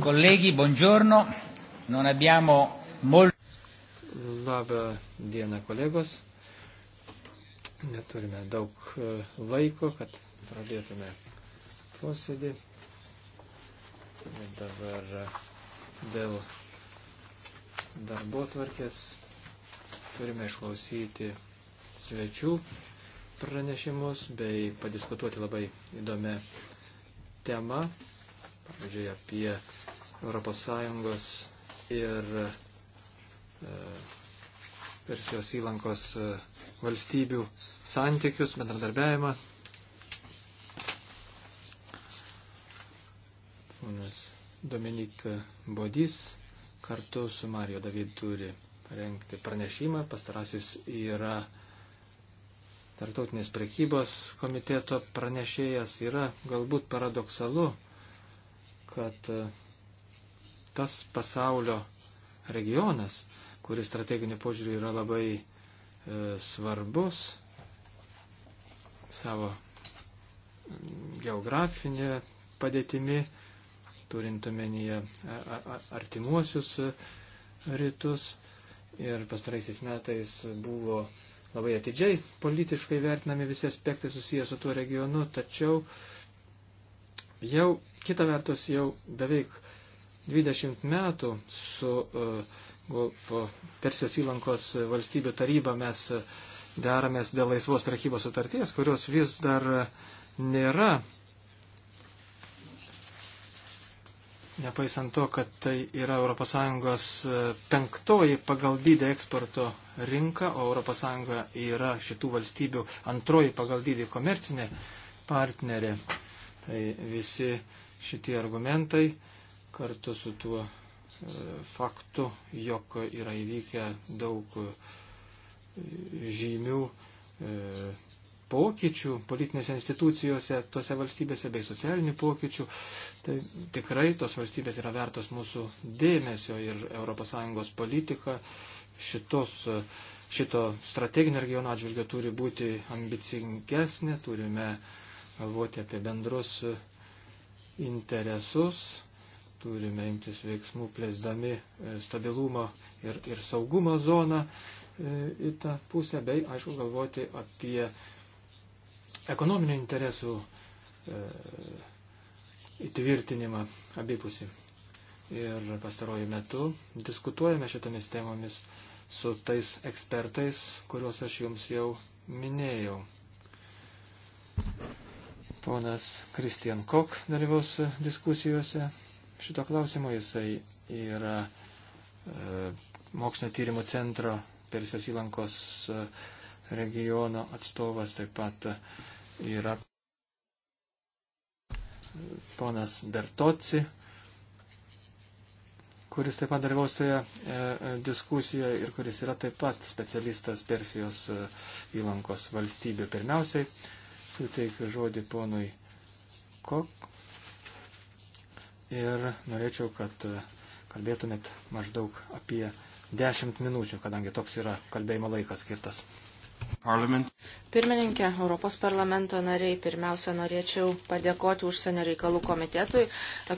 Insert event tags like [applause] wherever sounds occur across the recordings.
Colleghi, buongiorno. Non abbiamo molto. Labą dieną, kolegos. Neturime daug e, laiko, kad pradėtume posėdį. Ir dabar dėl darbo tvarkės turime išklausyti svečių pranešimus bei padiskutuoti labai įdomią temą, pavyzdžiui, apie ES ir e, Persijos įlankos e, valstybių santykius, bendradarbiavimą. Ponas Dominik Bodys kartu su Mario David turi rengti pranešimą. Pastarasis yra Tartautinės prekybos komiteto pranešėjas. Yra galbūt paradoksalu, kad uh, tas pasaulio regionas, kuris strateginiu požiūriu yra labai e, svarbus savo geografinė padėtimi, turint omenyje artimuosius e, rytus. Ir pastaraisiais metais buvo labai atidžiai politiškai vertinami visi aspektai susijęs su tuo regionu, tačiau jau kita vertus jau beveik 20 metų su e, Golfo Persijos įlankos valstybių taryba mes e, deramės dėl laisvos prekybos sutarties, kurios vis dar nėra. Nepaisant to, kad tai yra ES e, penktoji pagal dydį eksporto rinka, o ES yra šitų valstybių antroji pagal dydį komercinė partnerė. Tai visi šitie argumentai kartu su tuo e, faktu, jog yra įvykę daug e, žymių e, pokyčių politinėse institucijose, tose valstybėse bei socialinių pokyčių, tai tikrai tos valstybės yra vertos mūsų dėmesio ir ES politika šitos, šito strateginio regiono atžvilgio turi būti ambicingesnė, turime galvoti apie bendrus interesus turime imtis veiksmų plėsdami e, stabilumo ir, ir saugumo zoną e, į tą pusę, bei, aišku, galvoti apie ekonominių interesų e, įtvirtinimą abipusį. Ir pastaruoju metu diskutuojame šitomis temomis su tais ekspertais, kuriuos aš jums jau minėjau. Ponas Kristian Kok dalyvaus diskusijose, šito klausimo. Jisai yra e, mokslinio tyrimo centro Persijos įlankos e, regiono atstovas, taip pat yra ponas Bertoci, kuris taip pat dalyvaus toje e, e, diskusijoje ir kuris yra taip pat specialistas Persijos įlankos valstybių. Pirmiausiai suteikiu žodį ponui Kok, ir norėčiau, kad e, kalbėtumėt maždaug apie 10 minučių, kadangi toks yra kalbėjimo laikas skirtas. Parliament. Pirmininkė, Europos parlamento nariai, pirmiausia, norėčiau padėkoti užsienio reikalų komitetui,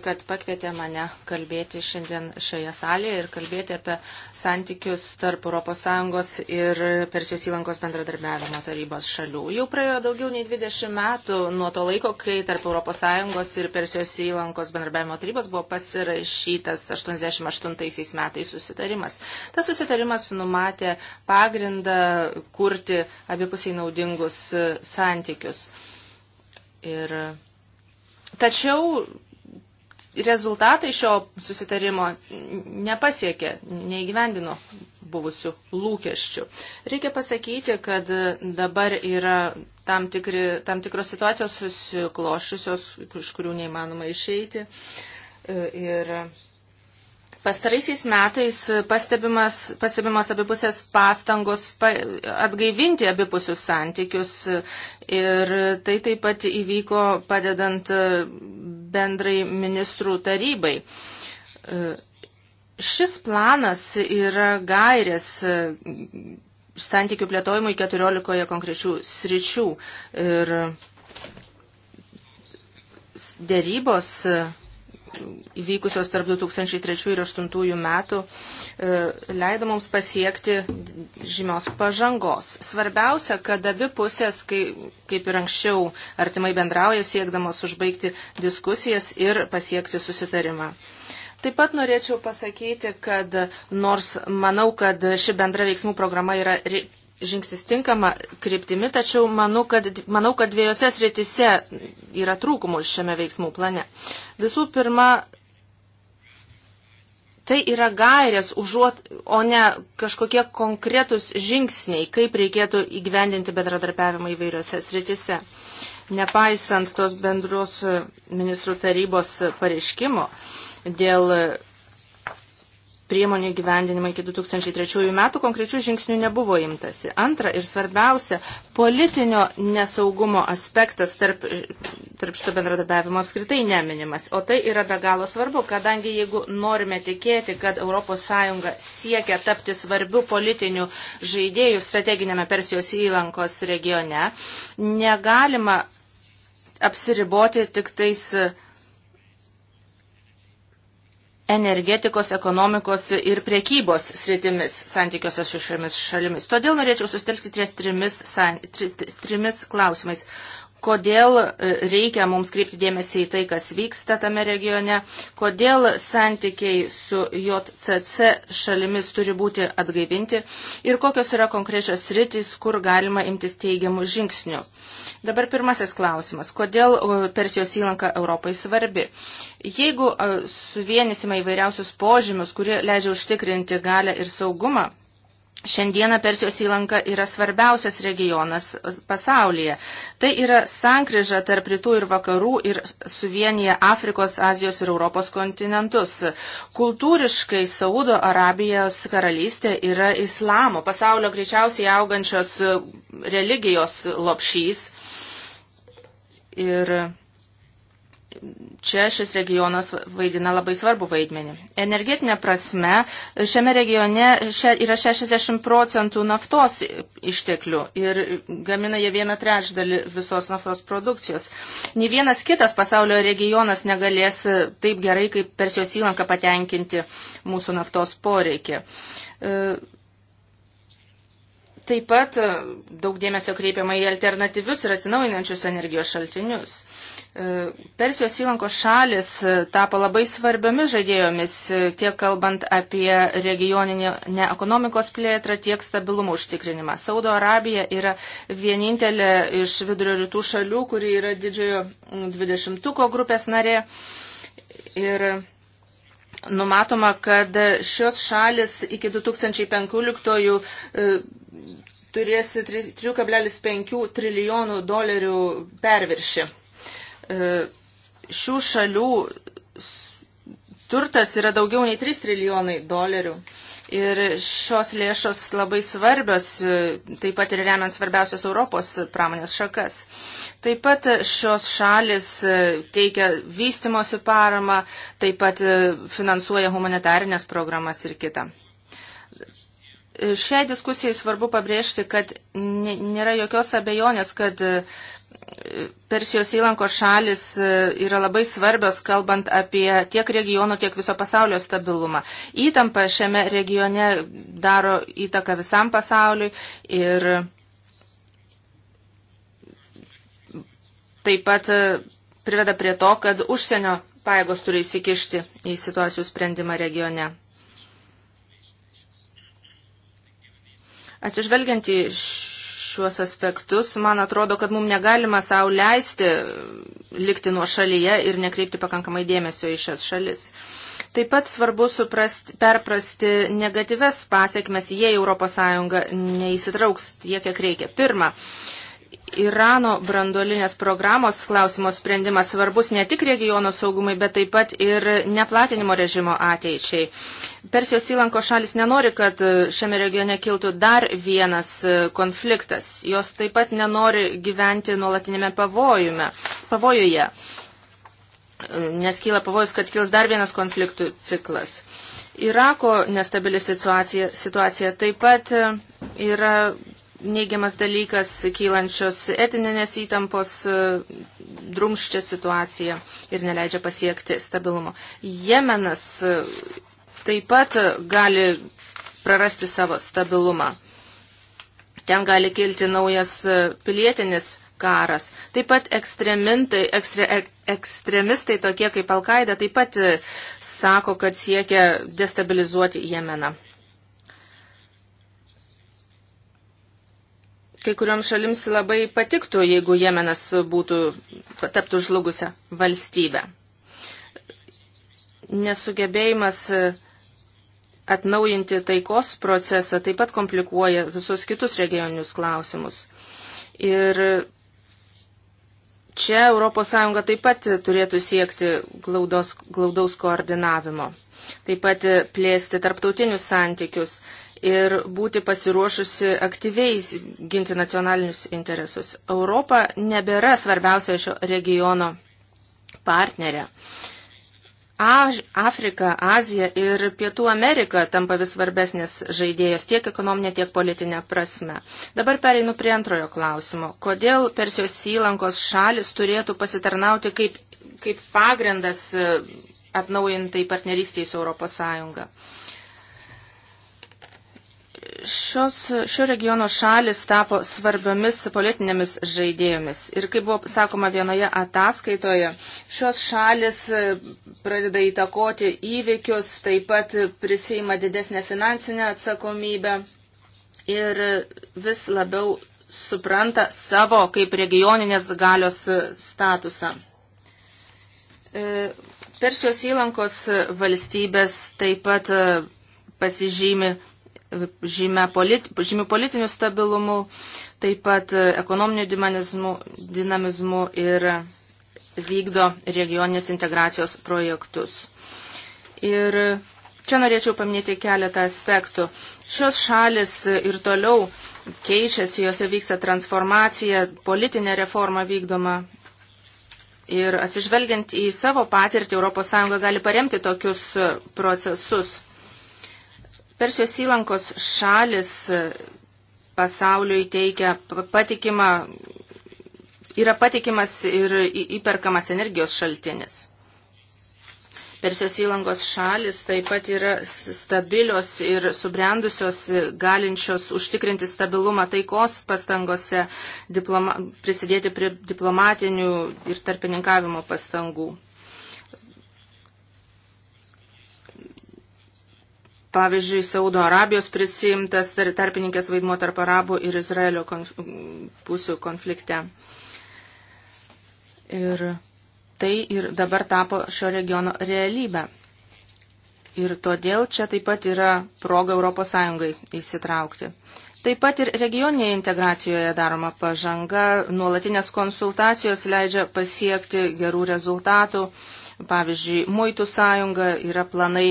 kad pakvietė mane kalbėti šiandien šioje salėje ir kalbėti apie santykius tarp ES ir Persijos įlankos bendradarbiavimo tarybos šalių. Jau praėjo daugiau nei 20 metų nuo to laiko, kai tarp ES ir Persijos įlankos bendradarbiavimo tarybos buvo pasirašytas 88 metais susitarimas. Tas susitarimas numatė pagrindą kurti abipusiai naudingą naudingus e, santykius. Ir tačiau rezultatai šio susitarimo nepasiekė, neįgyvendino buvusių lūkesčių. Reikia pasakyti, kad dabar yra tam, tikri, tam tikros situacijos susiklošusios, iš kurių neįmanoma išeiti. E, ir Pastaraisiais metais pastebimos abipusės pastangos atgaivinti abipusius santykius ir tai taip pat įvyko padedant bendrai ministrų tarybai. Šis planas yra gairės santykių plėtojimui 14 konkrečių sričių ir dėrybos įvykusios tarp 2003 ir 2008 metų e, leido mums pasiekti žymios pažangos. Svarbiausia, kad abi pusės, kaip ir anksčiau, artimai bendrauja siekdamos užbaigti diskusijas ir pasiekti susitarimą. Taip pat norėčiau pasakyti, kad nors manau, kad ši bendra veiksmų programa yra žingsnis tinkama kryptimi, tačiau manau, kad, manau, kad dviejose sritise yra trūkumų šiame veiksmų plane. Visų pirma, tai yra gairės, užuot, o ne kažkokie konkretus žingsniai, kaip reikėtų įgyvendinti bendradarbiavimą įvairiose sritise. Nepaisant tos bendros ministrų tarybos pareiškimo dėl priemonių gyvendinimą iki 2003 metų konkrečių žingsnių nebuvo imtasi. Antra ir svarbiausia, politinio nesaugumo aspektas tarp, tarp šito bendradarbiavimo apskritai neminimas. O tai yra be galo svarbu, kadangi jeigu norime tikėti, kad ES siekia tapti svarbių politinių žaidėjų strateginėme Persijos įlankos regione, negalima apsiriboti tik tais energetikos, ekonomikos ir priekybos sritimis santykiuose su šiomis šalimis. Todėl norėčiau sustelkti ties trimis, san, tri, trimis klausimais, kodėl e, reikia mums kreipti dėmesį į tai, kas vyksta tame regione, kodėl santykiai su JCC šalimis turi būti atgaivinti ir kokios yra konkrečios rytis, kur galima imtis teigiamų žingsnių. Dabar pirmasis klausimas. Kodėl e, Persijos įlanka Europai svarbi? Jeigu e, suvienysime įvairiausius požymius, kurie leidžia užtikrinti galę ir saugumą, Šiandieną Persijos įlanka yra svarbiausias regionas pasaulyje. Tai yra sankryža tarp rytų ir vakarų ir suvienyje Afrikos, Azijos ir Europos kontinentus. Kultūriškai Saudo Arabijos karalystė yra islamo, pasaulio greičiausiai augančios religijos lopšys. Ir čia šis regionas vaidina labai svarbu vaidmenį. Energetinė prasme, šiame regione yra 60 procentų naftos išteklių ir gamina jie vieną trečdalį visos naftos produkcijos. Nė vienas kitas pasaulio regionas negalės taip gerai, kaip Persijos įlanka patenkinti mūsų naftos poreikį. E, Taip pat e, daug dėmesio kreipiama į alternatyvius ir atsinaujinančius energijos šaltinius. E, Persijos įlankos šalis e, tapo labai svarbiomis žaidėjomis, tiek kalbant apie regioninę ekonomikos plėtrą, tiek stabilumo užtikrinimą. Saudo Arabija yra vienintelė iš vidurio rytų šalių, kuri yra didžiojo dvidešimtuko grupės narė. Ir numatoma, kad šios šalis iki 2015 turės 3,5 trilijonų dolerių perviršį. E, šių šalių turtas yra daugiau nei 3 trilijonai dolerių. Ir šios lėšos labai svarbios, e, taip pat ir remiant svarbiausias Europos pramonės šakas. Taip pat šios šalis e, teikia vystimosi paramą, taip pat finansuoja humanitarinės programas ir kitą. Šiai diskusijai svarbu pabrėžti, kad nėra jokios abejonės, kad e, Persijos įlankos šalis e, yra labai svarbios, kalbant apie tiek regiono, tiek viso pasaulio stabilumą. Įtampa šiame regione daro įtaką visam pasauliui ir taip pat e, priveda prie to, kad užsienio paėgos turi įsikišti į situacijų sprendimą regione. Atsižvelgiant į šiuos aspektus, man atrodo, kad mums negalima savo leisti likti nuo šalyje ir nekreipti pakankamai dėmesio į šias šalis. Taip pat svarbu suprasti, perprasti negatyves pasiekmes, jei ES neįsitrauks tiek, kiek reikia. Pirma, uh, Irano brandolinės programos klausimos sprendimas svarbus ne tik regiono saugumai, bet taip pat ir neplatinimo režimo ateičiai. Persijos įlanko šalis nenori, kad e, šiame regione kiltų dar vienas e, konfliktas. Jos taip pat nenori gyventi nuolatinėme pavojume, pavojuje, e, nes kyla pavojus, kad kils dar vienas konfliktų ciklas. Irako nestabili situacija, situacija taip pat yra neigiamas dalykas, kylančios etinės įtampos e, drumščia situaciją ir neleidžia pasiekti stabilumo. Jemenas e, taip pat gali prarasti savo stabilumą. Ten gali kilti naujas e, pilietinis karas. Taip pat ekstremintai, ekstre, ek, ekstremistai tokie kaip Alkaida taip pat sako, kad siekia destabilizuoti Jemeną. kai kurioms šalims labai patiktų, jeigu Jemenas būtų taptų žlugusią valstybę. Nesugebėjimas atnaujinti taikos procesą taip pat komplikuoja visus kitus regioninius klausimus. Ir čia ES taip pat turėtų siekti glaudos, glaudaus koordinavimo. Taip pat plėsti tarptautinius santykius ir būti pasiruošusi aktyviai ginti nacionalinius interesus. Europa nebėra svarbiausia šio regiono partnerė. Afrika, Azija ir Pietų Amerika tampa vis svarbesnės žaidėjos tiek ekonominė, tiek politinė prasme. Dabar pereinu prie antrojo klausimo. Kodėl Persijos įlankos šalis turėtų pasitarnauti kaip, kaip pagrindas e, atnaujintai partnerystiai su Europos Sąjunga? Šios, šio regiono šalis tapo svarbiomis politinėmis žaidėjomis. Ir kaip buvo sakoma vienoje ataskaitoje, šios šalis e, pradeda įtakoti įvykius, taip pat prisima didesnę finansinę atsakomybę ir vis labiau supranta savo kaip regioninės galios statusą. E, Persijos įlankos valstybės taip pat e, pasižymi žymia politi, žymių politinių stabilumų, taip pat e, ekonominių dinamizmų, dinamizmų ir vykdo regioninės integracijos projektus. Ir čia norėčiau paminėti keletą aspektų. Šios šalis ir toliau keičiasi, jose vyksta transformacija, politinė reforma vykdoma. Ir atsižvelgiant į savo patirtį, ES gali paremti tokius procesus. Persijos įlankos šalis pasauliui teikia patikimą, yra patikimas ir įperkamas energijos šaltinis. Persijos įlangos šalis taip pat yra stabilios ir subrendusios, galinčios užtikrinti stabilumą taikos pastangose, diploma, prisidėti prie diplomatinių ir tarpininkavimo pastangų. Pavyzdžiui, Saudo Arabijos prisimtas tarpininkės vaidmuo tarp arabų ir Izraelio konf pusių konflikte. Ir tai ir dabar tapo šio regiono realybę. Ir todėl čia taip pat yra proga ES įsitraukti. Taip pat ir regioninėje integracijoje daroma pažanga, nuolatinės konsultacijos leidžia pasiekti gerų rezultatų. Pavyzdžiui, Muitų sąjunga yra planai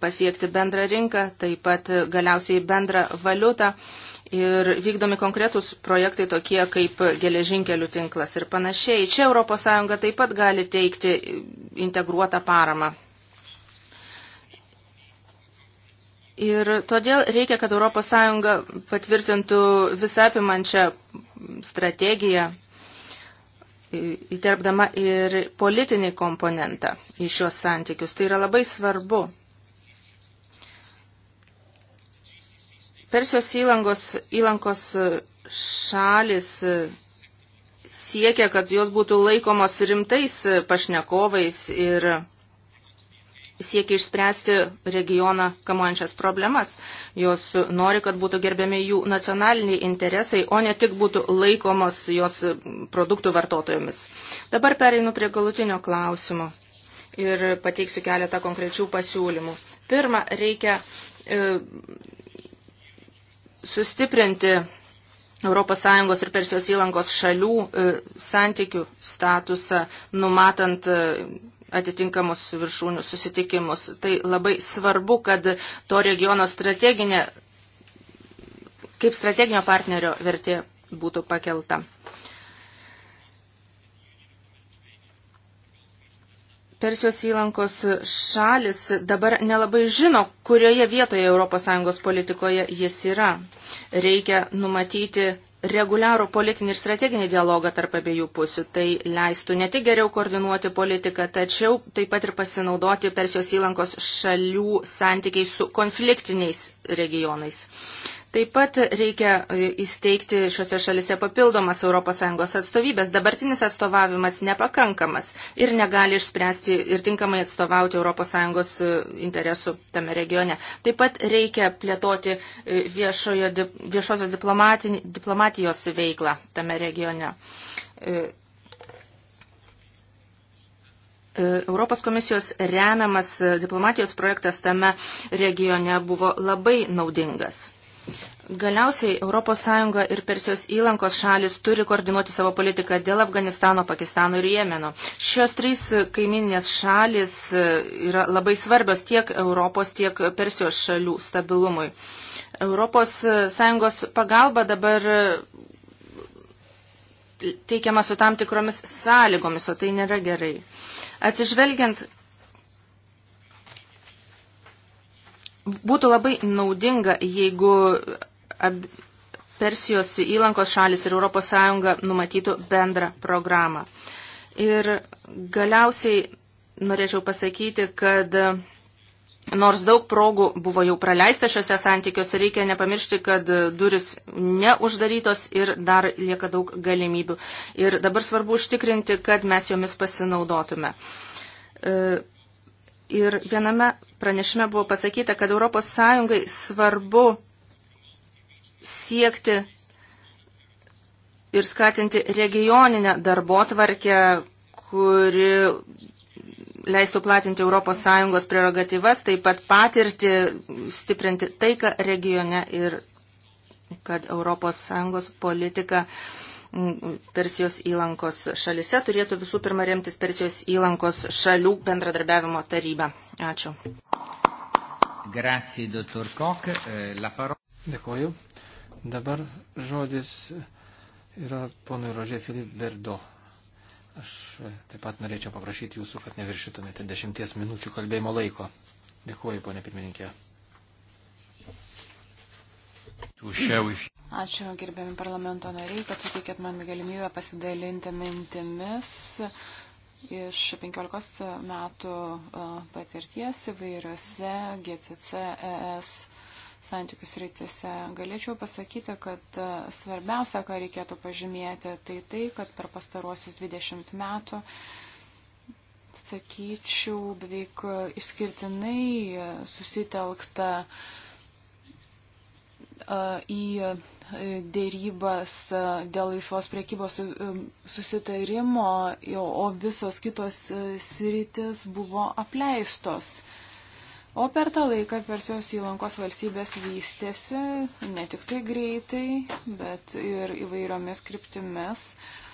pasiekti bendrą rinką, taip pat galiausiai bendrą valiutą ir vykdomi konkretūs projektai tokie kaip geležinkelių tinklas ir panašiai. Čia ES taip pat gali teikti integruotą paramą. Ir todėl reikia, kad ES patvirtintų visapimančią strategiją, įterpdama ir politinį komponentą į šios santykius. Tai yra labai svarbu. Persijos įlangos, įlankos e, šalis e, siekia, kad jos būtų laikomos rimtais e, pašnekovais ir siekia išspręsti regioną kamuojančias problemas. Jos nori, kad būtų gerbiami jų nacionaliniai interesai, o ne tik būtų laikomos jos produktų vartotojomis. Dabar pereinu prie galutinio klausimo ir pateiksiu keletą konkrečių pasiūlymų. Pirma, reikia e, sustiprinti ES ir Persijos įlankos šalių e, santykių statusą, numatant e, atitinkamus viršūnių susitikimus. Tai labai svarbu, kad to regiono strateginė, kaip strateginio partnerio vertė būtų pakelta. Persijos įlankos šalis dabar nelabai žino, kurioje vietoje ES politikoje jis yra. Reikia numatyti reguliarų politinį ir strateginį dialogą tarp abiejų pusių. Tai leistų ne tik geriau koordinuoti politiką, tačiau taip pat ir pasinaudoti Persijos įlankos šalių santykiai su konfliktiniais regionais. Taip pat reikia e, įsteigti šiuose šalise papildomas ES atstovybės. Dabartinis atstovavimas nepakankamas ir negali išspręsti ir tinkamai atstovauti ES e, interesų tame regione. Taip pat reikia plėtoti e, viešojo, viešosios diplomatijos veiklą tame regione. Europos komisijos remiamas diplomatijos projektas tame regione buvo labai naudingas. Galiausiai ES ir Persijos įlankos šalis turi koordinuoti savo politiką dėl Afganistano, Pakistano ir Jemeno. Šios trys kaiminės šalis e, yra labai svarbios tiek Europos, tiek Persijos šalių stabilumui. ES e, pagalba dabar e, teikiama su tam tikromis sąlygomis, o tai nėra gerai. Atsižvelgiant Būtų labai naudinga, jeigu Persijos įlankos šalis ir ES numatytų bendrą programą. Ir galiausiai norėčiau pasakyti, kad nors daug progų buvo jau praleista šiuose santykiuose, reikia nepamiršti, kad duris neuždarytos ir dar lieka daug galimybių. Ir dabar svarbu užtikrinti, kad mes jomis pasinaudotume. E, Ir viename pranešime buvo pasakyta, kad ES svarbu siekti ir skatinti regioninę darbo tvarkę, kuri leistų platinti ES prerogatyvas, taip pat patirti, stiprinti taiką regione ir kad ES politika uh, Persijos įlankos šalise turėtų visų pirma remtis Persijos įlankos šalių bendradarbiavimo taryba. Ačiū. Grazie, dottor Kok. Eh, la paro... Dėkuoju. Dabar žodis yra ponui Rožė Filip Berdo. Aš eh, taip pat norėčiau paprašyti jūsų, kad neviršytumėte dešimties minučių kalbėjimo laiko. Dėkuoju, ponė pirmininkė. Ačiū gerbiami parlamento nariai, kad suteikėt man galimybę pasidalinti mintimis iš 15 metų e, patirties įvairiose GCC ES santykius rytise. Galėčiau pasakyti, kad e, svarbiausia, ką reikėtų pažymėti, tai tai, kad per pastaruosius 20 metų, sakyčiau, beveik išskirtinai e, susitelkta uh, į dėrybas dėl laisvos priekybos susitarimo, o visos kitos sritis buvo apleistos. O per tą laiką Persijos įlankos valstybės vystėsi ne tik tai greitai, bet ir įvairiomis kryptimis. Uh,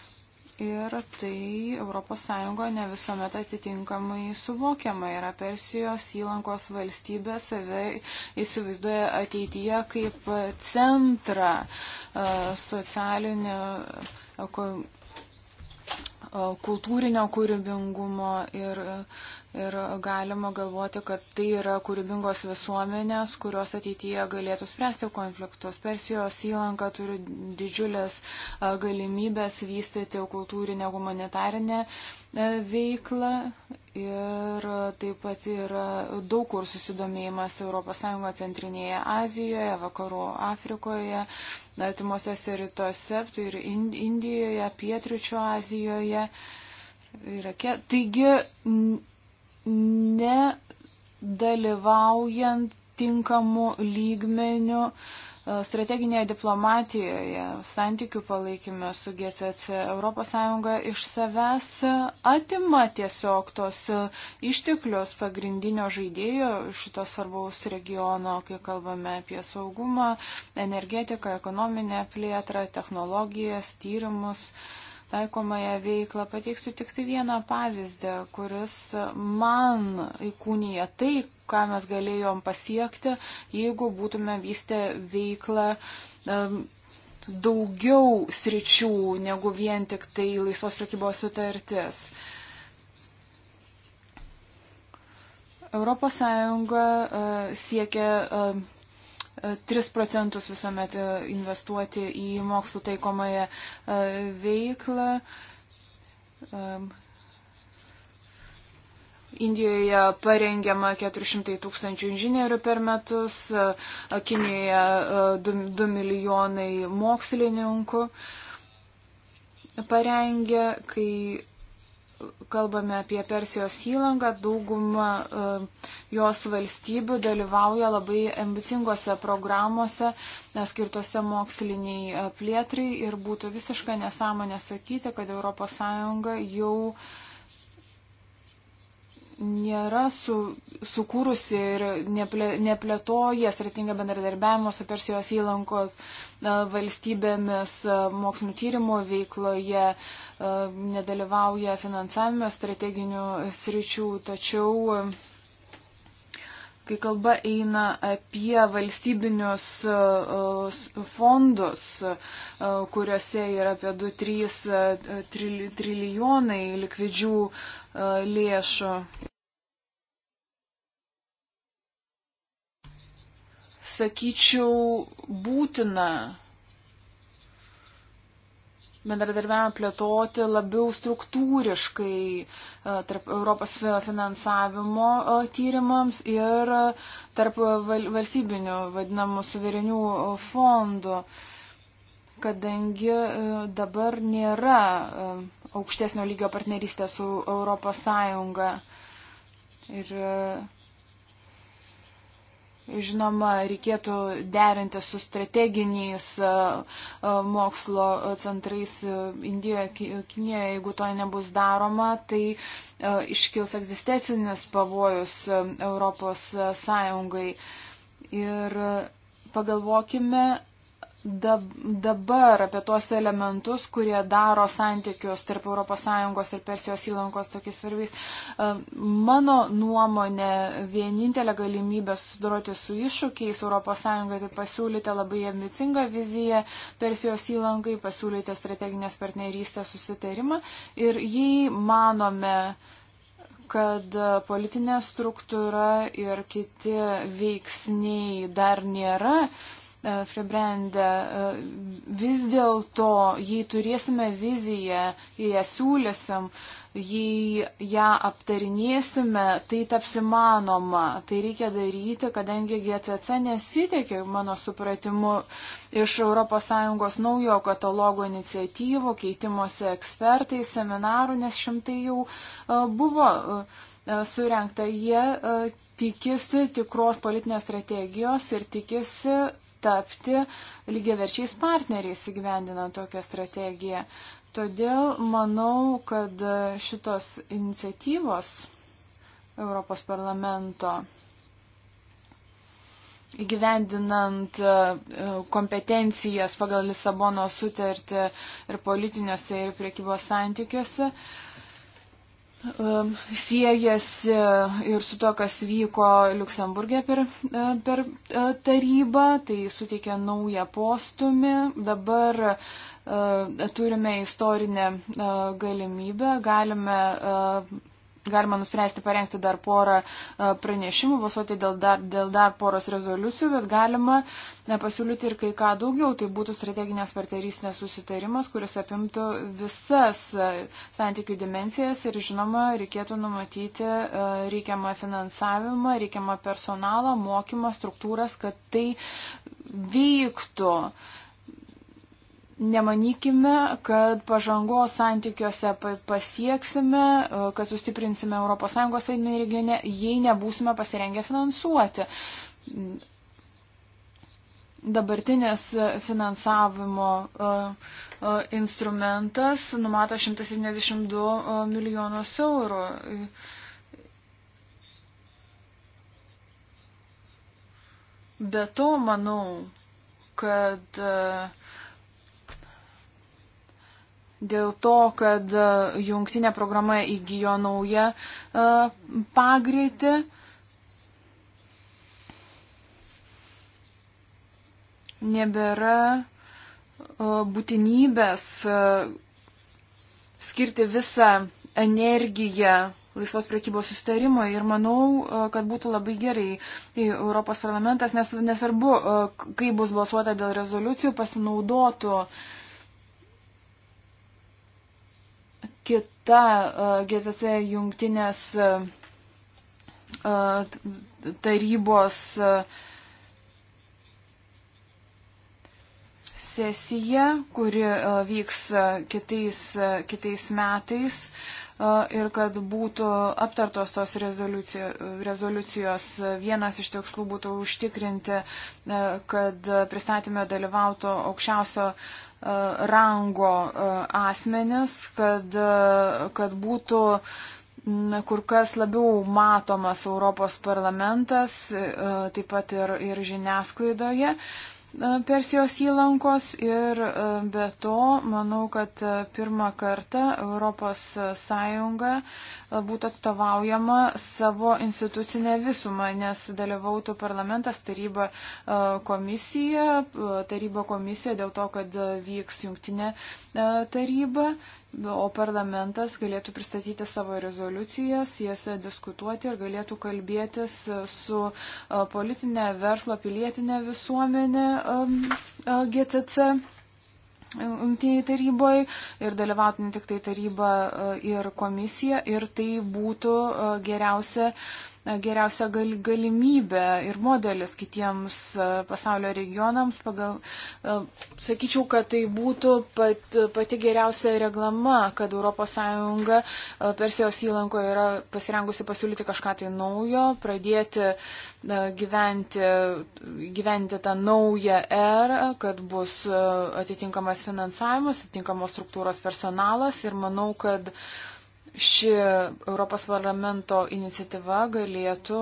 Ir tai ES ne visuomet atitinkamai suvokiama yra Persijos įlankos valstybė save įsivaizduoja ateityje kaip centrą e, socialinio kultūrinio kūrybingumo ir, ir galima galvoti, kad tai yra kūrybingos visuomenės, kurios ateityje galėtų spręsti konfliktus. Persijos įlanka turi didžiulės galimybės vystyti kultūrinę humanitarinę veiklą ir taip pat yra daug kur susidomėjimas ES centrinėje Azijoje, vakarų Afrikoje, artimuosiuose rytuose tai ir Indijoje, Pietričio Azijoje. Irake. Taigi, nedalyvaujant tinkamu lygmeniu E, strateginėje diplomatijoje, santykių palaikymė su GCC, ES iš savęs atima tiesiog tos išteklius pagrindinio žaidėjo šito svarbaus regiono, kai kalbame apie saugumą, energetiką, ekonominę plėtrą, technologijas, tyrimus taikomąją veiklą. Pateiksiu tik tai vieną pavyzdį, kuris man įkūnyja tai, ką mes galėjom pasiekti, jeigu būtume vystę veiklą daugiau sričių negu vien tik tai laisvos prekybos sutartis. Europos Sąjunga e, siekia 3 e, e, procentus visuomet investuoti į mokslo taikomąją veiklą Indijoje parengiama 400 tūkstančių inžinierių per metus, Kinijoje 2 milijonai mokslininkų parengė, kai kalbame apie Persijos įlangą, dauguma jos valstybių dalyvauja labai ambicingose programuose, skirtose moksliniai plėtrai ir būtų visiška nesąmonė sakyti, kad ES jau nėra su, sukūrusi ir neplė, neplėtoja sritinga bendradarbiavimo su Persijos įlankos e, valstybėmis e, mokslinio tyrimo veikloje, e, nedalyvauja finansavime strateginių sričių, tačiau kai kalba eina apie valstybinius fondus, kuriuose yra apie 2-3 trilijonai likvidžių lėšų. Sakyčiau, būtina bendradarbiavimą plėtoti labiau struktūriškai e, tarp Europos finansavimo e, tyrimams ir e, tarp valstybinių vadinamų suverenių fondų, kadangi dabar nėra aukštesnio lygio partnerystę su ES. Ir e, žinoma, reikėtų derinti su strateginiais e, e, mokslo centrais Indijoje, Kinijoje, jeigu to nebus daroma, tai iškils egzistencinis pavojus Europos Sąjungai. Ir pagalvokime dabar apie tuos elementus, kurie daro santykius tarp ES ir Persijos įlankos tokiais svarbiais. Mano nuomonė, vienintelė galimybė susidoroti su iššūkiais ES, tai pasiūlyti labai ambicingą viziją Persijos įlankai, pasiūlyti strateginės partnerystės susitarimą. Ir jei manome, kad politinė struktūra ir kiti veiksniai dar nėra, uh, pribrendę. E, e, vis dėlto, jei turėsime viziją, jei ją siūlysim, jei ją aptarinėsime, tai taps įmanoma. Tai reikia daryti, kadangi GCC nesitikė, mano supratimu, iš ES naujo katalogo iniciatyvų, keitimosi ekspertai, seminarų, nes šimtai jau e, buvo surenkta. Jie tikisi tikros politinės strategijos ir tikisi tapti lygiaverčiais partneriais įgyvendinant tokią strategiją. Todėl manau, kad šitos iniciatyvos Europos parlamento įgyvendinant e, kompetencijas pagal Lisabono sutartį ir politinėse ir priekybos santykiuose, uh, siejasi e, ir su to, kas vyko Luksemburgė per, e, per e, tarybą, tai suteikia naują postumį. Dabar turime istorinę galimybę, galime Galima nuspręsti parengti dar porą e, pranešimų, balsuoti dėl dar, dėl dar poros rezoliucijų, bet galima e, pasiūlyti ir kai ką daugiau. Tai būtų strateginės partnerystės susitarimas, kuris apimtų visas e, santykių dimensijas ir, žinoma, reikėtų numatyti reikiamą finansavimą, reikiamą personalą, mokymą, struktūras, kad tai veiktų. Uh, Nemanykime, kad pažangos santykiuose pasieksime, e, kad sustiprinsime ES vaidmenį regione, jei nebūsime pasirengę finansuoti. Dabartinės finansavimo e, e, instrumentas numato 172 milijonus eurų. Be to, manau, kad uh, dėl to, kad e, jungtinė programa įgyjo naują e, pagreitį. Nebėra e, būtinybės skirti visą energiją laisvos priekybos sustarimui ir manau, kad būtų labai gerai tai Europos parlamentas, nes nesvarbu, kai bus balsuota dėl rezoliucijų, pasinaudotų uh, kita e, GCC jungtinės e, tarybos e, sesija, kuri vyks kitais, kitais metais ir kad būtų aptartos tos rezoliucijos. Vienas iš tikslų būtų užtikrinti, kad pristatymė dalyvautų aukščiausio rango asmenis, kad, kad būtų kur kas labiau matomas Europos parlamentas, taip pat ir, ir žiniasklaidoje. E, Persijos įlankos ir e, be to manau, kad e, pirmą kartą ES būtų atstovaujama savo institucinę visumą, nes dalyvautų parlamentas taryba e, komisija, e, taryba komisija dėl to, kad e, vyks jungtinė taryba, o parlamentas galėtų pristatyti savo rezoliucijas, jas diskutuoti ir galėtų kalbėtis su politinė verslo pilietinė visuomenė GCC Jungtiniai taryboje ir dalyvautų ne tik tai taryba e, ir komisija ir tai būtų e, geriausia geriausia gal, galimybė ir modelis kitiems e, pasaulio regionams. Pagal, e, sakyčiau, kad tai būtų pat, pati geriausia reklama, kad ES e, Persijos įlankoje yra pasirengusi pasiūlyti kažką tai naujo, pradėti gyventi, gyventi tą naują erą, kad bus atitinkamas finansavimas, atitinkamos struktūros personalas ir manau, kad uh, ši Europos parlamento iniciatyva galėtų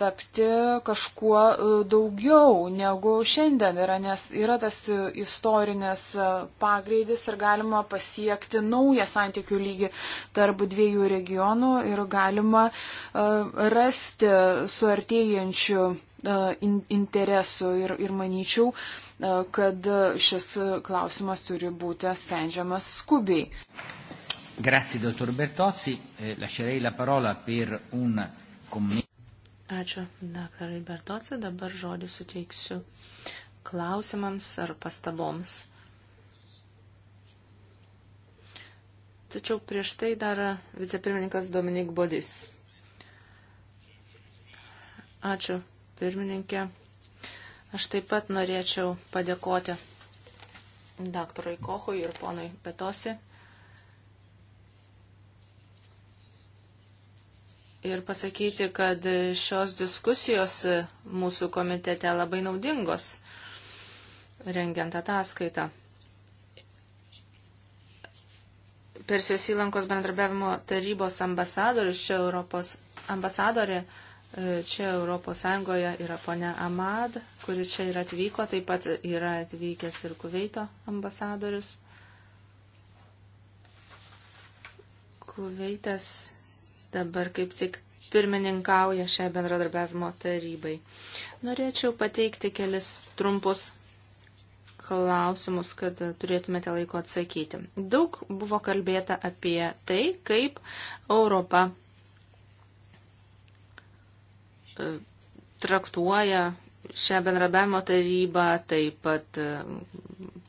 tapti kažkuo daugiau negu šiandien yra, nes yra tas istorinės pagreidis ir galima pasiekti naują santykių lygį tarp dviejų regionų ir galima rasti suartėjančių interesų ir, ir manyčiau, kad šis klausimas turi būti sprendžiamas skubiai. Grazie, dottor Bertozzi. Eh, lascerei la parola per un commento. Ačiū, daktarai Bertozzi. Dabar žodį suteiksiu klausimams ar pastaboms. Tačiau prieš tai dar vicepirmininkas Dominik Bodis. Ačiū, pirmininkė. Aš taip pat norėčiau padėkoti daktarui Kochui ir ponui Petosi ir pasakyti, kad šios diskusijos mūsų komitete labai naudingos rengiant ataskaitą. Persijos įlankos bendrabiavimo tarybos ambasadorius čia Europos ambasadorė e, čia Europos Sąjungoje yra ponia Amad, kuri čia ir atvyko, taip pat yra atvykęs ir Kuveito ambasadorius. Kuveitas dabar kaip tik pirmininkauja šią bendradarbiavimo tarybai. Norėčiau pateikti kelis trumpus klausimus, kad turėtumėte laiko atsakyti. Daug buvo kalbėta apie tai, kaip Europa e, traktuoja šią bendrabiavimo tarybą, taip pat e,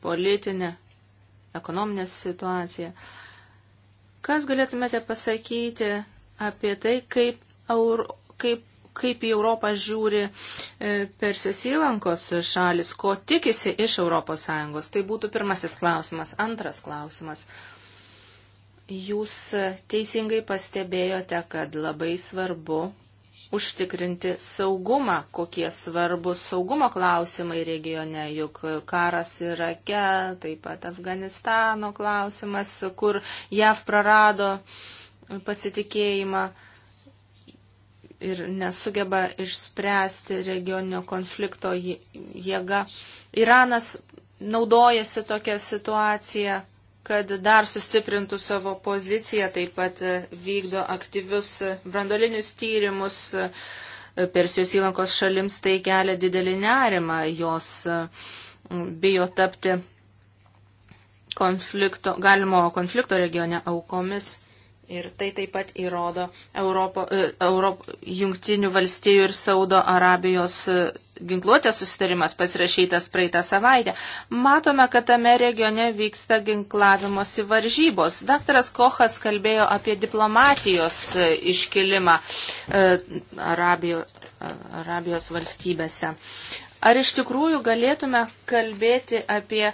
politinę, ekonominę situaciją. Kas galėtumėte pasakyti apie tai, kaip, Euro, kaip, kaip į Europą žiūri e, Persijos įlankos šalis, ko tikisi iš ES. Tai būtų pirmasis klausimas. Antras klausimas. Jūs teisingai pastebėjote, kad labai svarbu užtikrinti saugumą, kokie svarbus saugumo klausimai regione, juk karas Irake, taip pat Afganistano klausimas, kur JAV prarado uh, pasitikėjimą ir nesugeba išspręsti regioninio konflikto jėga. Iranas naudojasi tokią situaciją, kad dar sustiprintų savo poziciją, taip pat vykdo aktyvius brandolinius tyrimus Persijos įlankos šalims, tai kelia didelį nerimą, jos bijo tapti konflikto, galimo konflikto regione aukomis. Ir tai taip pat įrodo Europo, e, Europo, Jungtinių valstijų ir Saudo Arabijos e, ginkluotės susitarimas pasirašytas praeitą savaitę. Matome, kad tame regione vyksta ginklavimosi varžybos. Daktaras Kochas kalbėjo apie diplomatijos e, iškilimą Arabijo, Arabijos valstybėse. Ar iš tikrųjų galėtume kalbėti apie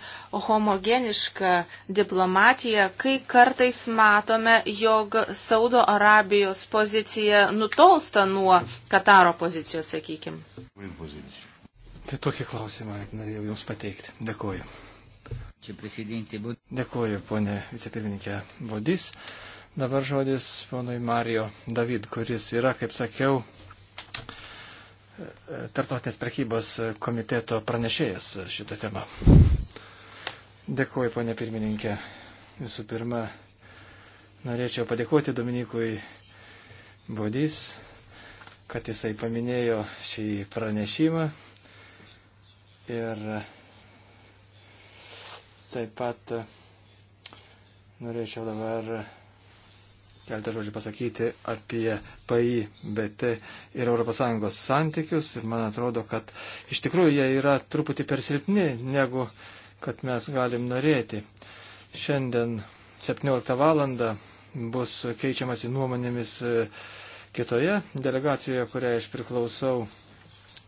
homogenišką diplomatiją, kai kartais matome, jog Saudo Arabijos pozicija nutolsta nuo Kataro pozicijos, sakykime? Tai tokį klausimą norėjau Jums pateikti. Dėkuoju. Dėkuoju, ponė vicepirmininkė Vodys. Dabar žodis ponui Mario David, kuris yra, kaip sakiau, tarptautinės prekybos komiteto pranešėjas šitą temą. Dėkuoju, ponė pirmininkė. Visų pirma, norėčiau padėkoti Dominikui Bodys, kad jisai paminėjo šį pranešimą. Ir taip pat norėčiau dabar keletą žodžių pasakyti apie PIBT ir ES santykius. Ir man atrodo, kad iš tikrųjų jie yra truputį per silpni, negu kad mes galim norėti. Šiandien 17 val. bus keičiamasi nuomonėmis e, kitoje delegacijoje, kuriai aš priklausau.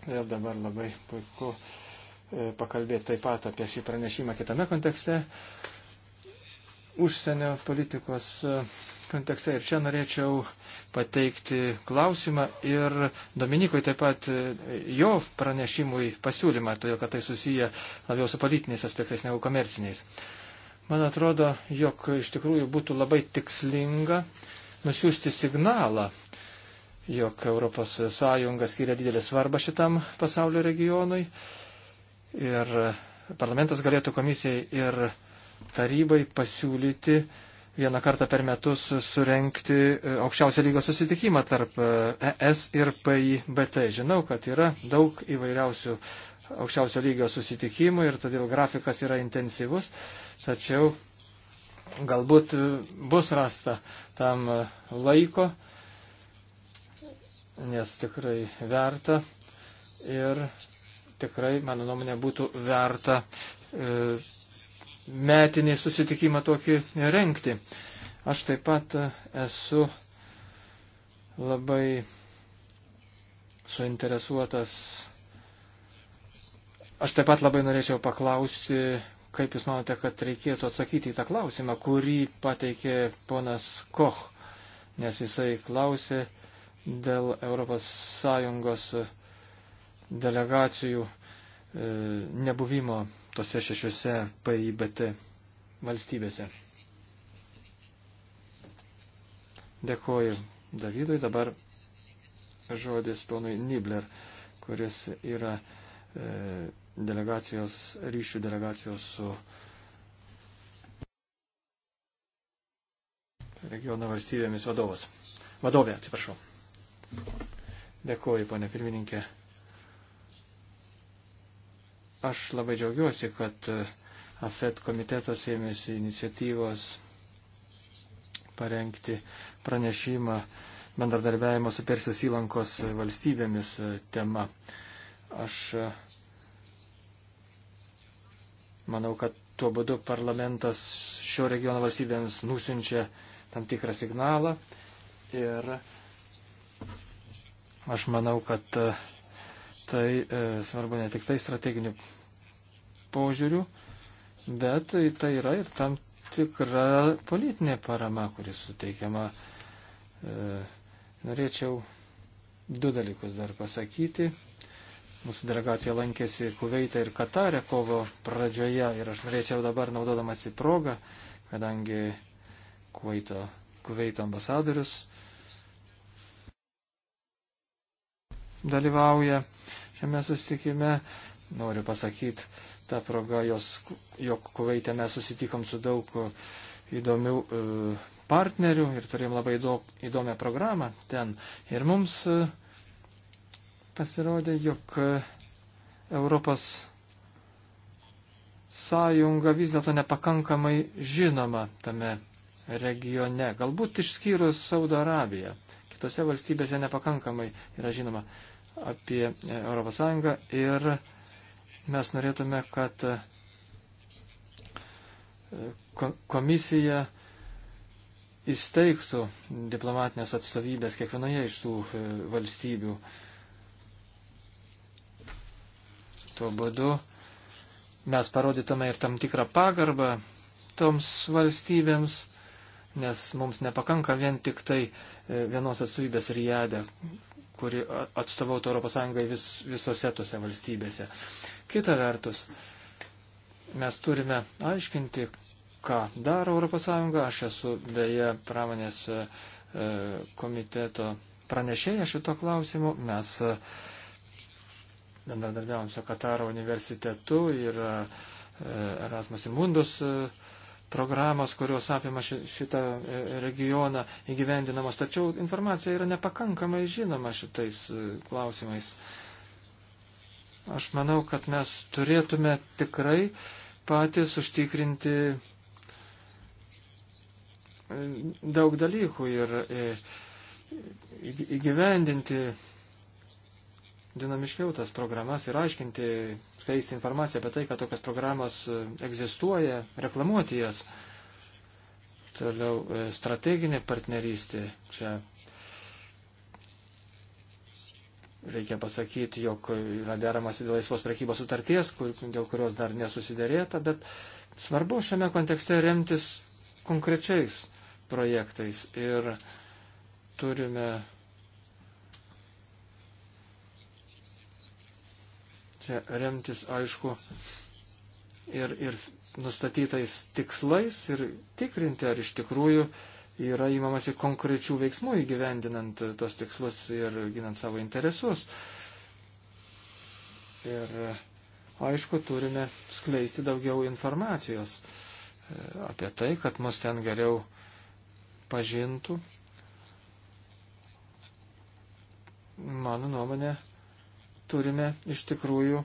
Ir dabar labai puiku e, pakalbėti taip pat apie šį pranešimą kitame kontekste. Užsienio politikos e, kontekste. Ir čia norėčiau pateikti klausimą ir Dominikui taip pat e, jo pranešimui pasiūlymą, todėl kad tai susiję labiau su politiniais aspektais negu komerciniais. Man atrodo, jog iš tikrųjų būtų labai tikslinga nusiųsti signalą, jog ES skiria didelį svarbą šitam pasaulio regionui ir parlamentas galėtų komisijai ir tarybai pasiūlyti vieną kartą per metus surenkti e, aukščiausio lygos susitikimą tarp ES e ir PIBT. Žinau, kad yra daug įvairiausių aukščiausio lygio susitikimų ir todėl grafikas yra intensyvus, tačiau galbūt e, bus rasta tam laiko, nes tikrai verta ir tikrai, mano nuomonė, būtų verta e, metinį susitikimą tokį renkti. Aš taip pat e, esu labai suinteresuotas. Aš taip pat labai norėčiau paklausti, kaip Jūs manote, kad reikėtų atsakyti į tą klausimą, kurį pateikė ponas Koch, nes jisai klausė dėl ES delegacijų e, nebuvimo tose šešiose PIBT valstybėse. Dėkuoju Davidui, dabar žodis ponui Nibler, kuris yra e, delegacijos, ryšių delegacijos su regiono valstybėmis vadovas. Vadovė, atsiprašau. Dėkuoju, ponė pirmininkė. Aš labai džiaugiuosi, kad e, AFET komitetas ėmėsi iniciatyvos parengti pranešimą bendradarbiavimo su Persijos įlankos valstybėmis e, tema. Aš e, manau, kad tuo būdu parlamentas šio regiono valstybėms nusinčia tam tikrą signalą ir aš manau, kad Tai e, svarbu ne tik tai strateginių požiūrių, bet tai, tai yra ir tam tikra politinė parama, kuris suteikiama. E, norėčiau du dalykus dar pasakyti. Mūsų delegacija lankėsi Kuveitą ir Katarę kovo pradžioje ir aš norėčiau dabar, naudodamas į progą, kadangi Kuveito, Kuveito ambasadorius dalyvauja, šiame susitikime. Noriu pasakyti, ta proga, jos, jog kuveitė mes susitikom su daug įdomių e, partnerių ir turėjom labai įdomią programą ten. Ir mums e, pasirodė, jog e, Europos sąjunga vis dėlto nepakankamai žinoma tame regione, galbūt išskyrus Saudo Arabiją. Kitose valstybėse nepakankamai yra žinoma apie ES ir mes norėtume, kad e, komisija įsteigtų diplomatinės atstovybės kiekvienoje iš tų e, valstybių. Tuo būdu mes parodytume ir tam tikrą pagarbą toms valstybėms, nes mums nepakanka vien tik tai e, vienos atstovybės riadę, kuri atstovautų ES vis, visose tose valstybėse. Kita vertus, mes turime aiškinti, ką daro ES. Aš esu beje pramonės e, e, komiteto pranešėja šito klausimu. Mes e, bendradarbiavom su Kataro universitetu ir Erasmus Imundus. E, programos, kurios apima šitą e, regioną įgyvendinamos, tačiau informacija yra nepakankamai žinoma šitais e, klausimais. Aš manau, kad mes turėtume tikrai patys užtikrinti e, daug dalykų ir įgyvendinti dinamiškiau tas programas ir aiškinti, skleisti informaciją apie tai, kad tokios programos e, egzistuoja, reklamuoti jas. Toliau e, strateginė partnerystė. Čia reikia pasakyti, jog yra deramasi dėl laisvos prekybos sutarties, kur, dėl kurios dar nesusidėrėta, bet svarbu šiame kontekste remtis konkrečiais projektais ir turime čia remtis, aišku, ir, ir nustatytais tikslais ir tikrinti, ar iš tikrųjų yra įmamasi konkrečių veiksmų įgyvendinant tos tikslus ir ginant savo interesus. Ir aišku, turime skleisti daugiau informacijos e, apie tai, kad mus ten geriau pažintų. Mano nuomonė, turime iš tikrųjų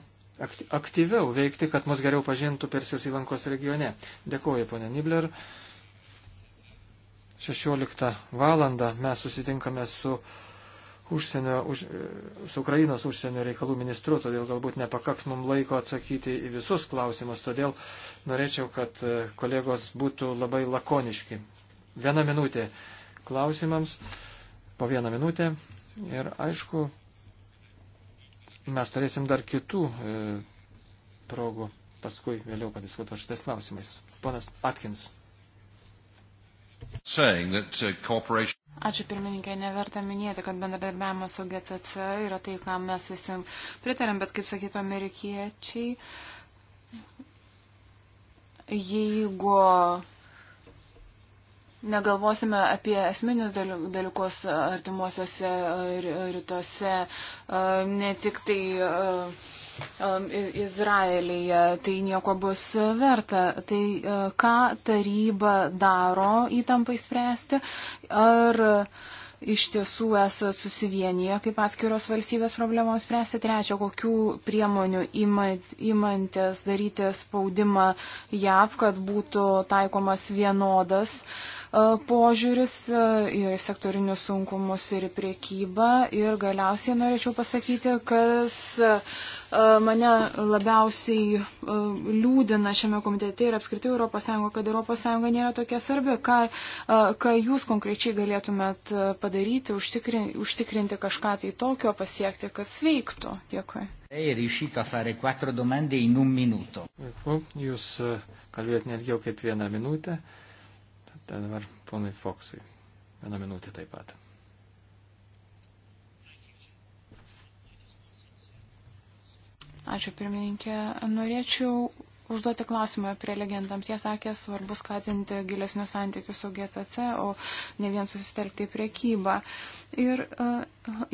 aktyviau veikti, kad mus geriau pažintų Persijos įlankos regione. Dėkuoju, ponė Nibler. 16 valandą mes susitinkame su, užsienio, už, su Ukrainos užsienio reikalų ministru, todėl galbūt nepakaks mums laiko atsakyti į visus klausimus, todėl norėčiau, kad e, kolegos būtų labai lakoniški. Viena minutė klausimams, po vieną minutę ir aišku, mes turėsim dar kitų e, progų paskui vėliau padiskutuoti šitais klausimais. Ponas Atkins. Uh, Ačiū pirmininkai, neverta minėti, kad bendradarbiavimas su GCC yra tai, kam mes visi pritarėm, bet kaip sakytų amerikiečiai, jeigu negalvosime apie esminius dalykus artimuosiuose rytuose, ne tik tai Izraelyje, tai nieko bus verta. Tai ką taryba daro įtampai spręsti? Ar iš tiesų esat susivienyje kaip atskiros valstybės problemams spręsti. Trečia, kokių priemonių imantės daryti spaudimą JAV, kad būtų taikomas vienodas uh, E, požiūris e, ir sektorinius sunkumus ir priekybą. Ir galiausiai norėčiau pasakyti, kas e, mane labiausiai liūdina šiame komitete ir apskritai ES, kad ES nėra tokia svarbi. Ką, ką jūs konkrečiai galėtumėt padaryti, užtikrinti, užtikrinti kažką tai tokio pasiekti, kas veiktų? Dėkui. Lei è riuscito a fare quattro domande in un minuto. Jūs kalbėjot nelgiau kaip vieną minutę. Uh, Ten dabar ponui Foksui. Vieną minutę taip pat. Ačiū pirmininkė. Norėčiau užduoti klausimą prie legendams. Jie sakė, svarbu skatinti gilesnius santykius su GCC, o ne vien susitelkti į priekybą. Ir uh,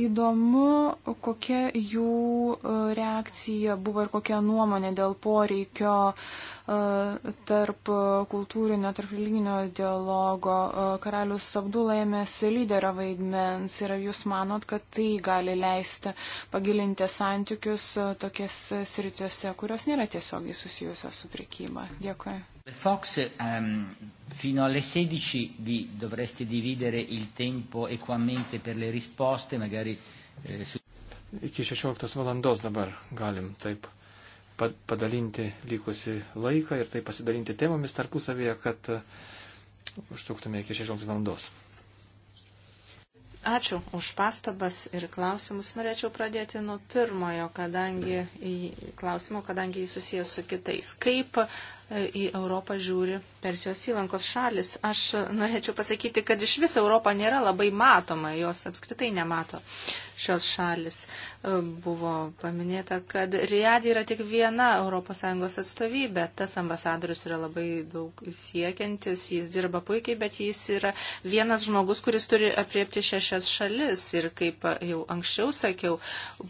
Įdomu, kokia jų e, reakcija buvo ir kokia nuomonė dėl poreikio e, tarp kultūrinio, tarp religinio dialogo. E, karalius Abdulai ėmėsi lyderio vaidmens ir ar jūs manot, kad tai gali leisti pagilinti santykius tokias sritise, kurios nėra tiesiogiai susijusios su priekyba? Dėkui. Fox, um, fino alle 16 vi dovreste dividere il tempo equamente per le risposte, magari... Eh, su... Iki 16 valandos dabar galim taip padalinti likusi laiką ir taip pasidalinti temomis tarpusavėje, kad eh, užtruktume iki 16 valandos. Ačiū už pastabas ir klausimus. Norėčiau pradėti nuo pirmojo, kadangi, klausimo, kadangi jis susijęs su kitais. Kaip E, į Europą žiūri Persijos įlankos šalis. Aš norėčiau pasakyti, kad iš viso Europa nėra labai matoma, jos apskritai nemato šios šalis. E, buvo paminėta, kad Riadė yra tik viena ES atstovybė. Tas ambasadorius yra labai daug siekiantis, jis dirba puikiai, bet jis yra vienas žmogus, kuris turi apriepti šešias šalis. Ir kaip jau anksčiau sakiau,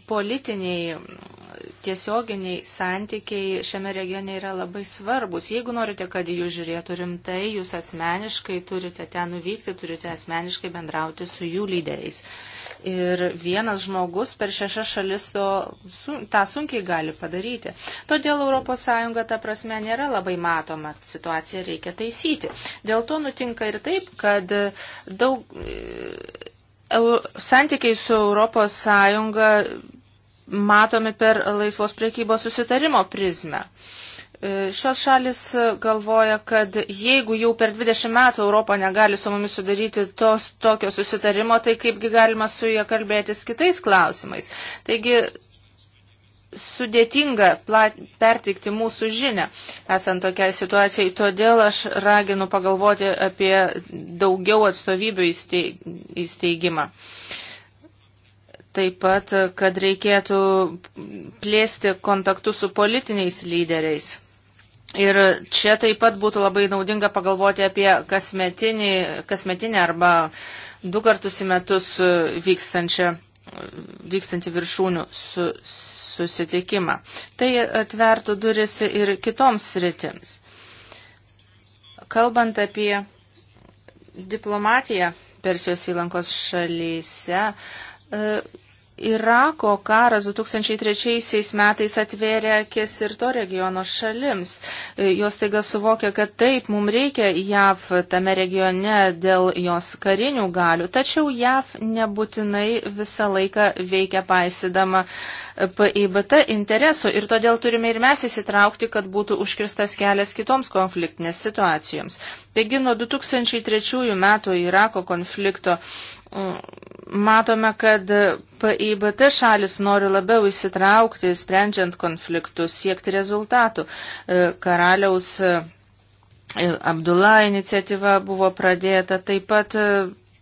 politiniai tiesioginiai santykiai šiame regione yra labai svarbus svarbus. Jeigu norite, kad jūs žiūrėtų rimtai, jūs asmeniškai turite ten nuvykti, turite asmeniškai bendrauti su jų lyderiais. Ir vienas žmogus per šešias šalis to, su, tą sunkiai gali padaryti. Todėl ES ta prasme nėra labai matoma, situaciją reikia taisyti. Dėl to nutinka ir taip, kad daug. E, santykiai su ES matomi per laisvos priekybos susitarimo prizmę. E, šios šalis e, galvoja, kad jeigu jau per 20 metų Europą negali su mumis sudaryti tos, tokio susitarimo, tai kaipgi galima su jie kalbėtis kitais klausimais. Taigi sudėtinga plat, pertikti mūsų žinę esant tokiai situacijai. Todėl aš raginu pagalvoti apie daugiau atstovybių įsteigimą. Taip pat, kad reikėtų plėsti kontaktus su politiniais lyderiais. Ir čia taip pat būtų labai naudinga pagalvoti apie kasmetinį, kasmetinį arba du kartus į metus vykstančią, vykstantį viršūnių su, susitikimą. Tai atvertų duris ir kitoms sritims. Kalbant apie diplomatiją Persijos įlankos šalyse, e, Irako karas 2003 metais atvėrė akis ir to regiono šalims. E, jos taiga suvokė, kad taip, mums reikia JAV tame regione dėl jos karinių galių, tačiau JAV nebūtinai visą laiką veikia paisydama PIBT interesų ir todėl turime ir mes įsitraukti, kad būtų užkirstas kelias kitoms konfliktinės situacijoms. Taigi nuo 2003 metų Irako konflikto mm, matome, kad PIBT šalis nori labiau įsitraukti, sprendžiant konfliktus, siekti rezultatų. E, karaliaus e, Abdula iniciatyva buvo pradėta, taip pat e,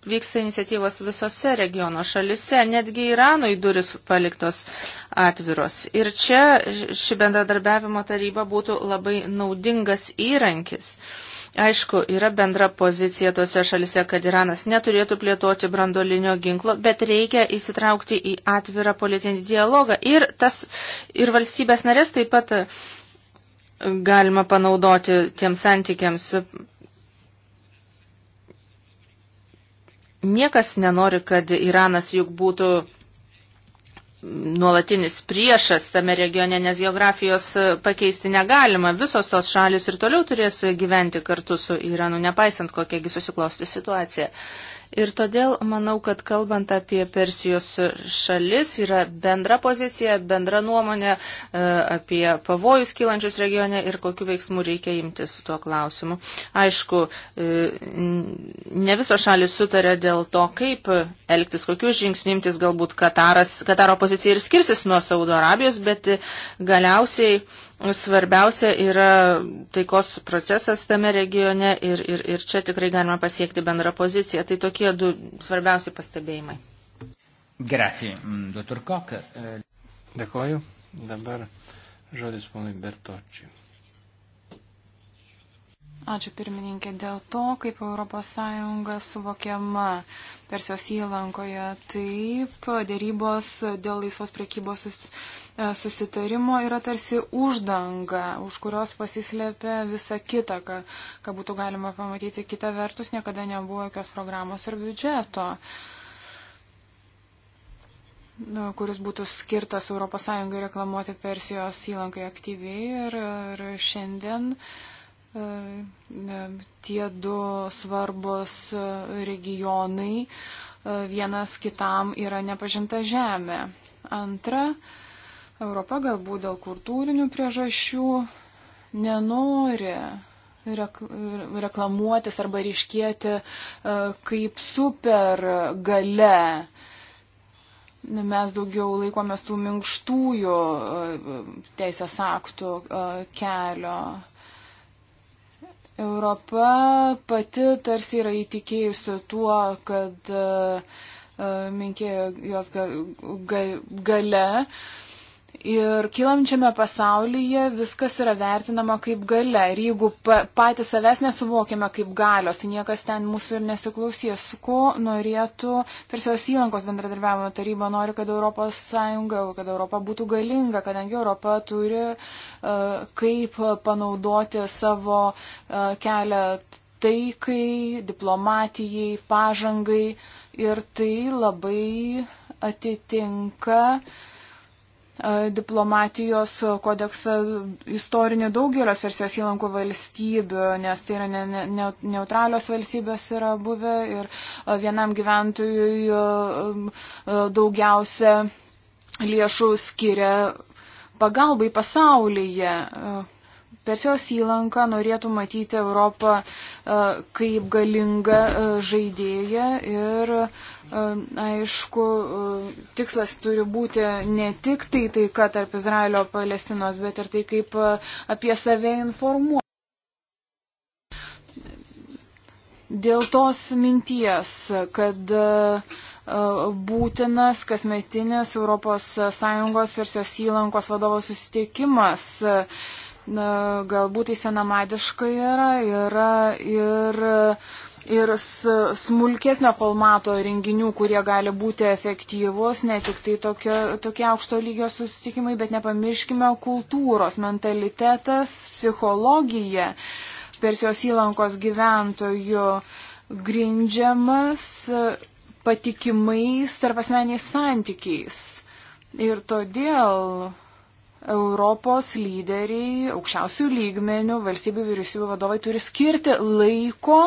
vyksta iniciatyvos visose regiono šalise, netgi Iranui duris paliktos atviros. Ir čia ši bendradarbiavimo taryba būtų labai naudingas įrankis. Uh, Aišku, yra bendra pozicija tose šalise, kad Iranas neturėtų plėtoti brandolinio ginklo, bet reikia įsitraukti į atvirą politinį dialogą. Ir, tas, ir valstybės narės taip pat e, galima panaudoti tiems santykiams. Niekas nenori, kad Iranas juk būtų nuolatinis priešas tame regione, nes geografijos pakeisti negalima. Visos tos šalis ir toliau turės gyventi kartu su Iranu, nepaisant kokiagi susiklosti situacija. Uh, Ir todėl manau, kad kalbant apie Persijos šalis yra bendra pozicija, bendra nuomonė e, apie pavojus kylančius regione ir kokiu veiksmu reikia imtis tuo klausimu. Aišku, e, ne visos šalis sutarė dėl to, kaip elgtis, kokius žingsnius imtis, galbūt Kataras, Kataro pozicija ir skirsis nuo Saudo Arabijos, bet galiausiai Svarbiausia yra taikos procesas tame regione ir, ir, ir čia tikrai galima pasiekti bendrą poziciją. Tai tokie du svarbiausi pastebėjimai. Gracijai, mm, doktor Kok. Eh, Dėkoju. Dabar žodis ponui Bertočiui. Ačiū pirmininkė. Dėl to, kaip ES suvokiama Persijos įlankoje, taip dėrybos dėl laisvos prekybos E, susitarimo yra tarsi uždanga, už kurios pasislėpia visa kita, kad, kad būtų galima pamatyti. Kita vertus, niekada nebuvo jokios programos ir biudžeto e, kuris būtų skirtas ES reklamuoti Persijos įlankai aktyviai ir, ir šiandien e, tie du svarbus regionai vienas kitam yra nepažinta žemė. Antra, Europa galbūt dėl kultūrinių priežasčių nenori reklamuotis arba ryškėti e, kaip super gale. Mes daugiau laikomės tų minkštųjų e, teisės aktų e, kelio. Europa pati tarsi yra įtikėjusi tuo, kad minkėjo jos gale. Ga, ga, Ir kilančiame pasaulyje viskas yra vertinama kaip gale. Ir jeigu pa, patys savęs nesuvokiame kaip galios, tai niekas ten mūsų ir nesiklausys. Su ko norėtų Persijos įlankos bendradarbiavimo taryba, nori, kad ES, kad Europa būtų galinga, kadangi Europa turi uh, kaip panaudoti savo uh, kelią taikai, diplomatijai, pažangai ir tai labai atitinka diplomatijos kodeksą istorinį daugelio Persijos įlankų valstybių, nes tai yra ne, ne, neutralios valstybės yra buvę ir vienam gyventojui daugiausia lėšų skiria pagalbai pasaulyje. Persijos įlanka norėtų matyti Europą kaip galingą žaidėją ir E, aišku, e, tikslas turi būti ne tik tai taika tarp Izraelio ir Palestinos, bet ir tai, kaip e, apie save informuoti. Dėl tos minties, kad būtinas kasmetinis ES Persijos įlankos vadovo susitikimas na, galbūt tai senamadiška yra, yra ir ir smulkesnio formato renginių, kurie gali būti efektyvus, ne tik tai tokio, tokie aukšto lygio susitikimai, bet nepamirškime kultūros, mentalitetas, psichologija Persijos įlankos gyventojų grindžiamas patikimais tarpasmeniais santykiais. Ir todėl Europos lyderiai, aukščiausių lygmenių, valstybių vyriausybių vadovai turi skirti laiko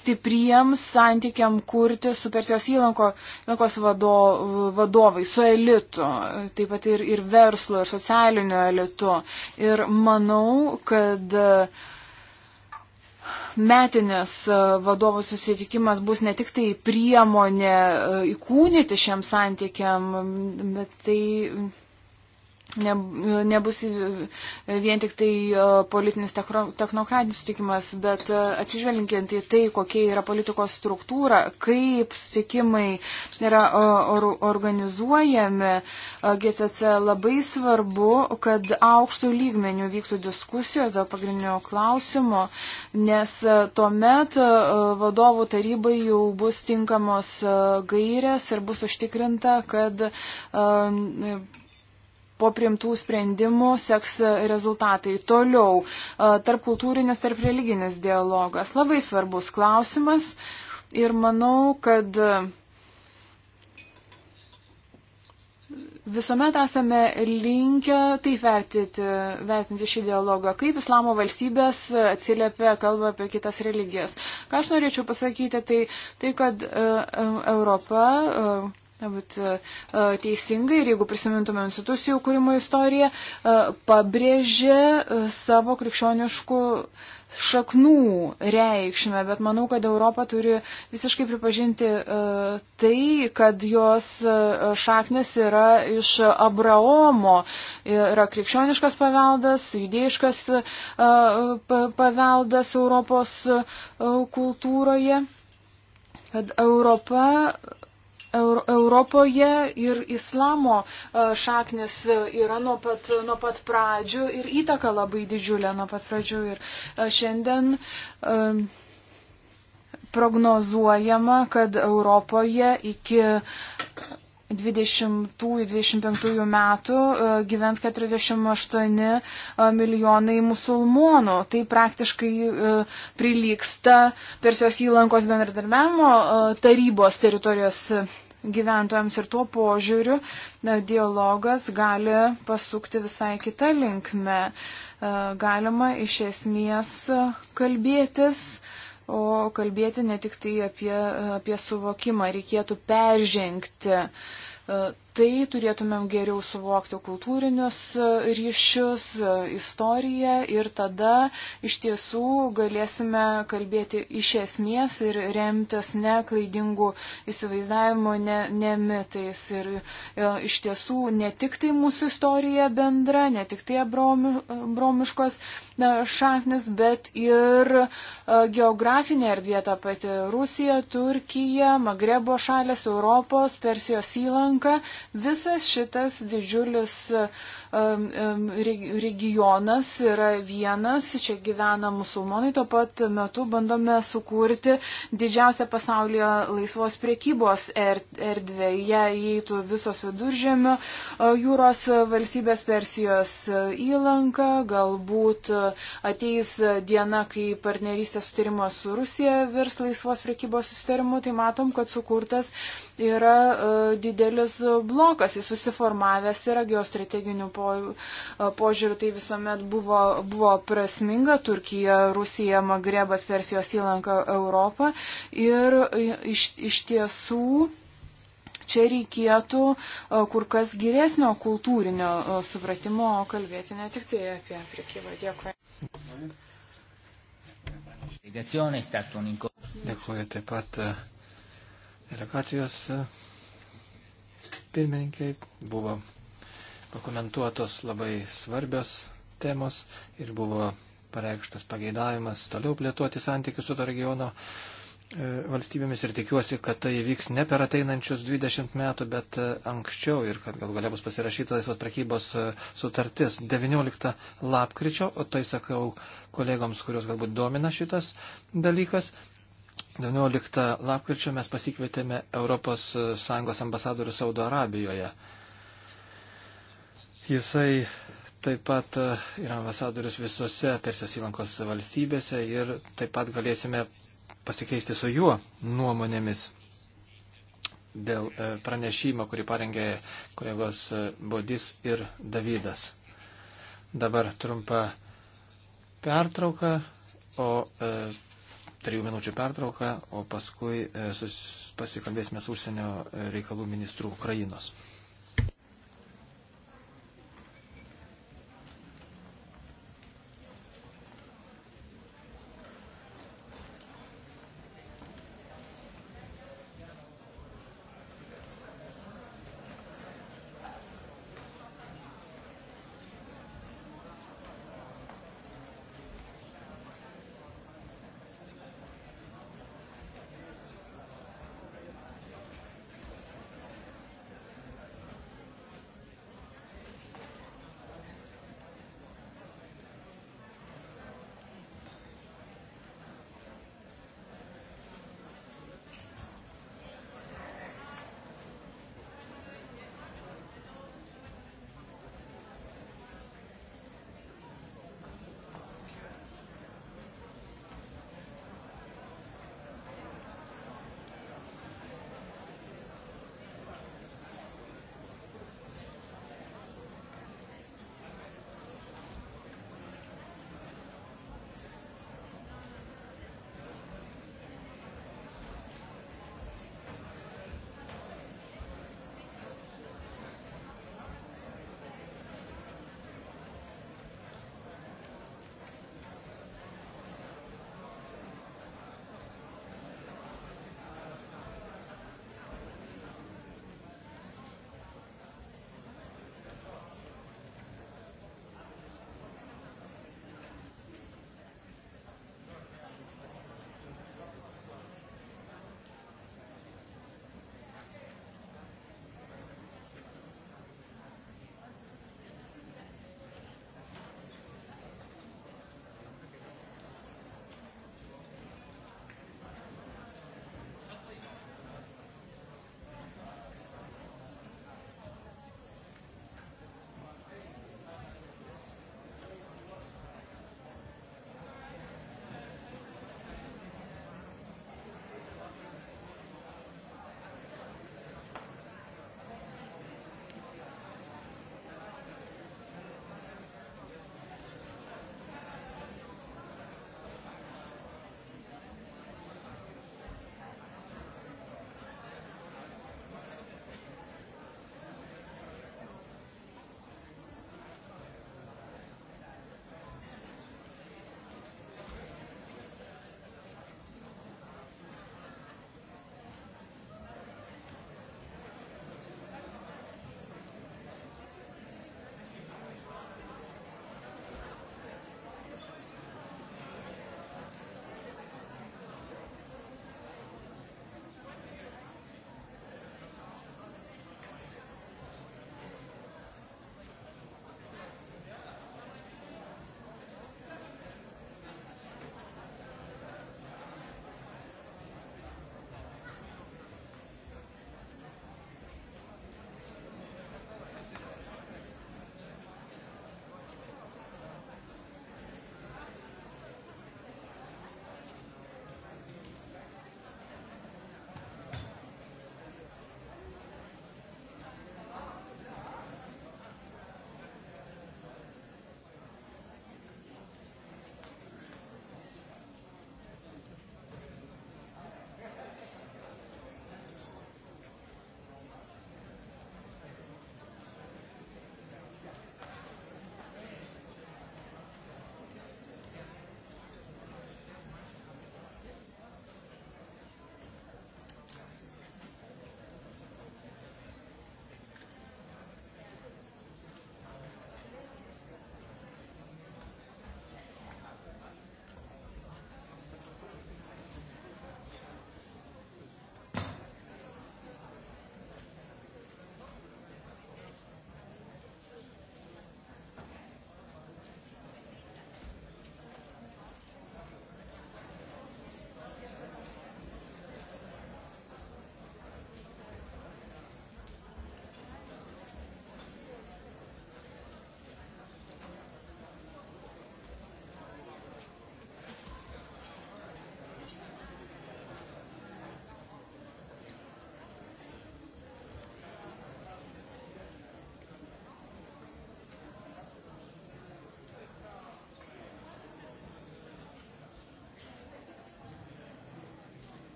stipriems santykiam kurti su Persijos įlanko, įlankos vado, vadovai, su elitu, taip pat ir, ir verslo, ir socialiniu elitu. Ir manau, kad metinės vadovų susitikimas bus ne tik tai priemonė e, įkūnyti šiam santykiam, bet tai ne, nebus vien tik tai e, politinis technokratinis sutikimas, bet e, atsižvelgiant į tai, kokia yra politikos struktūra, kaip sutikimai yra e, or, organizuojami, GCC labai svarbu, kad aukštų lygmenių vyktų diskusijos dėl pagrindinio klausimo, nes tuomet vadovų tarybai jau bus tinkamos gairės ir bus užtikrinta, kad po primtų sprendimų seks rezultatai. Toliau, e, tarp kultūrinis, tarp religinis dialogas. Labai svarbus klausimas ir manau, kad e, visuomet esame linkę taip vertinti, vertinti šį dialogą, kaip islamo valstybės atsiliepia kalba apie kitas religijas. Ką aš norėčiau pasakyti, tai, tai kad uh, Europa. Uh, Na, bet e, e, teisingai, ir jeigu prisimintume institucijų kūrimo istoriją, e, pabrėžė savo krikščioniškų šaknų reikšmę, bet manau, kad Europa turi visiškai pripažinti tai, kad jos šaknis yra iš Abraomo, yra krikščioniškas paveldas, judėjiškas paveldas Europos kultūroje, kad Europa Europoje ir islamo e, šaknis e, yra nuo pat, nuo pat pradžių ir įtaka labai didžiulė nuo pat pradžių. Ir e, šiandien prognozuojama, kad Europoje iki 20-25 metų e, gyvens 48 e, milijonai musulmonų. Tai praktiškai e, prilyksta Persijos įlankos bendradarbiavimo tarybos teritorijos gyventojams ir tuo požiūriu dialogas gali pasukti visai kitą linkmę. Galima iš esmės kalbėtis o kalbėti ne tik tai apie, apie suvokimą, reikėtų peržengti. E, tai turėtumėm geriau suvokti kultūrinius e, ryšius, e, istoriją ir tada iš tiesų galėsime kalbėti iš esmės ir remtis ne klaidingų įsivaizdavimo, ne, ne mitais. Ir iš tiesų ne tik tai mūsų istorija bendra, ne tik tai bromi, bromiškos šaknis, bet ir e, geografinė erdvė ta pati - Rusija, Turkija, Magrebo šalės, Europos, Persijos įlanka. Visas šitas didžiulis e, regionas yra vienas, čia gyvena musulmonai, tuo pat metu bandome sukurti didžiausią pasaulyje laisvos priekybos er, erdvę. Jie įeitų visos viduržėmio e, jūros valstybės Persijos įlanka, galbūt ateis diena, kai partnerystės sutarimas su Rusija virs laisvos priekybos sutarimu, tai matom, kad sukurtas yra e, didelis blokas, jis susiformavęs yra geostrateginių po, e, požiūrių, tai visuomet buvo, buvo prasminga Turkija, Rusija, Magrebas, Persijos įlanka Europą ir iš, iš tiesų čia reikėtų e, kur kas geresnio kultūrinio supratimo, o kalbėti ne tik tai apie prekybą. Dėkui. Dėkuoju taip pat delegacijos e, pirmininkai buvo pakomentuotos labai svarbios temos ir buvo pareikštas pageidavimas toliau plėtoti santykius su to regiono e, valstybėmis ir tikiuosi, kad tai vyks ne per ateinančius 20 metų, bet e, anksčiau ir kad gal galia bus pasirašyta laisvos prekybos sutartis 19 lapkričio, o tai sakau kolegoms, kurios galbūt domina šitas dalykas, 19 lapkričio mes pasikvietėme ES ambasadorių Saudo Arabijoje. Jisai taip pat e, yra ambasadorius visose Persijos įlankos valstybėse ir taip pat galėsime pasikeisti su juo nuomonėmis dėl e, pranešimo, kurį parengė kolegos e, Bodis ir Davydas. Dabar trumpa pertrauka, o e, trijų minučių pertrauką, o paskui e, pasikalbėsime su užsienio reikalų ministru Ukrainos.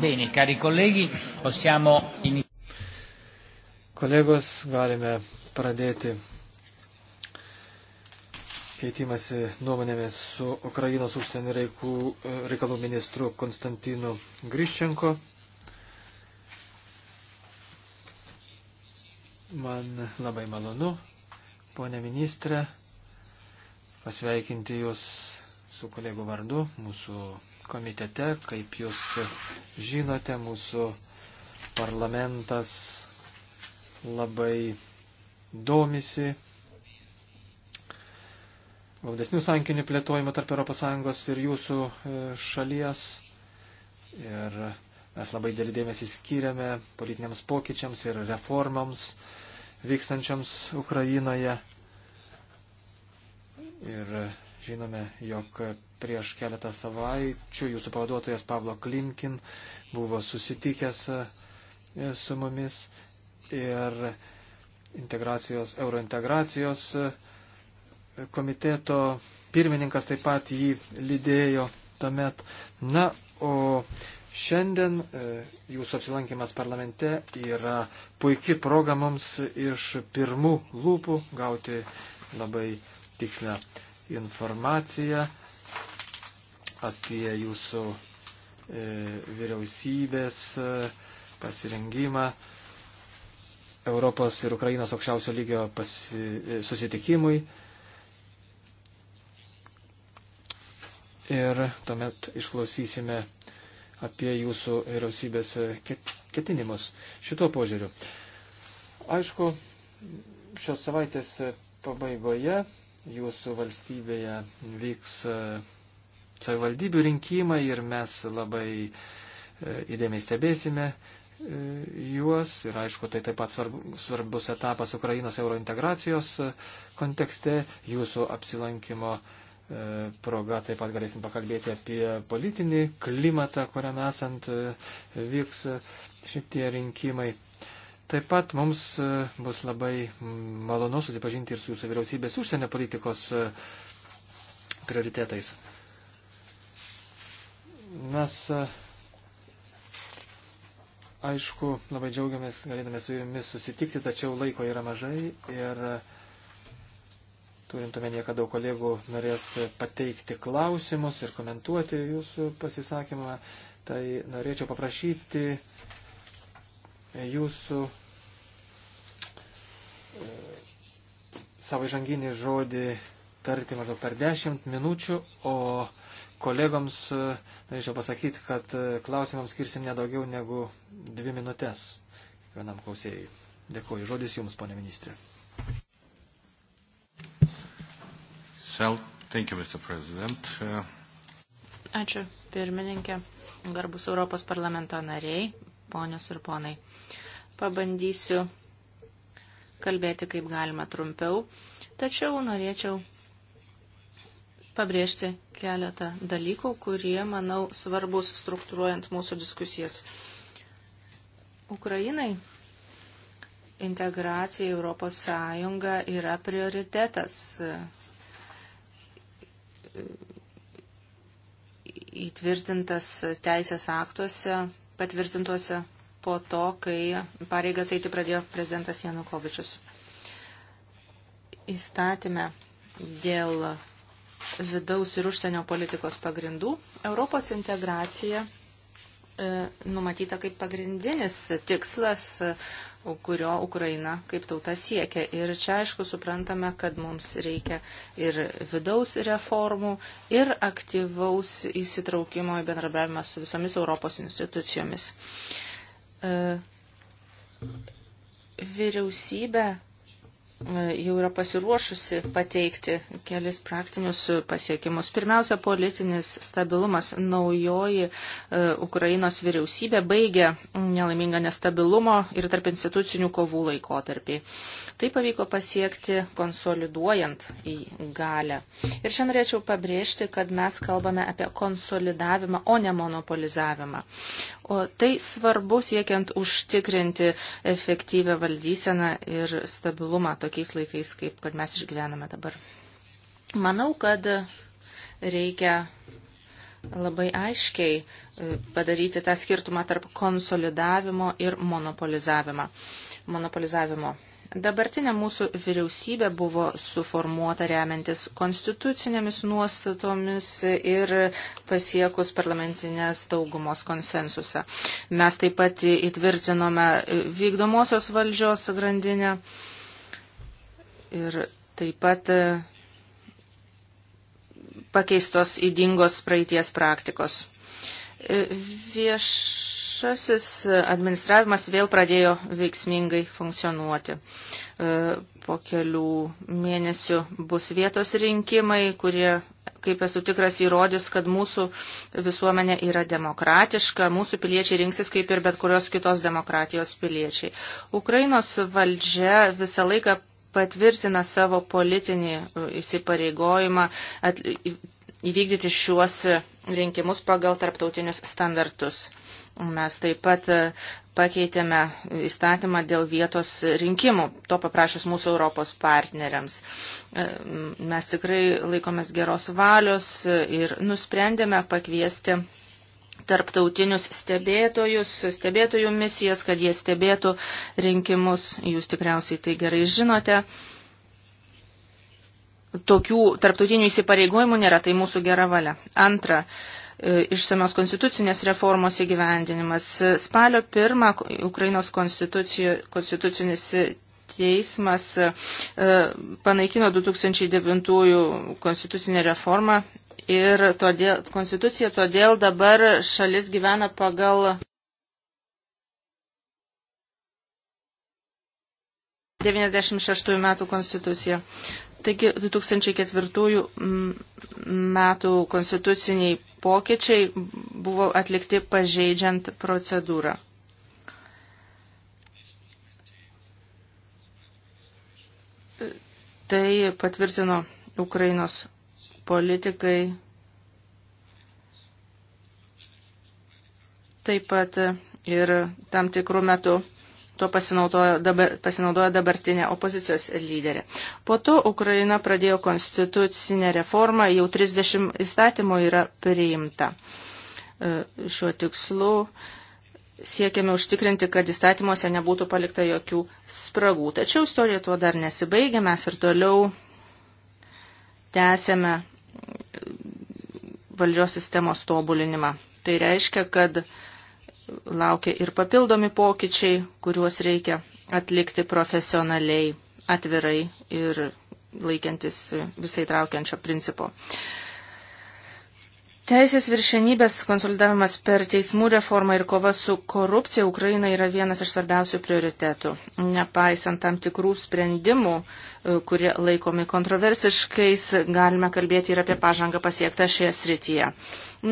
Bene, cari colleghi, possiamo iniziare. Kolegos, galime pradėti keitimąsi nuomonėmis su Ukrainos užsienio e, reikalų ministru Konstantinu Griščenko. Man labai malonu, ponė ministrė, pasveikinti Jūs su kolegų vardu, mūsų komitete, kaip jūs žinote, mūsų parlamentas labai domisi glaudesnių sankinių plėtojimo tarp ES ir jūsų e, šalies. Ir mes labai dėlį dėmesį skiriame politiniams pokyčiams ir reformams vykstančiams Ukrainoje. Ir Žinome, jog prieš keletą savaičių jūsų pavaduotojas Pavlo Klimkin buvo susitikęs e, su mumis ir integracijos, eurointegracijos e, komiteto pirmininkas taip pat jį lydėjo tuomet. Na, o šiandien e, jūsų apsilankimas parlamente yra puikia proga mums iš pirmų lūpų gauti labai tikslę informaciją apie jūsų e, vyriausybės e, pasirengimą Europos ir Ukrainos aukščiausio lygio pasi, e, susitikimui. Ir tuomet išklausysime apie jūsų vyriausybės e, ketinimus šituo požiūriu. Aišku, šios savaitės e, pabaigoje jūsų valstybėje vyks e, savivaldybių rinkimai ir mes labai e, įdėmiai stebėsime e, juos. Ir aišku, tai taip pat svarbus etapas Ukrainos eurointegracijos kontekste. Jūsų apsilankimo proga taip pat galėsim pakalbėti apie politinį klimatą, kuriame esant vyks šitie rinkimai. Taip pat mums e, bus labai malonu susipažinti ir su jūsų vyriausybės užsienio politikos e, prioritetais. Mes, e, aišku, labai džiaugiamės galėdame su jumis susitikti, tačiau laiko yra mažai ir turint omenyje, kad daug kolegų norės pateikti klausimus ir komentuoti jūsų pasisakymą, tai norėčiau paprašyti Jūsų e, savo žanginį žodį tarti maždaug per 10 minučių, o kolegoms e, norėčiau pasakyti, kad e, klausimams skirsim nedaugiau negu 2 minutės kiekvienam klausėjui. Dėkuoju. Žodis Jums, ponė ministrė. Ačiū, pirmininkė, garbus Europos parlamento nariai, ponios ir ponai. Pabandysiu kalbėti kaip galima trumpiau, tačiau norėčiau pabrėžti keletą dalykų, kurie, manau, svarbus struktūruojant mūsų diskusijas. Ukrainai integracija į Europos Sąjungą yra prioritetas įtvirtintas teisės aktuose, patvirtintuose po to, kai pareigas eiti pradėjo prezidentas Janukovičius. Įstatymę dėl vidaus ir užsienio politikos pagrindų Europos integracija e, numatyta kaip pagrindinis tikslas, e, kurio Ukraina kaip tauta siekia. Ir čia aišku suprantame, kad mums reikia ir vidaus reformų, ir aktyvaus įsitraukimo į bendradarbiavimą su visomis Europos institucijomis. E, E, vyriausybė e, jau yra pasiruošusi pateikti kelis praktinius pasiekimus. Pirmiausia, politinis stabilumas. Naujoji e, Ukrainos vyriausybė baigė nelaimingą nestabilumo ir tarp institucinių kovų laikotarpį. Tai pavyko pasiekti konsoliduojant į galę. Ir čia norėčiau pabrėžti, kad mes kalbame apie konsolidavimą, o ne monopolizavimą. O tai svarbu siekiant užtikrinti efektyvę valdyseną ir stabilumą tokiais laikais, kaip kad mes išgyvename dabar. Manau, kad reikia labai aiškiai e, padaryti tą skirtumą tarp konsolidavimo ir monopolizavimo. monopolizavimo. Dabartinė mūsų vyriausybė buvo suformuota remiantis konstitucinėmis nuostatomis ir pasiekus parlamentinės daugumos konsensusą. Mes taip pat įtvirtinome vykdomosios valdžios grandinę ir taip pat pakeistos įdingos praeities praktikos. Viešasis administravimas vėl pradėjo veiksmingai funkcionuoti. E, po kelių mėnesių bus vietos rinkimai, kurie, kaip esu tikras, įrodys, kad mūsų visuomenė yra demokratiška, mūsų piliečiai rinksis kaip ir bet kurios kitos demokratijos piliečiai. Ukrainos valdžia visą laiką patvirtina savo politinį e, įsipareigojimą at, įvykdyti šiuos rinkimus pagal tarptautinius standartus. Mes taip pat e, pakeitėme įstatymą dėl vietos rinkimų, to paprašus mūsų Europos partneriams. E, mes tikrai laikomės geros valios ir nusprendėme pakviesti tarptautinius stebėtojus, stebėtojų misijas, kad jie stebėtų rinkimus. Jūs tikriausiai tai gerai žinote tokių tarptautinių įsipareigojimų nėra, tai mūsų gera valia. Antra, e, išsamios konstitucinės reformos įgyvendinimas. Spalio pirmą Ukrainos konstitucinis teismas e, panaikino 2009 konstitucinę reformą ir todėl, konstitucija todėl dabar šalis gyvena pagal 96 metų konstituciją. Taigi 2004 metų konstituciniai pokyčiai buvo atlikti pažeidžiant procedūrą. Tai patvirtino Ukrainos politikai. Taip pat ir tam tikrų metų Tuo pasinaudojo, dabar, pasinaudojo dabartinė opozicijos lyderė. Po to Ukraina pradėjo konstitucinę reformą, jau 30 įstatymų yra priimta. E, šiuo tikslu siekiame užtikrinti, kad įstatymuose nebūtų palikta jokių spragų. Tačiau istorija tuo dar nesibaigia, mes ir toliau tęsėme valdžios sistemos tobulinimą. Tai reiškia, kad laukia ir papildomi pokyčiai, kuriuos reikia atlikti profesionaliai, atvirai ir laikantis visai traukiančio principo. Teisės viršenybės konsolidavimas per teismų reformą ir kova su korupcija Ukraina yra vienas iš svarbiausių prioritetų. Nepaisant tam tikrų sprendimų, e, kurie laikomi kontroversiškais, galime kalbėti ir apie pažangą pasiektą šioje srityje.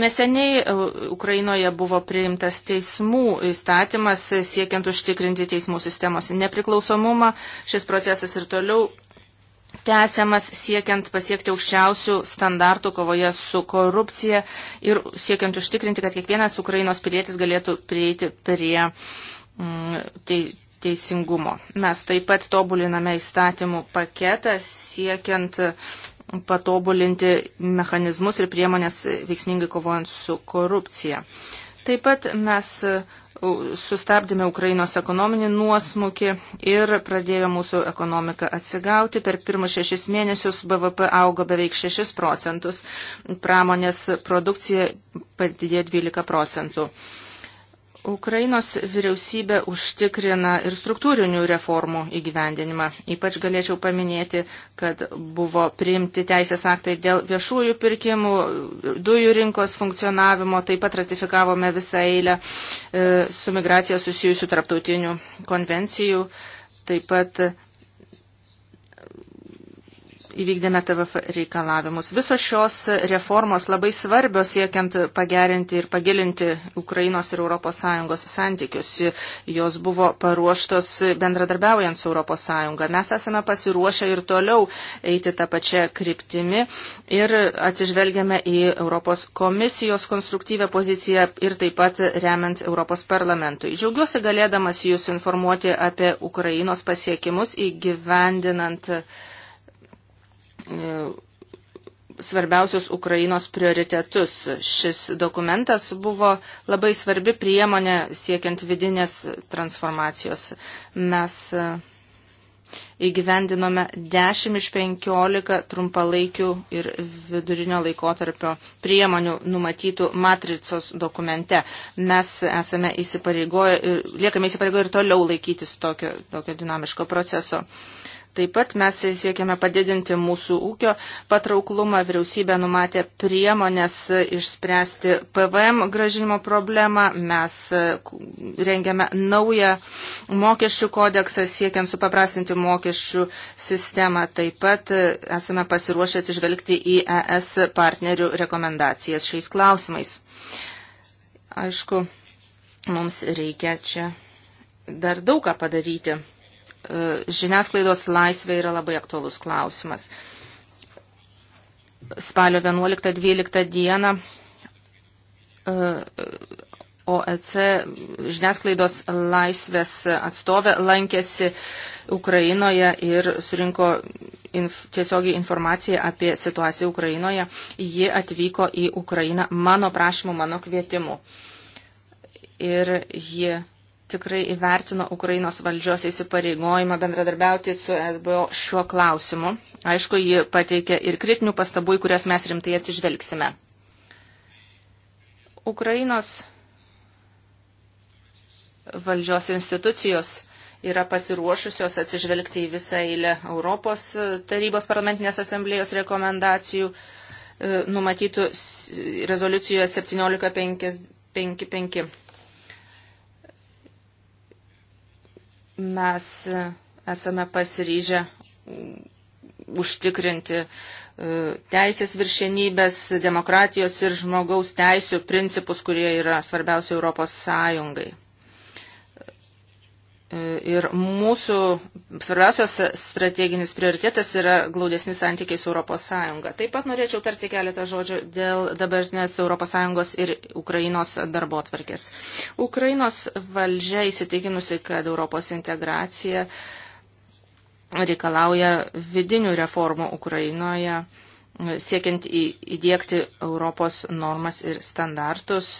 Neseniai e, Ukrainoje buvo priimtas teismų įstatymas e, siekiant užtikrinti teismų sistemos nepriklausomumą. Šis procesas ir toliau tęsiamas siekiant pasiekti aukščiausių standartų kovoje su korupcija ir siekiant užtikrinti, kad kiekvienas Ukrainos pilietis galėtų prieiti prie mm, te, teisingumo. Mes taip pat tobuliname įstatymų paketą siekiant patobulinti mechanizmus ir priemonės veiksmingai kovojant su korupcija. Taip pat mes sustabdėme Ukrainos ekonominį nuosmukį ir pradėjo mūsų ekonomika atsigauti. Per pirmus šešis mėnesius BVP augo beveik 6 procentus, pramonės produkcija padidėjo 12 procentų. Ukrainos vyriausybė užtikrina ir struktūrinių reformų įgyvendinimą. Ypač galėčiau paminėti, kad buvo priimti teisės aktai dėl viešųjų pirkimų, dujų rinkos funkcionavimo, taip pat ratifikavome visą eilę e, su migracija susijusių tarptautinių konvencijų, taip pat įvykdėme TVF reikalavimus. Visos šios reformos labai svarbios siekiant pagerinti ir pagilinti Ukrainos ir ES santykius. Jos buvo paruoštos bendradarbiaujant su ES. Mes esame pasiruošę ir toliau eiti tą pačią kryptimį ir atsižvelgiame į Europos komisijos konstruktyvę poziciją ir taip pat remiant Europos parlamentui. Džiaugiuosi galėdamas jūs informuoti apie Ukrainos pasiekimus įgyvendinant E, svarbiausius Ukrainos prioritetus. Šis dokumentas buvo labai svarbi priemonė siekiant vidinės transformacijos. Mes e, įgyvendinome 10 iš 15 trumpalaikių ir vidurinio laikotarpio priemonių numatytų matricos dokumente. Mes esame įsipareigoję, liekame įsipareigoję ir toliau laikytis tokio, tokio dinamiško proceso. Uh, Taip pat mes siekiame padidinti mūsų ūkio patrauklumą. Vyriausybė numatė priemonės išspręsti PVM gražinimo problemą. Mes e, rengiame naują mokesčių kodeksą siekiant supaprastinti mokesčių sistemą. Taip pat e, esame pasiruošę atsižvelgti į ES partnerių rekomendacijas šiais klausimais. Aišku, mums reikia čia dar daug ką padaryti žiniasklaidos laisvė yra labai aktuolus klausimas. Spalio 11-12 dieną e, OEC žiniasklaidos laisvės atstovė lankėsi Ukrainoje ir surinko inf tiesiogiai informaciją apie situaciją Ukrainoje. Ji atvyko į Ukrainą mano prašymu, mano kvietimu. Ir ji tikrai įvertino Ukrainos valdžios įsipareigojimą bendradarbiauti su SBO šiuo klausimu. Aišku, ji pateikė ir kritinių pastabų, į kurias mes rimtai atsižvelgsime. Ukrainos valdžios institucijos yra pasiruošusios atsižvelgti į visą eilę Europos tarybos parlamentinės asamblėjos rekomendacijų e, numatytų rezoliucijoje 1755. Mes esame pasiryžę užtikrinti e, teisės viršienybės, demokratijos ir žmogaus teisų principus, kurie yra svarbiausia Europos Sąjungai. E, ir mūsų svarbiausias strateginis prioritetas yra glaudesni santykiai su ES. Taip pat norėčiau tarti keletą žodžių dėl dabartinės ES ir Ukrainos darbo atvarkės. Ukrainos valdžia įsitikinusi, kad Europos integracija reikalauja vidinių reformų Ukrainoje, siekiant įdėkti Europos normas ir standartus.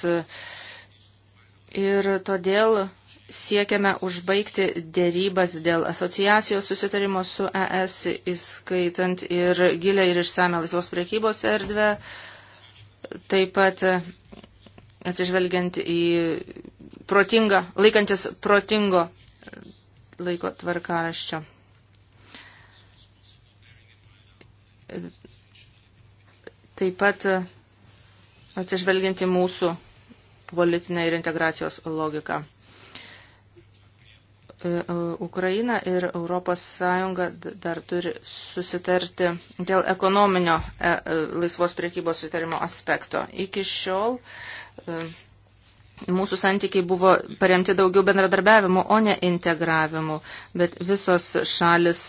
Ir todėl siekiame užbaigti dėrybas dėl asociacijos susitarimo su ES, įskaitant ir gilę ir išsame laisvos priekybos erdvę, taip pat e, atsižvelgiant į protingą, laikantis protingo e, laiko tvarkaraščio. Taip pat e, atsižvelgiant į mūsų politinę ir integracijos logiką. E, e, Ukraina ir ES dar turi susitarti dėl ekonominio e, laisvos priekybos sutarimo aspekto. Iki šiol mūsų santykiai buvo paremti daugiau bendradarbiavimu, o ne integravimu, bet visos šalis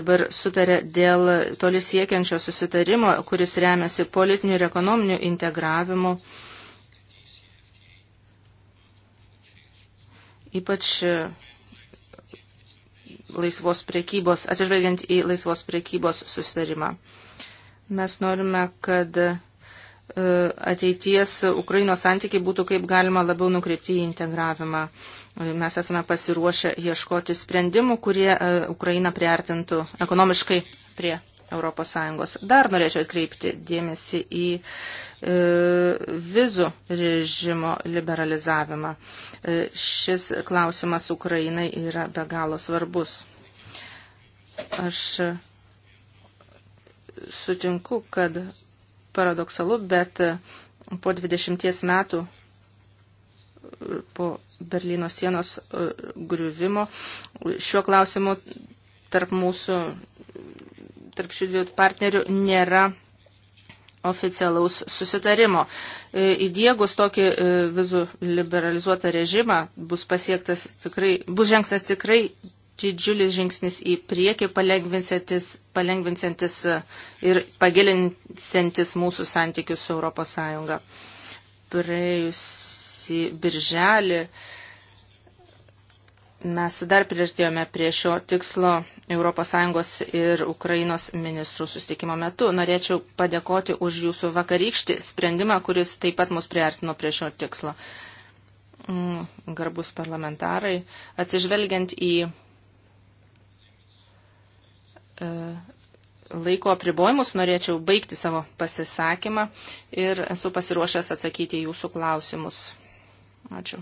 dabar sutarė dėl toli siekiančio susitarimo, kuris remiasi politiniu ir ekonominiu integravimu Ypač e, laisvos priekybos, atsižvelgiant į laisvos priekybos susitarimą. Mes norime, kad e, ateities Ukrainos santykiai būtų kaip galima labiau nukreipti į integravimą. Mes esame pasiruošę ieškoti sprendimų, kurie e, Ukrainą priartintų ekonomiškai prie ES. Dar norėčiau atkreipti dėmesį į e, vizų režimo liberalizavimą. E, šis klausimas Ukrainai yra be galo svarbus. Aš sutinku, kad paradoksalu, bet po 20 metų po Berlyno sienos e, griuvimo šiuo klausimu tarp mūsų tarp šių dviejų partnerių nėra oficialaus susitarimo. E, įdiegus tokį e, vizų liberalizuotą režimą bus pasiektas tikrai, bus žengtas tikrai didžiulis žingsnis į priekį, palengvinsantis, palengvinsantis e, ir pagilinsantis mūsų santykius su ES. Praėjusį birželį uh, mes dar priartėjome prie šio tikslo ES ir Ukrainos ministrų sustikimo metu. Norėčiau padėkoti už jūsų vakarykštį sprendimą, kuris taip pat mus priartino prie šio tikslo. Mm, garbus parlamentarai, atsižvelgiant į e, laiko apribojimus, norėčiau baigti savo pasisakymą ir esu pasiruošęs atsakyti jūsų klausimus. Ačiū.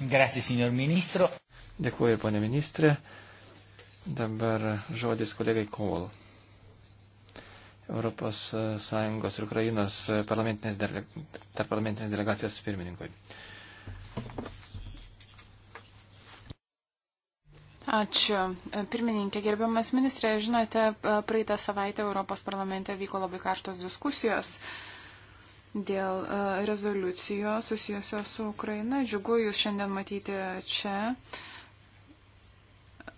Grazie, signor ministro. Dėkuoju, ponė ministrė. Dabar žodis kolegai Kovol. ES ir Ukrainos parlamentinės, dele, parlamentinės delegacijos pirmininkui. Ačiū. Pirmininkė, gerbiamas ministrė, žinote, praeitą savaitę Europos parlamente vyko labai karštos diskusijos dėl e, rezoliucijos susijusios su Ukraina. Džiugu jūs šiandien matyti čia.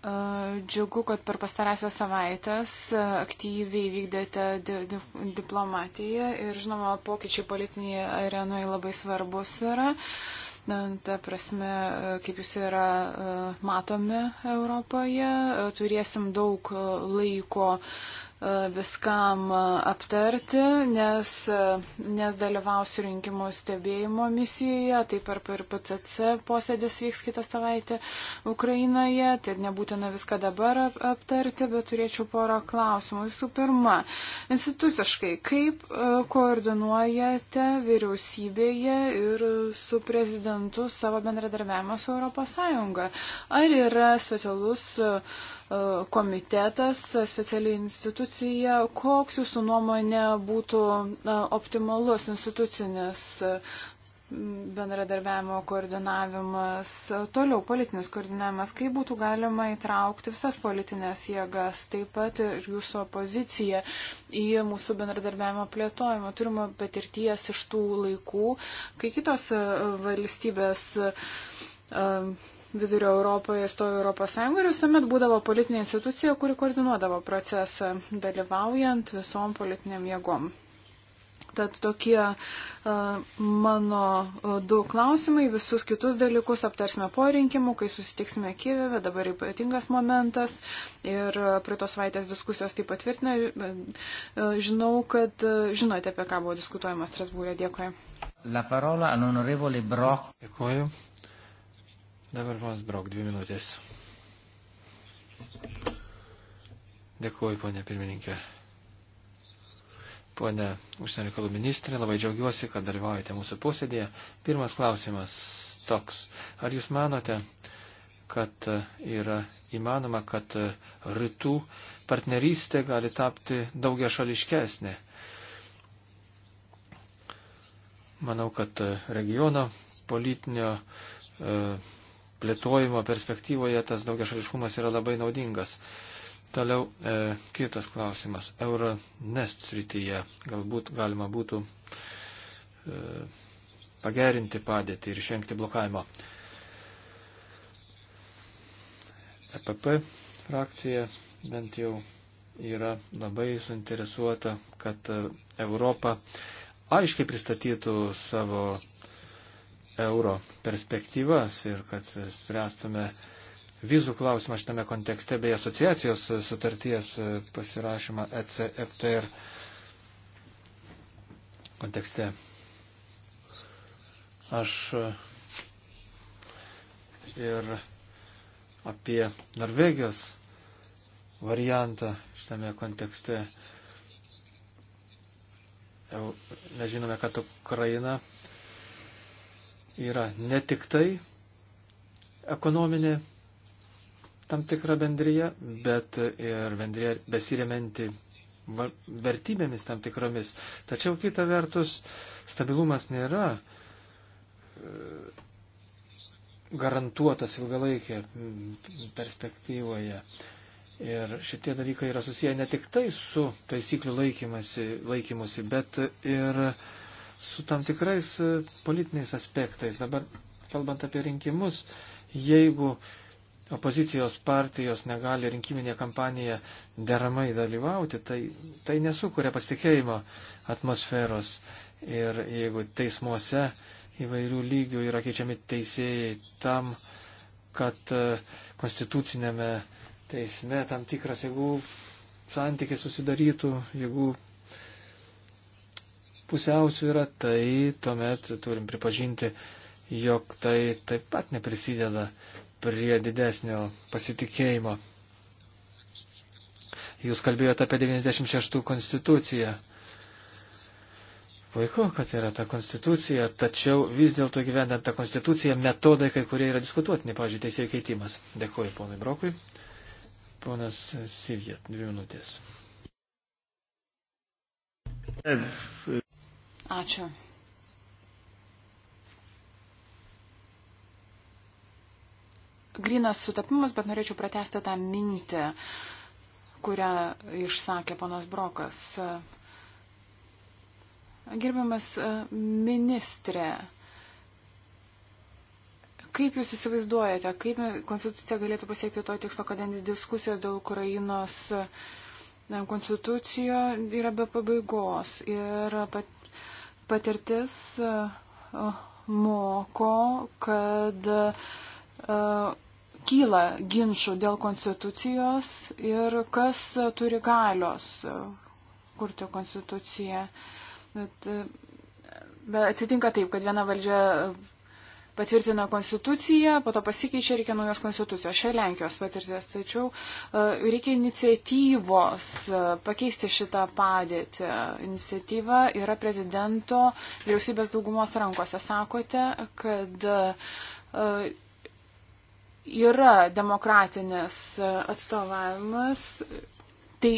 E, džiugu, kad per pastarąsias savaitės e, aktyviai vykdėte di di diplomatiją ir, žinoma, pokyčiai politinėje arenoje labai svarbus yra. Ta prasme, kaip jūs yra matomi Europoje, turėsim daug laiko viskam aptarti, nes, nes dalyvausiu rinkimų stebėjimo misijoje, taip ar per PCC posėdis vyks kitą savaitę Ukrainoje, tai nebūtina viską dabar aptarti, bet turėčiau porą klausimų. Visų pirma, instituciškai, kaip koordinuojate vyriausybėje ir su prezidentu savo bendradarbiavimą su ES? Ar yra specialus uh, komitetas, speciali institucija, koks jūsų nuomonė būtų optimalus institucinis bendradarbiavimo koordinavimas, toliau politinis koordinavimas, kaip būtų galima įtraukti visas politinės jėgas, taip pat ir jūsų opoziciją į mūsų bendradarbiavimo plėtojimą. Turime patirties iš tų laikų, kai kitos e, valstybės e, vidurio Europoje stovi Europos Sąjunga ir visuomet būdavo politinė institucija, kuri koordinuodavo procesą, dalyvaujant visom politiniam jėgom. Tad tokie mano du klausimai, visus kitus dalykus aptarsime po rinkimų, kai susitiksime Kyvėve, dabar ypatingas momentas ir prie tos vaitės diskusijos taip patvirtina. Žinau, kad žinote, apie ką buvo diskutuojama Strasbūrė. Dėkui. La parola all'onorevole Brock. Dėkuoju. Dabar mums brauk dvi minutės. Dėkuoju, ponė pirmininkė. Pone užsienio reikalų ministrė, labai džiaugiuosi, kad dalyvaujate mūsų posėdėje. Pirmas klausimas toks. Ar jūs manote, kad yra įmanoma, kad rytų partnerystė gali tapti daugia šališkesnė? Manau, kad regiono politinio. E, plėtojimo perspektyvoje tas daugiašališkumas yra labai naudingas. Toliau e, kitas klausimas. Euronest srityje galbūt galima būtų e, pagerinti padėtį ir išvengti blokavimo. EPP frakcija bent jau yra labai suinteresuota, kad e, Europa aiškiai pristatytų savo euro perspektyvas ir kad spręstume vizų klausimą šitame kontekste bei asociacijos sutarties pasirašymą ECFTR kontekste. Aš ir apie Norvegijos variantą šitame kontekste. Mes žinome, kad Ukraina yra ne tik tai ekonominė tam tikra bendryje, bet ir bendryje besiriamenti vertybėmis tam tikromis. Tačiau kita vertus, stabilumas nėra e, garantuotas ilgalaikė perspektyvoje. Ir šitie dalykai yra susiję ne tik tai su taisyklių laikymusi, bet ir uh, su tam tikrais e, politiniais aspektais. Dabar, kalbant apie rinkimus, jeigu opozicijos partijos negali rinkiminėje kampanijoje deramai dalyvauti, tai, tai nesukuria pasitikėjimo atmosferos. Ir jeigu teismuose įvairių lygių yra keičiami teisėjai tam, kad e, konstitucinėme teisme tam tikras, jeigu santykiai susidarytų, jeigu pusiausvyrą, tai tuomet turim pripažinti, jog tai taip pat neprisideda prie didesnio pasitikėjimo. Jūs kalbėjote apie 96 konstituciją. Puiku, kad yra ta konstitucija, tačiau vis dėlto gyvenant tą konstituciją metodai, kai kurie yra diskutuotini, pavyzdžiui, teisėjų keitimas. Dėkuoju ponui Brokui. Ponas Sivjet, dvi minutės. Ačiū. Grinas sutapimas, bet norėčiau pratesti tą mintį, kurią išsakė ponas Brokas. Gerbiamas e, ministrė, Kaip Jūs įsivaizduojate, kaip Konstitucija galėtų pasiekti to tikslo, kadangi diskusijos dėl Ukrainos e, Konstitucijo yra be pabaigos ir pat, patirtis e, moko, kad e, kyla ginčių dėl konstitucijos ir kas turi galios e, kurti konstituciją. Bet, bet atsitinka taip, kad viena valdžia patvirtina konstituciją, po to pasikeičia, reikia naujos konstitucijos. Šia Lenkijos patirties. Tačiau e, reikia iniciatyvos e, pakeisti šitą padėtį. Iniciatyva yra prezidento vyriausybės daugumos rankose. Sakote, kad e, yra demokratinis atstovavimas. Tai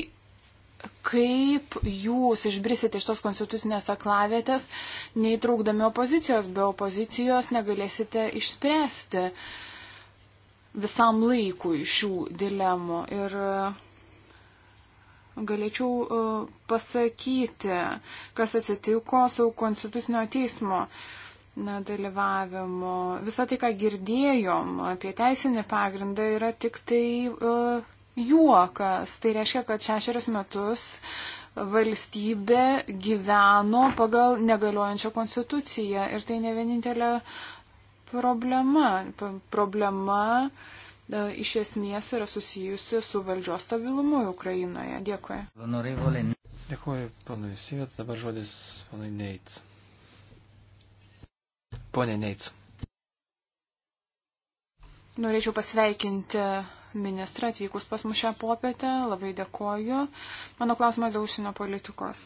kaip jūs išbrisite iš tos konstitucinės aklavietės, neįtraukdami opozicijos, be opozicijos negalėsite išspręsti visam laikui šių dilemų. Ir e, galėčiau e, pasakyti, kas atsitiko su konstitucinio teismo na, dalyvavimu. Visą tai, ką girdėjom apie teisinį pagrindą, yra tik tai uh, juokas. Tai reiškia, kad šešerius metus valstybė gyveno pagal negaliojančią konstituciją ir tai ne vienintelė problema. Problema e, iš esmės yra susijusi su valdžios stabilumu Ukrainoje. Dėkui. Dėkuoju, ponui Sivėt, dabar žodis ponui Neits. Pone Neits. Norėčiau pasveikinti ministrą atvykus pas mus šią popietę. Labai dėkoju. Mano klausimas dėl užsienio politikos.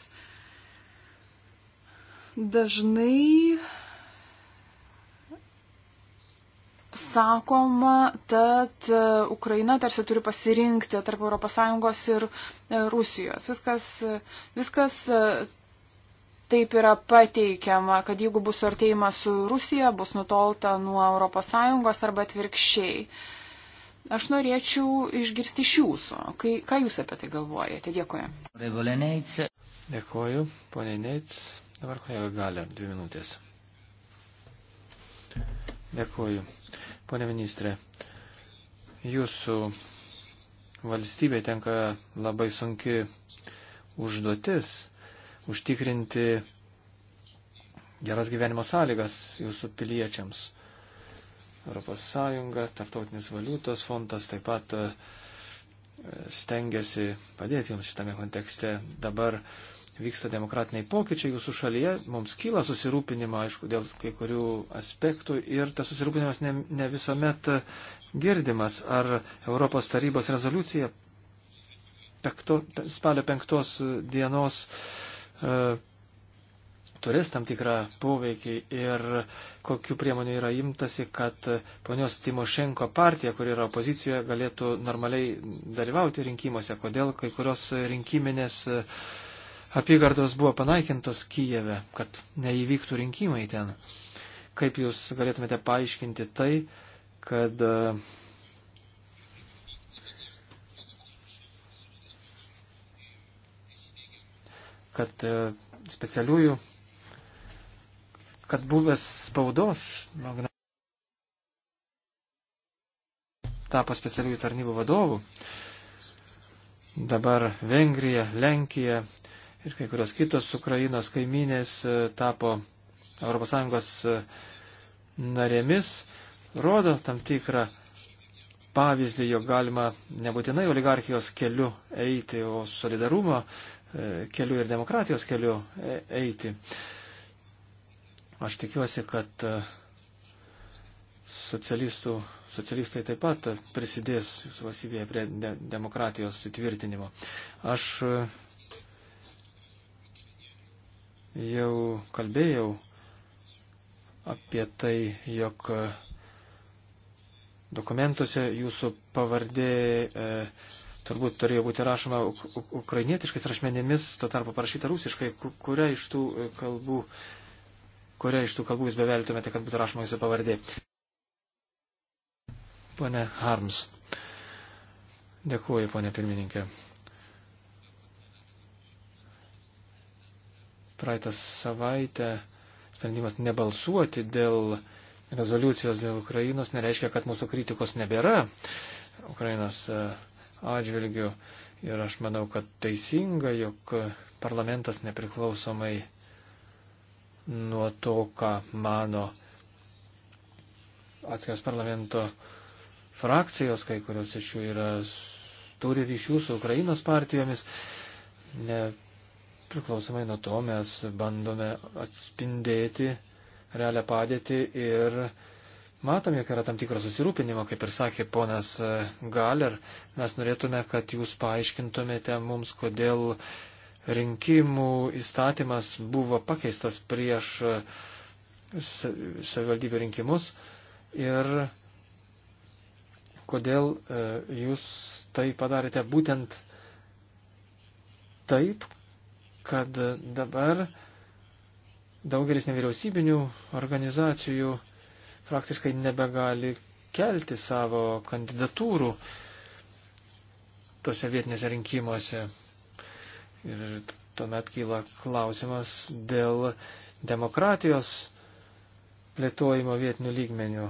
Dažnai sakoma, tad e, Ukraina tarsi turi pasirinkti tarp ES ir e, Rusijos. Viskas, e, viskas taip yra pateikiama, kad jeigu bus artėjimas su Rusija, bus nutolta nuo ES arba atvirkščiai. Uh, Aš norėčiau išgirsti iš jūsų, kai, ką jūs apie tai galvojate. Dėkuoju. Dėkuoju, ponė Neits. Dabar kolega Galer, dvi minutės. Dėkuoju. Pone ministrė, jūsų valstybė tenka labai sunki užduotis užtikrinti geras gyvenimo sąlygas jūsų piliečiams. Europos Sąjunga, Tartautinis valiutos fondas taip pat e, stengiasi padėti jums šitame kontekste. Dabar vyksta demokratiniai pokyčiai jūsų šalyje, mums kyla susirūpinimo, aišku, dėl kai kurių aspektų ir tas susirūpinimas ne, ne visuomet girdimas. Ar Europos tarybos rezoliucija penkto, spalio penktos dienos e, turės tam tikrą poveikį ir kokiu priemonių yra imtasi, kad ponios Timošenko partija, kuri yra opozicijoje, galėtų normaliai dalyvauti rinkimuose, kodėl kai kurios rinkiminės apygardos buvo panaikintos Kijeve, kad neįvyktų rinkimai ten. Kaip jūs galėtumėte paaiškinti tai, kad kad e, specialiųjų kad buvęs spaudos tapo specialiųjų tarnybų vadovų. Dabar Vengrija, Lenkija ir kai kurios kitos Ukrainos kaiminės e, tapo ES e, narėmis, rodo tam tikrą pavyzdį, jog galima nebūtinai oligarchijos keliu eiti, o solidarumo e, keliu ir demokratijos keliu eiti. E Aš tikiuosi, kad e, socialistai taip pat prisidės jūsų valstybėje prie de demokratijos įtvirtinimo. Aš e, jau kalbėjau apie tai, jog e, dokumentuose jūsų pavardė e, turbūt turėjo būti rašoma ukrainietiškais rašmenimis, to tarpu parašyta rusiškai, kuria iš tų kalbų kurią iš tų kalbų jūs beveltumėte, kad būtų rašoma jūsų pavardė. Pone Harms. Dėkuoju, ponė pirmininkė. Praeitą savaitę sprendimas nebalsuoti dėl rezoliucijos dėl Ukrainos nereiškia, kad mūsų kritikos nebėra Ukrainos e, atžvilgių. Ir aš manau, kad teisinga, jog parlamentas nepriklausomai nuo to, ką mano atskiras parlamento frakcijos, kai kurios iš jų yra, turi ryšių su Ukrainos partijomis. Ne, priklausomai nuo to mes bandome atspindėti realią padėtį ir matom, jog yra tam tikro susirūpinimo, kaip ir sakė ponas Galer. Mes norėtume, kad jūs paaiškintumėte mums, kodėl uh, rinkimų įstatymas buvo pakeistas prieš savivaldybių rinkimus ir kodėl e, jūs tai padarėte būtent taip, kad dabar daugelis nevyriausybinių organizacijų praktiškai nebegali kelti savo kandidatūrų tose vietinėse rinkimuose. Ir tuomet kyla klausimas dėl demokratijos plėtojimo vietinių lygmenių.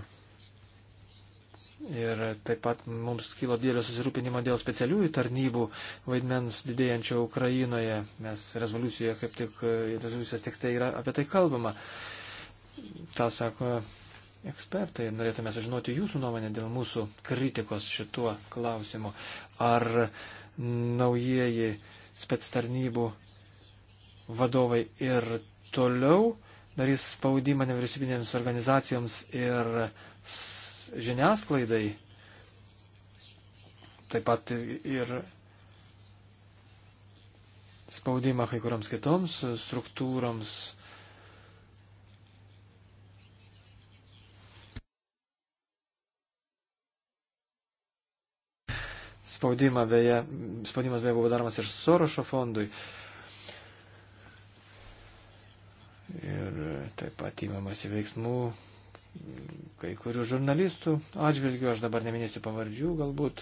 Ir taip pat mums kilo didelio susirūpinimo dėl specialiųjų tarnybų vaidmens didėjančio Ukrainoje. Mes rezoliucijoje, kaip tik rezoliucijos tekste yra apie tai kalbama. Ta sako ekspertai. Norėtume sužinoti jūsų nuomonę dėl mūsų kritikos šituo klausimu. Ar naujieji spets tarnybų vadovai ir toliau darys spaudimą nevyriausybinėms organizacijoms ir žiniasklaidai, taip pat ir spaudimą kai kuriams kitoms struktūroms, spaudimą beje, spaudimas beje buvo daromas ir Sorošo fondui. Ir taip pat įmamasi veiksmų kai kurių žurnalistų atžvilgių, aš dabar neminėsiu pavardžių galbūt,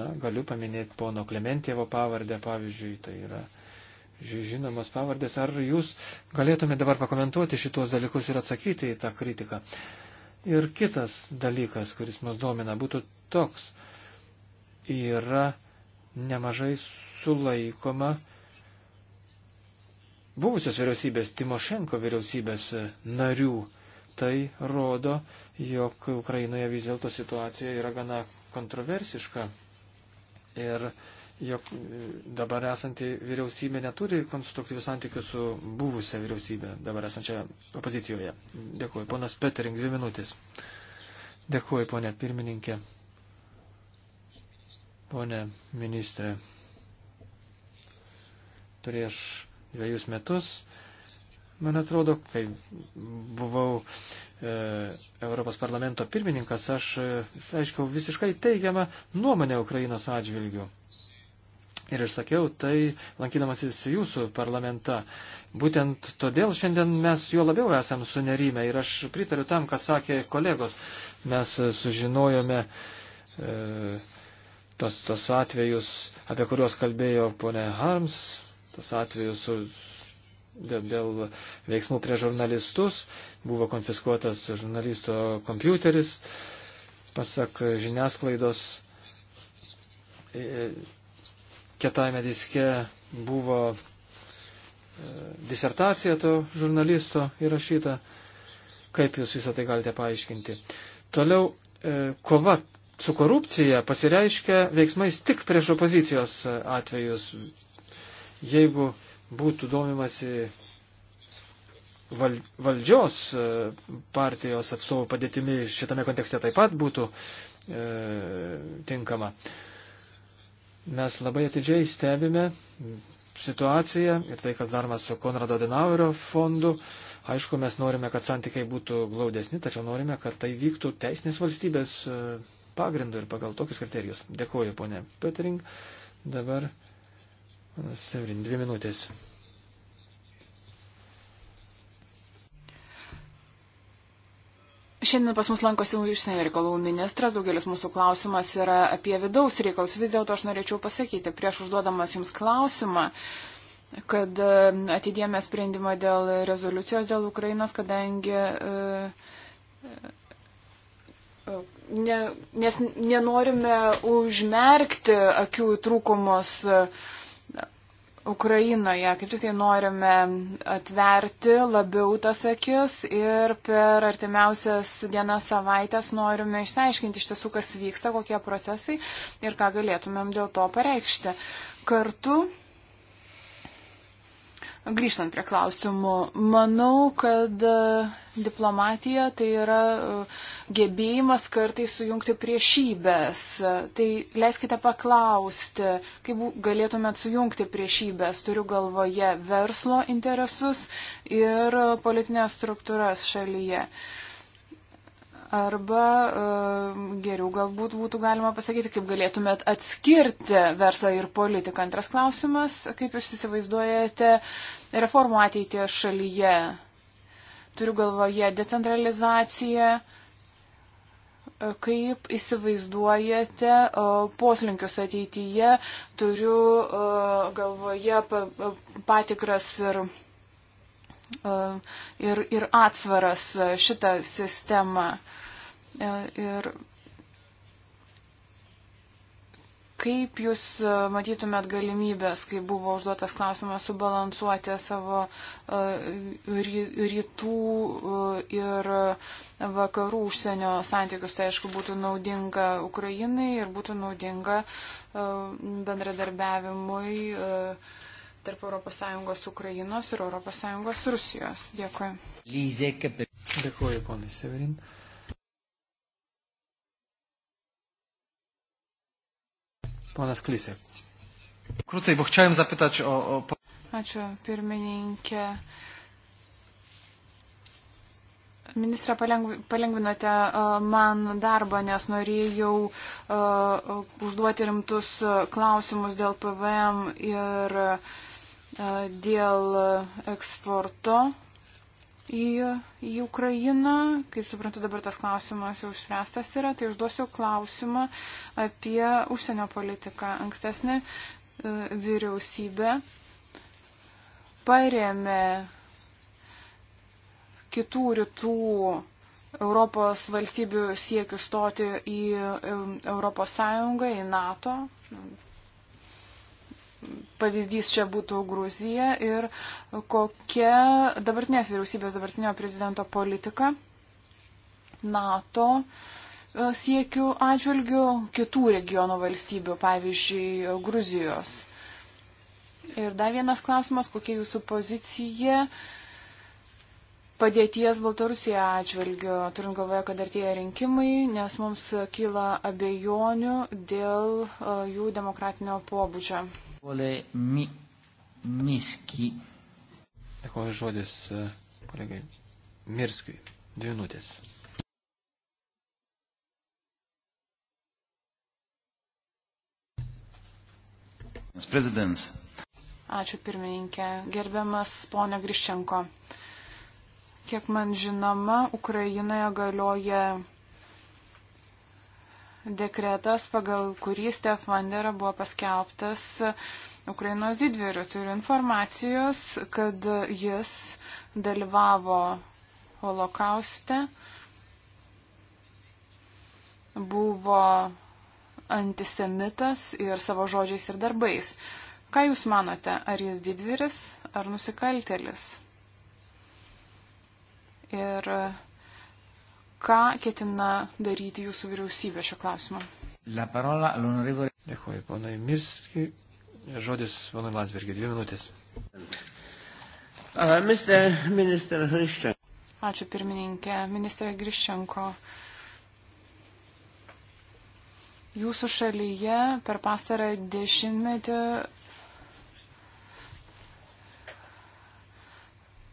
na, galiu paminėti pono Klementievo pavardę, pavyzdžiui, tai yra žinomas pavardės. Ar jūs galėtumėte dabar pakomentuoti šitos dalykus ir atsakyti į tą kritiką? Ir kitas dalykas, kuris mus domina, būtų toks. Uh, yra nemažai sulaikoma buvusios vyriausybės Timošenko vyriausybės narių. Tai rodo, jog Ukrainoje vis dėlto situacija yra gana kontroversiška. Ir jog dabar esanti vyriausybė neturi konstruktyvių santykių su buvusia vyriausybė, dabar esančia opozicijoje. Dėkuoju. Ponas Petering, dvi minutės. Dėkuoju, ponė pirmininkė. Pone ministrė, prieš dviejus metus, man atrodo, kai buvau e, Europos parlamento pirmininkas, aš e, išreiškiau visiškai teigiamą nuomonę Ukrainos atžvilgių. Ir išsakiau tai, lankydamasis jūsų parlamentą. Būtent todėl šiandien mes juo labiau esam sunerime ir aš pritariu tam, ką sakė kolegos. Mes sužinojome. E, tos, tos atvejus, apie kuriuos kalbėjo ponė Harms, tos atvejus su, dėl, dėl veiksmų prie žurnalistus, buvo konfiskuotas žurnalisto kompiuteris, pasak žiniasklaidos, e, e, kietame diske buvo e, disertacija to žurnalisto įrašyta. Kaip jūs visą tai galite paaiškinti? Toliau kova su korupcija pasireiškia veiksmais tik prieš opozicijos atvejus. Jeigu būtų domimasi val, valdžios e, partijos atstovų padėtimi šitame kontekste taip pat būtų e, tinkama. Mes labai atidžiai stebime situaciją ir tai, kas daroma su Konrado Denauerio fondu. Aišku, mes norime, kad santykiai būtų glaudesni, tačiau norime, kad tai vyktų teisinės valstybės e, pagrindu ir pagal tokius kriterijus. Dėkuoju, ponė Petering. Dabar Sevrin, dvi minutės. Šiandien pas mus lankosi užsienio reikalų ministras, daugelis mūsų klausimas yra apie vidaus reikalus. Vis dėlto aš norėčiau pasakyti, prieš užduodamas jums klausimą, kad e, atidėmė sprendimą dėl rezoliucijos dėl Ukrainos, kadangi e, e, ne, nes nenorime užmerkti akių trūkumus e, Ukrainoje, kaip tik tai norime atverti labiau tas akis ir per artimiausias dienas savaitės norime išsiaiškinti iš tiesų, kas vyksta, kokie procesai ir ką galėtumėm dėl to pareikšti. Kartu Grįžtant prie klausimų, manau, kad e, diplomatija tai yra e, gebėjimas kartai sujungti priešybės. E, tai leiskite paklausti, kaip galėtumėt sujungti priešybės, turiu galvoje verslo interesus ir politinės struktūras šalyje. Uh, Arba e, geriau galbūt būtų galima pasakyti, kaip galėtumėt atskirti verslą ir politiką. Antras klausimas, kaip jūs įsivaizduojate reformų ateitį šalyje? Turiu galvoje decentralizaciją e, kaip įsivaizduojate e, poslinkius ateityje, turiu galvoje patikras ir, ir, ir atsvaras šitą sistemą. E, ir kaip jūs e, matytumėt galimybės, kai buvo užduotas klausimas, subalansuoti savo e, rytų ir vakarų užsienio santykius, tai aišku būtų naudinga Ukrainai ir būtų naudinga bendradarbiavimui tarp ES Ukrainos ir ES Rusijos. Dėkui. Lyzė, kaip ir. Dėkuoju, ponai Severin. Uh, Ponas Klysė. Krócej, bo chciałem zapytać o... o... Ačiū, pirmininkė. Ministra, palengvinote e, man darbą, nes norėjau e, užduoti rimtus klausimus dėl PVM ir e, dėl eksporto į, į Ukrainą. Kaip suprantu, dabar tas klausimas jau išspręstas yra. Tai užduosiu klausimą apie užsienio politiką. Ankstesnė e, vyriausybė paremė kitų rytų Europos valstybių siekių stoti į e, Europos Sąjungą, į NATO, pavyzdys čia būtų Gruzija ir kokia dabartinės vyriausybės, dabartinio prezidento politika NATO e, siekių atžvilgių kitų regiono valstybių, pavyzdžiui, Gruzijos. Ir dar vienas klausimas, kokia jūsų pozicija padėties Baltarusija atžvilgiu, turint galvoje, kad artėja rinkimai, nes mums kyla abejonių dėl e, jų demokratinio pobūdžio. Ole mi, miski. Dėkuoju žodis e, kolegai Mirskui. Dvi minutės. Presidents. Ačiū pirmininkė. Gerbiamas ponio Griščenko. Kiek man žinoma, Ukrainoje galioja dekretas, pagal kurį Stefandera buvo paskelbtas Ukrainos didvyriu. Turiu informacijos, kad jis dalyvavo holokauste, buvo antisemitas ir savo žodžiais ir darbais. Ką Jūs manote, ar jis didvyris, ar nusikaltelis? Ir uh, Ką ketina daryti jūsų vyriausybė šio klausimu? Dėkuoju, ponai Mirski. Žodis ponui Landsbergiai, dvi minutės. Uh, Ačiū pirmininkė. Ministrė Griščenko. Jūsų šalyje per pastarą dešimtmetį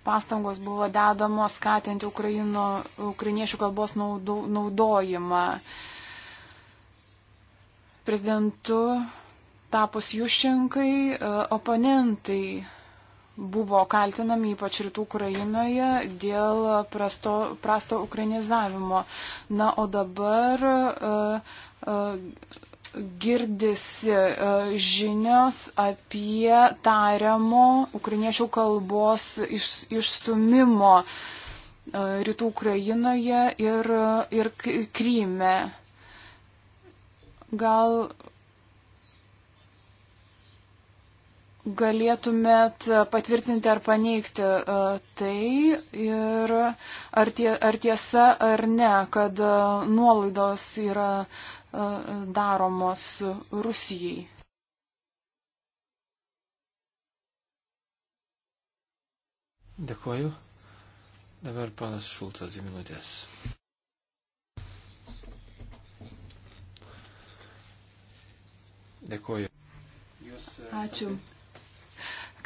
pastangos buvo dedamos skatinti Ukraino, ukrainiečių kalbos naudo, naudojimą. Prezidentu tapus Jušinkai e, oponentai buvo kaltinami ypač rytų Ukrainoje dėl prasto, prasto ukrainizavimo. Na, o dabar uh, uh, girdisi e, žinios apie tariamo ukrainiečių kalbos iš, išstumimo e, rytų Ukrainoje ir, ir Kryme. Gal galėtumėt patvirtinti ar paneigti e, tai ir ar, tie, ar tiesa ar ne, kad nuolaidos yra daromos Rusijai. Dėkuoju. Dabar panas Šulcas į minutės. Dėkuoju. Jūs, e, Ačiū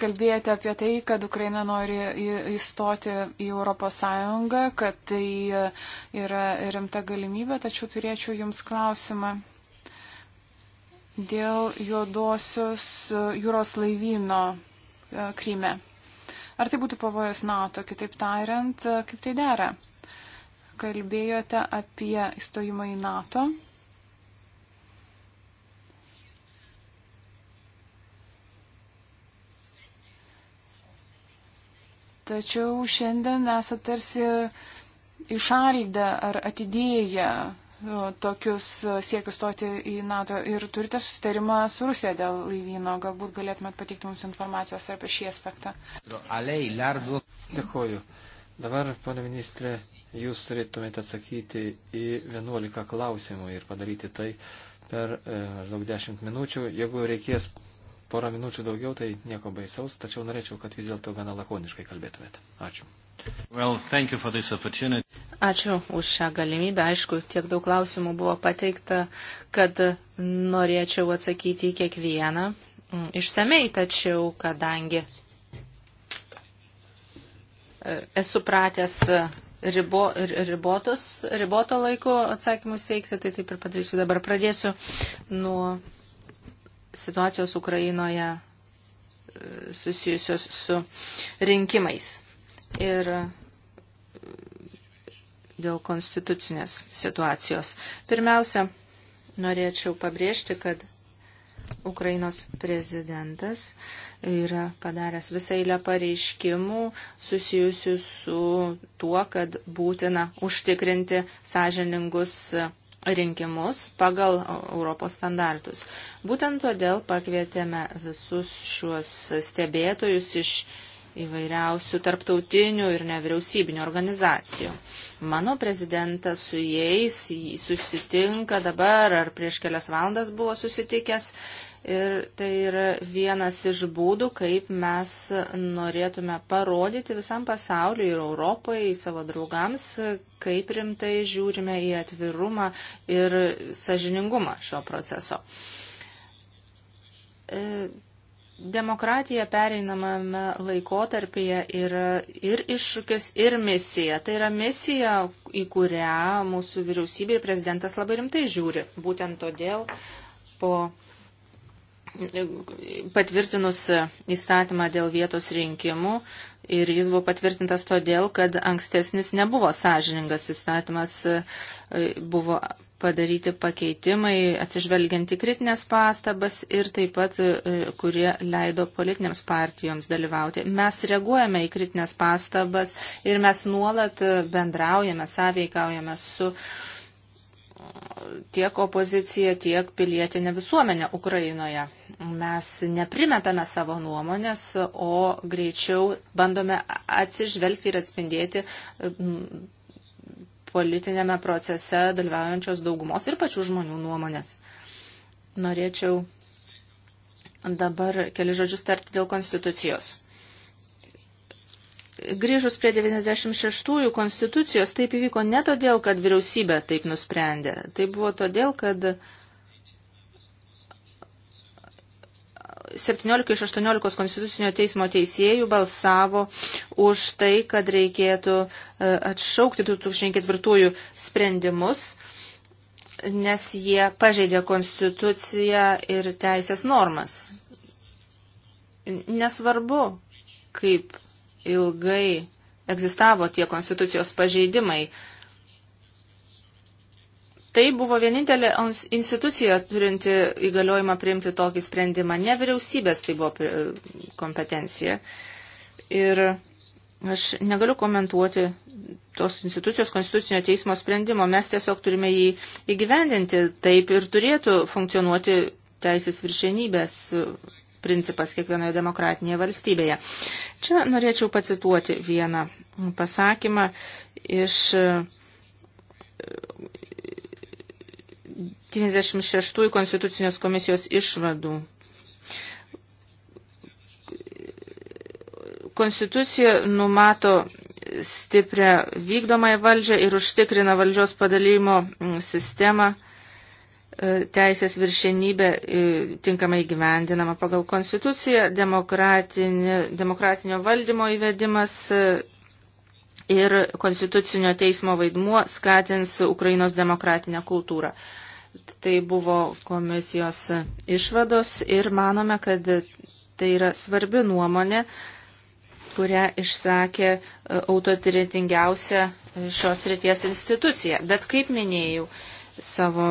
kalbėjote apie tai, kad Ukraina nori įstoti į ES, kad tai yra rimta galimybė, tačiau turėčiau Jums klausimą dėl juodosios jūros laivyno e, Kryme. Ar tai būtų pavojus NATO, kitaip tariant, e, kaip tai dera? Kalbėjote apie įstojimą į NATO. Tačiau šiandien esate tarsi išaldę ar atidėję tokius siekius stoti į NATO ir turite susitarimą su Rusija dėl laivyno. Galbūt galėtumėt pateikti mums informacijos apie šį aspektą. Dėkuoju. Dabar, pane ministrė, jūs turėtumėte atsakyti į 11 klausimų ir padaryti tai per e, maždaug e, 10 minučių. Jeigu reikės porą minučių daugiau, tai nieko baisaus, tačiau norėčiau, kad vis dėlto gana lakoniškai kalbėtumėt. Ačiū. Well, Ačiū už šią galimybę. Aišku, tiek daug klausimų buvo pateikta, kad norėčiau atsakyti į kiekvieną mm, išsamei, tačiau kadangi e, esu pratęs e, ribo, ribotos, riboto laiko atsakymus teikti, tai taip ir padarysiu. Dabar pradėsiu nuo situacijos Ukrainoje e, susijusios su rinkimais ir e, dėl konstitucinės situacijos. Pirmiausia, norėčiau pabrėžti, kad Ukrainos prezidentas yra padaręs visą eilę pareiškimų susijusių su tuo, kad būtina užtikrinti sąžiningus rinkimus pagal Europos standartus. Būtent todėl pakvietėme visus šiuos stebėtojus iš įvairiausių tarptautinių ir nevyriausybinių organizacijų. Mano prezidentas su jais susitinka dabar ar prieš kelias valandas buvo susitikęs Ir tai yra vienas iš būdų, kaip mes norėtume parodyti visam pasauliu ir Europai, savo draugams, kaip rimtai žiūrime į atvirumą ir sažiningumą šio proceso. E, demokratija pereinamame laikotarpyje yra ir iššūkis, ir misija. Tai yra misija, į kurią mūsų vyriausybė ir prezidentas labai rimtai žiūri. Būtent todėl po patvirtinus įstatymą dėl vietos rinkimų ir jis buvo patvirtintas todėl, kad ankstesnis nebuvo sąžiningas įstatymas, e, buvo padaryti pakeitimai, atsižvelgianti kritinės pastabas ir taip pat, e, kurie leido politinėms partijoms dalyvauti. Mes reaguojame į kritinės pastabas ir mes nuolat e, bendraujame, sąveikaujame su uh, tiek opozicija, tiek pilietinė visuomenė Ukrainoje. Mes neprimetame savo nuomonės, o greičiau bandome atsižvelgti ir atspindėti politinėme procese dalyvaujančios daugumos ir pačių žmonių nuomonės. Norėčiau dabar keli žodžius tarti dėl konstitucijos. Grįžus prie 96-ųjų konstitucijos, taip įvyko ne todėl, kad vyriausybė taip nusprendė. Tai buvo todėl, kad 17 iš 18 konstitucinio teismo teisėjų balsavo už tai, kad reikėtų e, atšaukti 2004 sprendimus, nes jie pažeidė konstituciją ir teisės normas. Nesvarbu, kaip ilgai egzistavo tie konstitucijos pažeidimai. Tai buvo vienintelė institucija turinti įgaliojimą priimti tokį sprendimą, ne vyriausybės tai buvo kompetencija. Ir aš negaliu komentuoti tos institucijos konstitucinio teismo sprendimo, mes tiesiog turime jį įgyvendinti, taip ir turėtų funkcionuoti teisės viršenybės principas kiekvienoje demokratinėje valstybėje. Čia norėčiau pacituoti vieną pasakymą iš 96 e, konstitucinės komisijos išvadų. Konstitucija numato stiprią vykdomąją valdžią ir užtikrina valdžios padalymo sistemą E, teisės viršenybė e, tinkamai gyvendinama pagal konstituciją, demokratinio valdymo įvedimas e, ir konstitucinio teismo vaidmuo skatins Ukrainos demokratinę kultūrą. Tai buvo komisijos išvados ir manome, kad tai yra svarbi nuomonė, kurią išsakė autoritingiausia šios ryties institucija. Bet kaip minėjau savo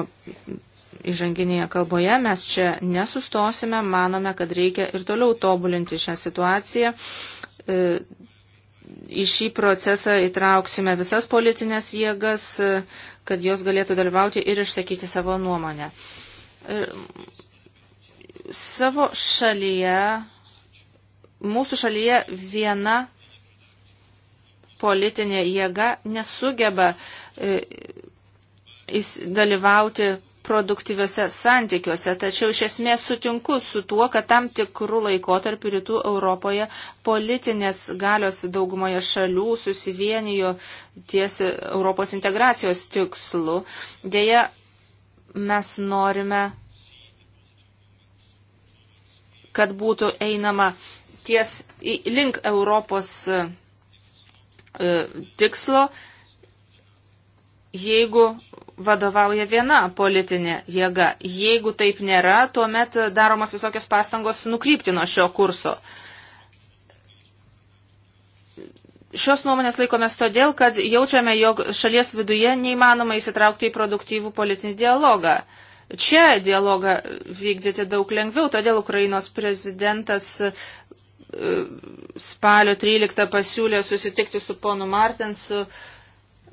įžanginėje kalboje. Mes čia nesustosime, manome, kad reikia ir toliau tobulinti šią situaciją. E, į šį procesą įtrauksime visas politinės jėgas, e, kad jos galėtų dalyvauti ir išsakyti savo nuomonę. E, savo šalyje, mūsų šalyje viena politinė jėga nesugeba dalyvauti produktyviuose santykiuose, tačiau iš esmės sutinku su tuo, kad tam tikrų laikotarpių rytų Europoje politinės galios daugumoje šalių susivienijo ties Europos integracijos tikslu. Deja, mes norime, kad būtų einama ties link Europos e, tikslo, jeigu vadovauja viena politinė jėga. Jeigu taip nėra, tuomet daromos visokios pastangos nukrypti nuo šio kurso. Šios nuomonės laikomės todėl, kad jaučiame, jog šalies viduje neįmanoma įsitraukti į produktyvų politinį dialogą. Čia dialogą vykdyti daug lengviau, todėl Ukrainos prezidentas e, spalio 13 pasiūlė susitikti su ponu Martinsu, su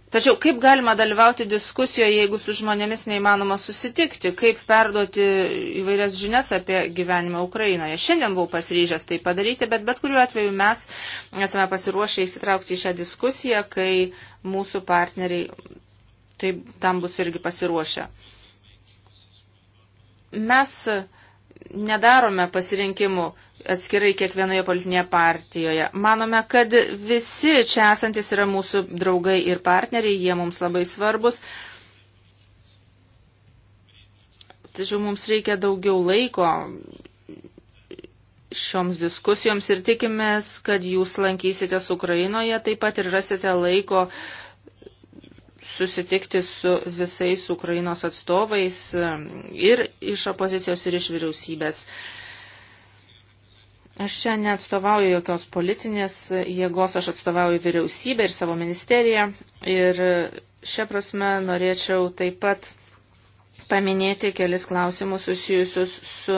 Tačiau kaip galima dalyvauti diskusijoje, jeigu su žmonėmis neįmanoma susitikti, kaip perduoti įvairias žinias apie gyvenimą Ukrainoje. Šiandien buvau pasiryžęs tai padaryti, bet bet kuriuo atveju mes esame pasiruošę įsitraukti į šią diskusiją, kai mūsų partneriai taip tam bus irgi pasiruošę. Mes nedarome pasirinkimų atskirai kiekvienoje politinėje partijoje. Manome, kad visi čia esantis yra mūsų draugai ir partneriai, jie mums labai svarbus. Tačiau mums reikia daugiau laiko šioms diskusijoms ir tikimės, kad jūs lankysitės Ukrainoje, taip pat ir rasite laiko susitikti su visais Ukrainos atstovais ir iš opozicijos, ir iš vyriausybės. Aš čia neatstovauju jokios politinės jėgos, aš atstovauju vyriausybę ir savo ministeriją. Ir šią prasme norėčiau taip pat paminėti kelis klausimus susijusius su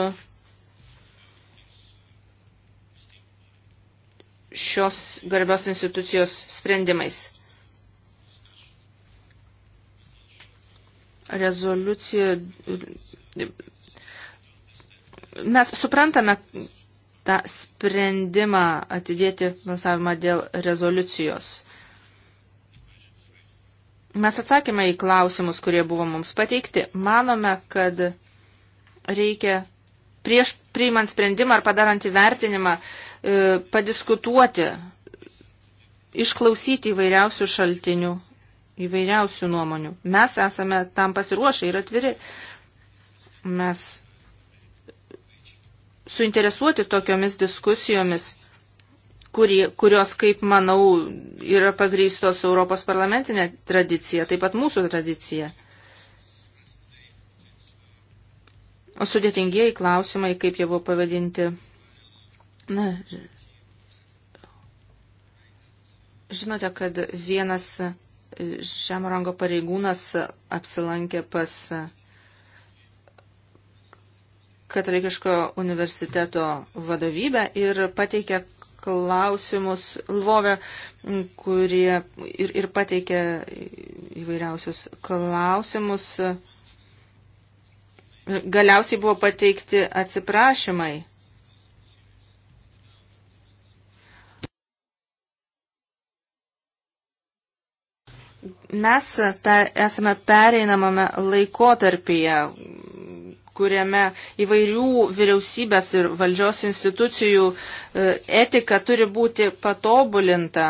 šios garbios institucijos sprendimais. Rezoliucija. Mes suprantame, tą sprendimą atidėti balsavimą dėl rezoliucijos. Mes atsakėme į klausimus, kurie buvo mums pateikti. Manome, kad reikia prieš priimant sprendimą ar padarant įvertinimą e, padiskutuoti, išklausyti įvairiausių šaltinių, įvairiausių nuomonių. Mes esame tam pasiruošę ir atviri. Mes suinteresuoti tokiomis diskusijomis, kurie, kurios, kaip manau, yra pagrystos Europos parlamentinė tradicija, taip pat mūsų tradicija. O sudėtingieji klausimai, kaip jie buvo pavadinti. Na, žinote, kad vienas šiam rango pareigūnas apsilankė pas katalikiško universiteto vadovybę ir pateikė klausimus Lvove, kurie ir, ir pateikė įvairiausius klausimus. Galiausiai buvo pateikti atsiprašymai. Mes pe, esame pereinamame laikotarpyje, kuriame įvairių vyriausybės ir valdžios institucijų e, etika turi būti patobulinta,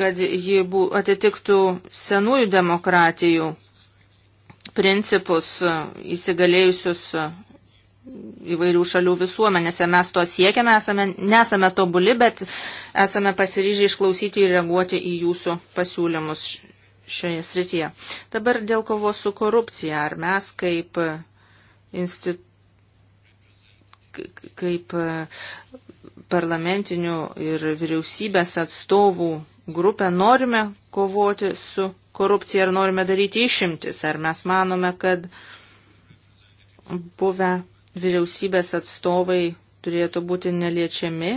kad ji atitiktų senųjų demokratijų principus e, įsigalėjusius e, įvairių šalių visuomenėse. Mes to siekiame, esame, nesame tobuli, bet esame pasiryžę išklausyti ir reaguoti į jūsų pasiūlymus šioje srityje. Dabar dėl kovos su korupcija. Ar mes kaip institucijų kaip e, parlamentinių ir vyriausybės atstovų grupę norime kovoti su korupcija ir norime daryti išimtis. Ar mes manome, kad buvę vyriausybės atstovai turėtų būti neliečiami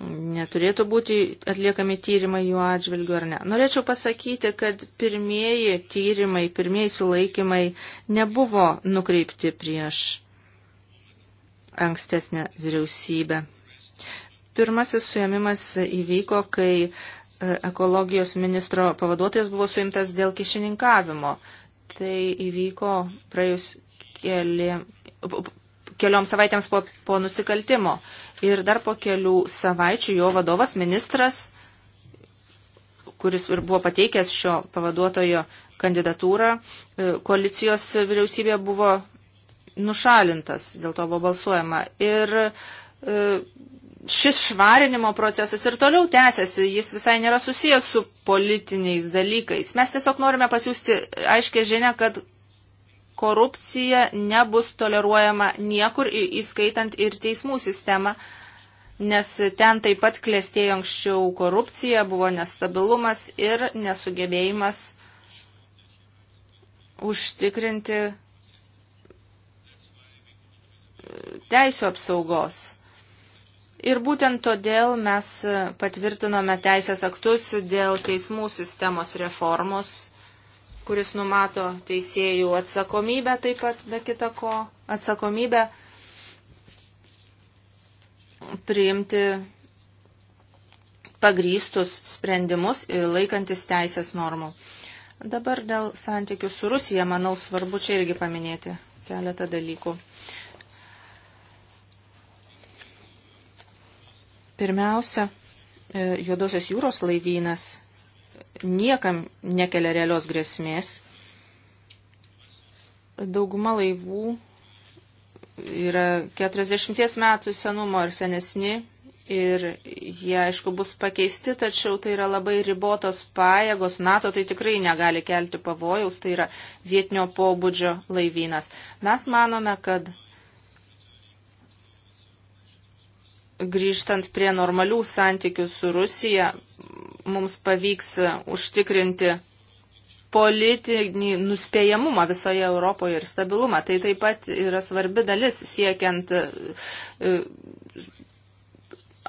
neturėtų būti atliekami tyrimai jų atžvilgiu ar ne. Norėčiau pasakyti, kad pirmieji tyrimai, pirmieji sulaikymai nebuvo nukreipti prieš ankstesnę vyriausybę. Pirmasis suėmimas įvyko, kai e, ekologijos ministro pavaduotojas buvo suimtas dėl kišininkavimo. Tai įvyko praėjus keli, kelioms savaitėms po, po nusikaltimo ir dar po kelių savaičių jo vadovas ministras, kuris ir buvo pateikęs šio pavaduotojo kandidatūrą, e, koalicijos vyriausybė buvo nušalintas, dėl to buvo balsuojama. Ir e, šis švarinimo procesas ir toliau tęsiasi, jis visai nėra susijęs su politiniais dalykais. Mes tiesiog norime pasiūsti aiškę žinę, kad korupcija nebus toleruojama niekur, įskaitant ir teismų sistemą, nes ten taip pat klėstėjo anksčiau korupcija, buvo nestabilumas ir nesugebėjimas užtikrinti e, teisų apsaugos. Ir būtent todėl mes patvirtinome teisės aktus dėl teismų sistemos reformos kuris numato teisėjų atsakomybę taip pat, be kita ko, atsakomybę priimti pagrystus sprendimus laikantis teisės normų. Dabar dėl santykių su Rusija, manau, svarbu čia irgi paminėti keletą dalykų. Pirmiausia, e, Juodosios jūros laivynas niekam nekelia realios grėsmės. Dauguma laivų yra 40 metų senumo ir senesni ir jie, aišku, bus pakeisti, tačiau tai yra labai ribotos pajėgos. NATO tai tikrai negali kelti pavojaus, tai yra vietinio pobūdžio laivynas. Mes manome, kad grįžtant prie normalių santykių su Rusija, mums pavyks užtikrinti politinį nuspėjamumą visoje Europoje ir stabilumą. Tai taip pat yra svarbi dalis siekiant e,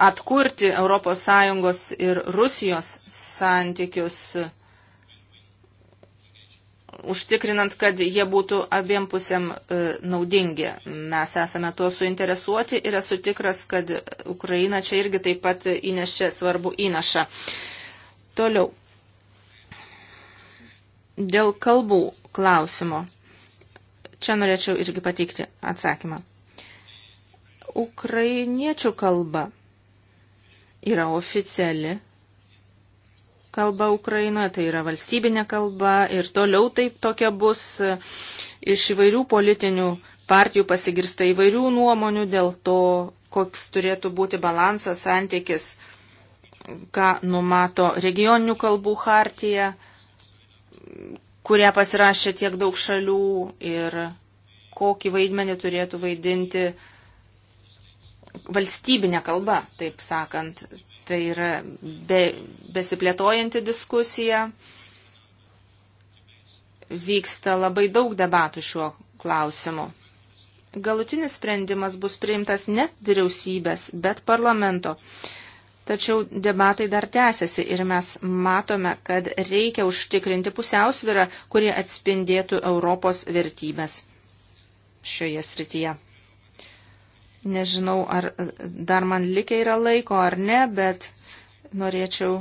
atkurti ES ir Rusijos santykius, užtikrinant, kad jie būtų abiem pusėm e, naudingi. Mes esame tuo suinteresuoti ir esu tikras, kad Ukraina čia irgi taip pat įnešė svarbu įnašą. Toliau. Dėl kalbų klausimo. Čia norėčiau irgi pateikti atsakymą. Ukrainiečių kalba yra oficiali kalba Ukrainoje, tai yra valstybinė kalba ir toliau taip tokia bus. Iš įvairių politinių partijų pasigirsta įvairių nuomonių dėl to, koks turėtų būti balansas, santykis ką numato regioninių kalbų hartija, kurią pasirašė tiek daug šalių ir kokį vaidmenį turėtų vaidinti valstybinė kalba, taip sakant. Tai yra be, besiplėtojanti diskusija. Vyksta labai daug debatų šiuo klausimu. Galutinis sprendimas bus priimtas ne vyriausybės, bet parlamento. Tačiau debatai dar tęsiasi ir mes matome, kad reikia užtikrinti pusiausvyrą, kurie atspindėtų Europos vertybės šioje srityje. Nežinau, ar dar man likia yra laiko ar ne, bet norėčiau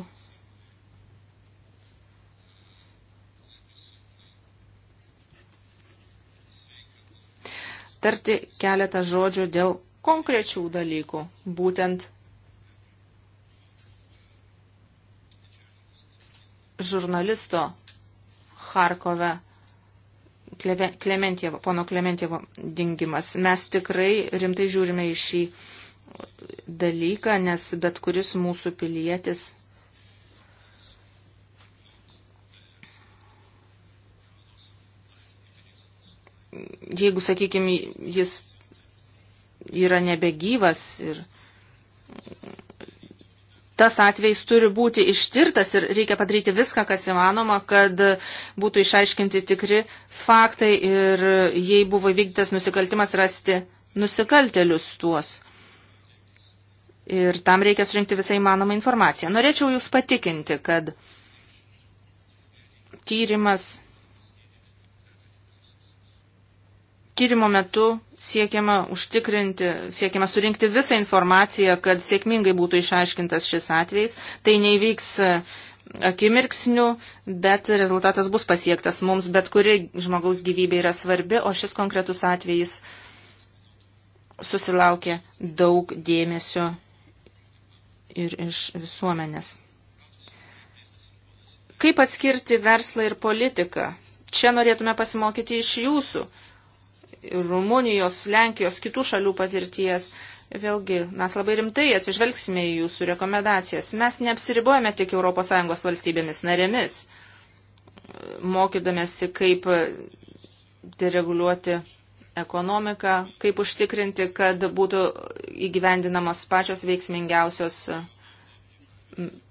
tarti keletą žodžių dėl konkrečių dalykų, būtent žurnalisto Harkove Klementievo, pono Klementievo dingimas. Mes tikrai rimtai žiūrime į šį dalyką, nes bet kuris mūsų pilietis jeigu, sakykime, jis yra nebegyvas ir tas atvejs turi būti ištirtas ir reikia padaryti viską, kas įmanoma, kad būtų išaiškinti tikri faktai ir jei buvo vykdytas nusikaltimas, rasti nusikaltelius tuos. Ir tam reikia surinkti visą įmanomą informaciją. Norėčiau Jūs patikinti, kad tyrimas Tyrimo metu siekiama užtikrinti, siekiama surinkti visą informaciją, kad sėkmingai būtų išaiškintas šis atvejs. Tai neįvyks e, akimirksniu, bet rezultatas bus pasiektas. Mums bet kuri žmogaus gyvybė yra svarbi, o šis konkretus atvejis susilaukė daug dėmesio ir iš visuomenės. Kaip atskirti verslą ir politiką? Čia norėtume pasimokyti iš jūsų, Rumunijos, Lenkijos, kitų šalių patirties. Vėlgi, mes labai rimtai atsižvelgsime į jūsų rekomendacijas. Mes neapsiribuojame tik ES valstybėmis narėmis, mokydamėsi, kaip dereguliuoti ekonomiką, kaip užtikrinti, kad būtų įgyvendinamos pačios veiksmingiausios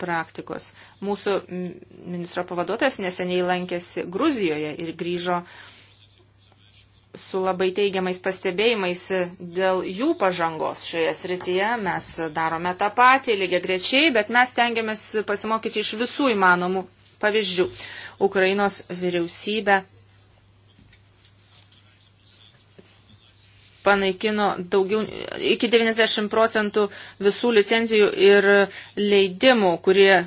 praktikos. Mūsų ministro pavaduotojas neseniai lankėsi Gruzijoje ir grįžo uh, su labai teigiamais pastebėjimais dėl jų pažangos šioje srityje. Mes darome tą patį lygiai grečiai, bet mes tengiamės pasimokyti iš visų įmanomų pavyzdžių. Ukrainos vyriausybė panaikino daugiau, iki 90 procentų visų licenzijų ir leidimų, kurie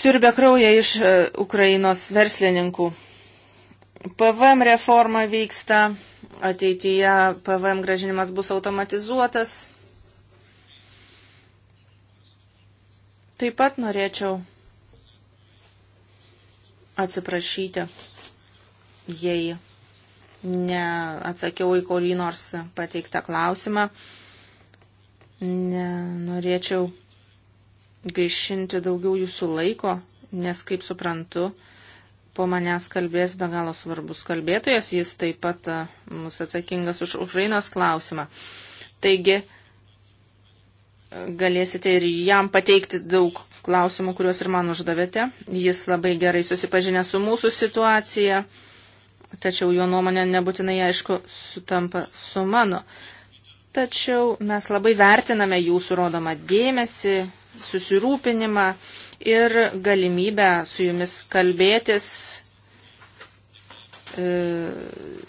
siurbia kraują iš e, Ukrainos verslininkų. PVM reforma vyksta, ateityje PVM gražinimas bus automatizuotas. Taip pat norėčiau atsiprašyti, jei neatsakiau į kurį nors pateiktą klausimą. Norėčiau gaišinti daugiau jūsų laiko, nes, kaip suprantu, po manęs kalbės be galo svarbus kalbėtojas, jis taip pat mus atsakingas už Ukrainos klausimą. Taigi, galėsite ir jam pateikti daug klausimų, kuriuos ir man uždavėte. Jis labai gerai susipažinę su mūsų situacija, tačiau jo nuomonė nebūtinai aišku sutampa su mano. Tačiau mes labai vertiname jūsų rodomą dėmesį, susirūpinimą ir galimybę su jumis kalbėtis e,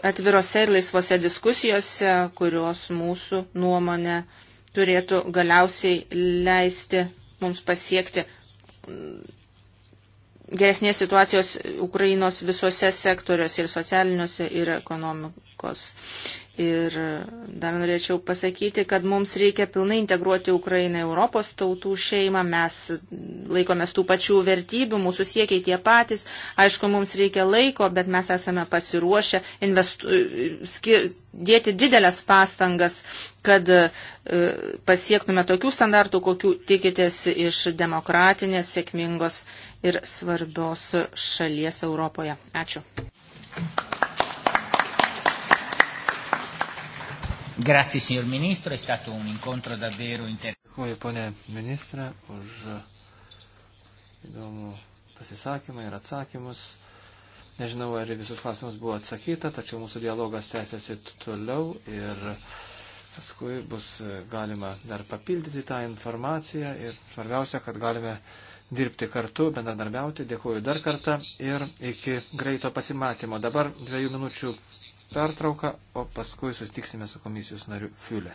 atvirose ir laisvose diskusijose, kurios mūsų nuomonė turėtų galiausiai leisti mums pasiekti mm, geresnės situacijos Ukrainos visose sektoriuose ir socialiniuose ir ekonomikos Ir dar norėčiau pasakyti, kad mums reikia pilnai integruoti Ukrainą Europos tautų šeimą, mes laikomės tų pačių vertybių, mūsų siekiai tie patys, aišku, mums reikia laiko, bet mes esame pasiruošę investu, skir, dėti didelės pastangas, kad e, pasiektume tokių standartų, kokių tikitės iš demokratinės, sėkmingos ir svarbios šalies Europoje. Ačiū. Grazie, signor Ministro, è stato un incontro davvero interessante. Dėkuoju, ponė ministrė, už įdomų pasisakymą ir atsakymus. Nežinau, ar visus klausimus buvo atsakyta, tačiau mūsų dialogas tęsiasi toliau ir paskui bus galima dar papildyti tą informaciją ir svarbiausia, kad galime dirbti kartu, bendradarbiauti. Dėkuoju dar kartą ir iki greito pasimatymo. Dabar dviejų minučių pertrauką, o paskui sustiksime su komisijos nariu Fiule.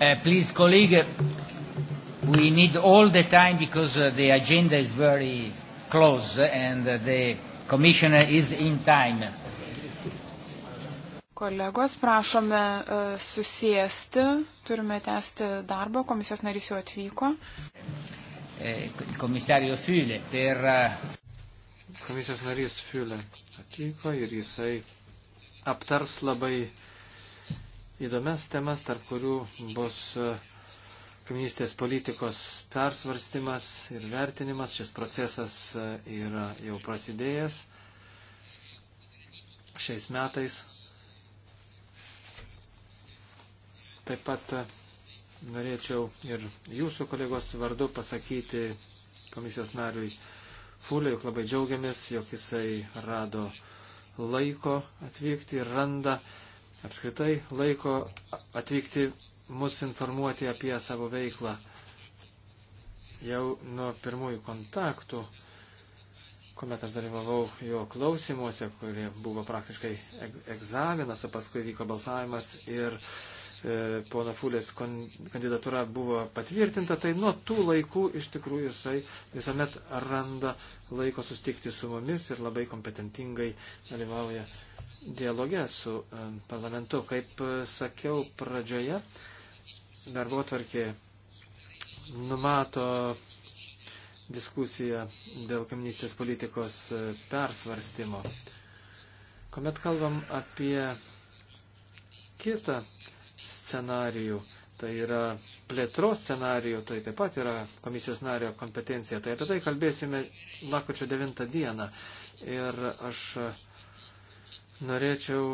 Uh, please, colleague, we need all the time because uh, the agenda is very close and uh, the commissioner is in time. Kolegos, prašome uh, susijęsti, turime tęsti darbą, komisijos narys jau atvyko. Uh, komisario Fiulė per. Uh, komisijos narys Fiulė atvyko ir jisai aptars labai uh, įdomias temas, tarp kurių bus e, kaimynystės politikos persvarstymas ir vertinimas. Šis procesas e, yra jau prasidėjęs šiais metais. Taip pat e, norėčiau ir jūsų kolegos vardu pasakyti komisijos nariui Fulė, juk labai džiaugiamės, jog jisai rado laiko atvykti ir randa uh, apskritai laiko atvykti mus informuoti apie savo veiklą. Jau nuo pirmųjų kontaktų, kuomet aš dalyvavau jo klausimuose, kurie buvo praktiškai egzaminas, o paskui vyko balsavimas ir e, pono Fulės kandidatūra buvo patvirtinta, tai nuo tų laikų iš tikrųjų jisai visuomet randa laiko sustikti su mumis ir labai kompetentingai dalyvauja dialoge su e, parlamentu. Kaip e, sakiau pradžioje, darbo tvarkė numato diskusiją dėl kaminystės politikos e, persvarstymo. Komet kalbam apie kitą scenarijų, tai yra plėtros scenarijų, tai taip pat yra komisijos nario kompetencija. Tai apie tai kalbėsime lakučio 9 dieną. Ir aš norėčiau,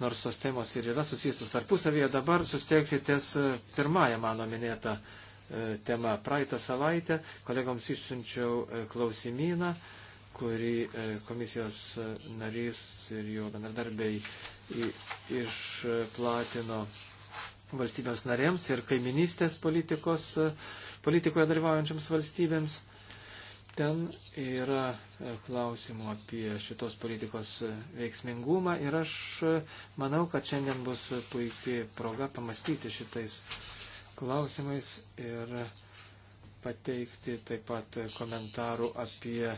nors tos temos ir yra susijusios tarpusavyje, dabar susteikti ties e, pirmąją mano minėtą e, temą. Praeitą savaitę kolegoms išsiunčiau e, klausimyną, kurį komisijos narys ir jo bendradarbiai išplatino valstybėms narėms ir kaiminystės politikos, politikoje dalyvaujančiams valstybėms. Ten yra e, klausimų apie šitos politikos e, veiksmingumą ir aš e, manau, kad šiandien bus puikiai proga pamastyti šitais klausimais ir pateikti taip pat komentarų apie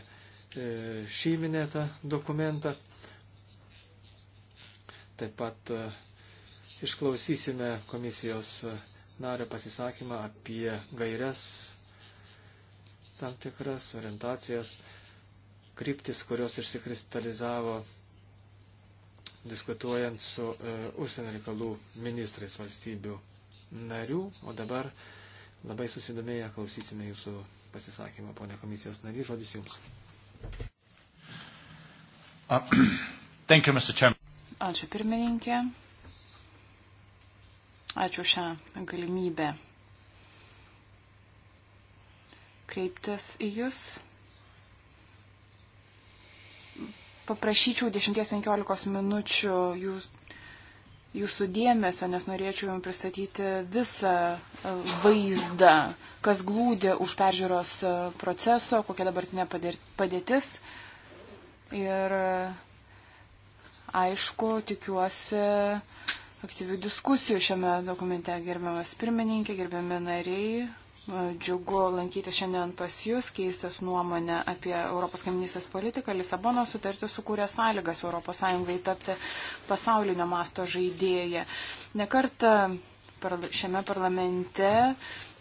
šį minėtą dokumentą. Taip pat išklausysime komisijos nario pasisakymą apie gairias tam tikras orientacijas, kryptis, kurios išsikristalizavo diskutuojant su e, užsienio reikalų ministrais valstybių narių, o dabar labai susidomėję klausysime jūsų pasisakymą, ponė komisijos nariai, žodis jums. Uh, [clears throat] Ačiū pirmininkė. Ačiū šią galimybę kreiptis į Jūs. Paprašyčiau 10-15 minučių jūs, Jūsų dėmesio, nes norėčiau Jums pristatyti visą e, vaizdą, kas glūdė už peržiūros e, proceso, kokia dabartinė padėtis. Ir e, aišku, tikiuosi aktyvių diskusijų šiame dokumente, gerbiamas pirmininkė, gerbiami nariai, Džiugu lankytis šiandien pas Jūs, keistis nuomonę apie Europos kaiminystės politiką. Lisabono sutartis sukūrė sąlygas ES tapti pasaulinio masto žaidėją. Nekartą šiame parlamente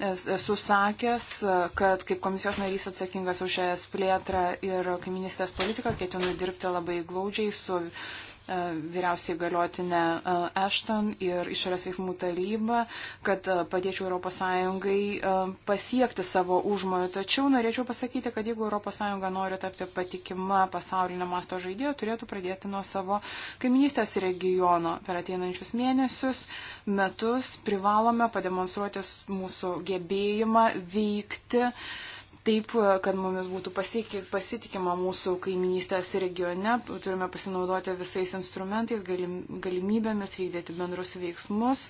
esu sakęs, kad kaip komisijos narys atsakingas už šią plėtrą ir kaiminystės politiką ketinu dirbti labai glaudžiai su E, vyriausiai galiotinę e, Ashton ir išorės veiksmų tarybą, kad e, padėčiau ES pasiekti savo užmojų. Tačiau norėčiau pasakyti, kad jeigu ES nori tapti patikima pasaulinio masto žaidėjo, turėtų pradėti nuo savo kaiminystės regiono. Per ateinančius mėnesius, metus privalome pademonstruoti mūsų gebėjimą veikti. Uh, taip, kad mumis būtų pasitikima mūsų kaiminystės regione, turime pasinaudoti visais instrumentais, galim, galimybėmis vykdyti bendrus veiksmus,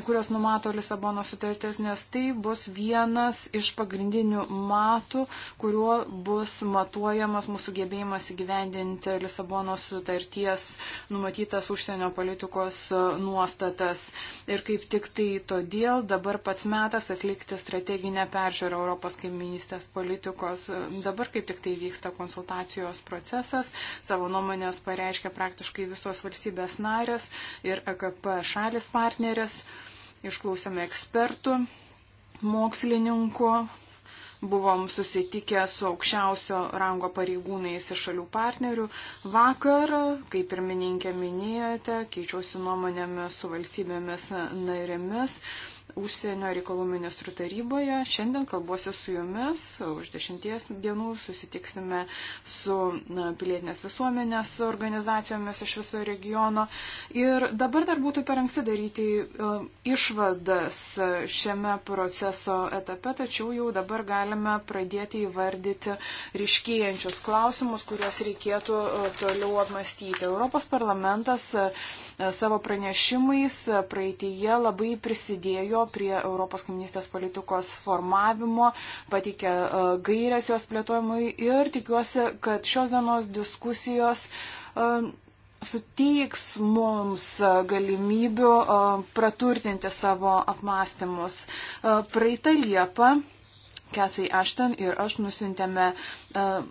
kurios numato Lisabono sutartis, nes tai bus vienas iš pagrindinių matų, kuriuo bus matuojamas mūsų gebėjimas įgyvendinti Lisabono sutarties numatytas užsienio politikos e, nuostatas. Ir kaip tik tai todėl dabar pats metas atlikti strateginę peržiūrą Europos kaiminystės politikos. E, dabar kaip tik tai vyksta konsultacijos procesas, savo nuomonės pareiškia praktiškai visos valstybės narės ir EKP šalis partneris išklausėme ekspertų, mokslininkų, buvom susitikę su aukščiausio rango pareigūnais iš šalių partnerių. Vakar, kaip pirmininkė minėjote, keičiausi nuomonėmis su valstybėmis narėmis užsienio reikalų ministrų taryboje. Šiandien kalbuosiu su jumis, už dešimties dienų susitiksime su pilietinės visuomenės organizacijomis iš viso regiono. Ir dabar dar būtų per anksti daryti e, išvadas šiame proceso etape, tačiau jau dabar galime pradėti įvardyti ryškėjančius klausimus, kuriuos reikėtų e, toliau apmastyti. Europos parlamentas e, savo pranešimais praeitįje labai prisidėjo prie Europos kaiminystės politikos formavimo, pateikė e, gairias jos plėtojimui ir tikiuosi, kad šios dienos diskusijos e, suteiks mums galimybių e, praturtinti savo apmąstymus. Praeitą Liepą Ketsai Ashton ir aš nusintėme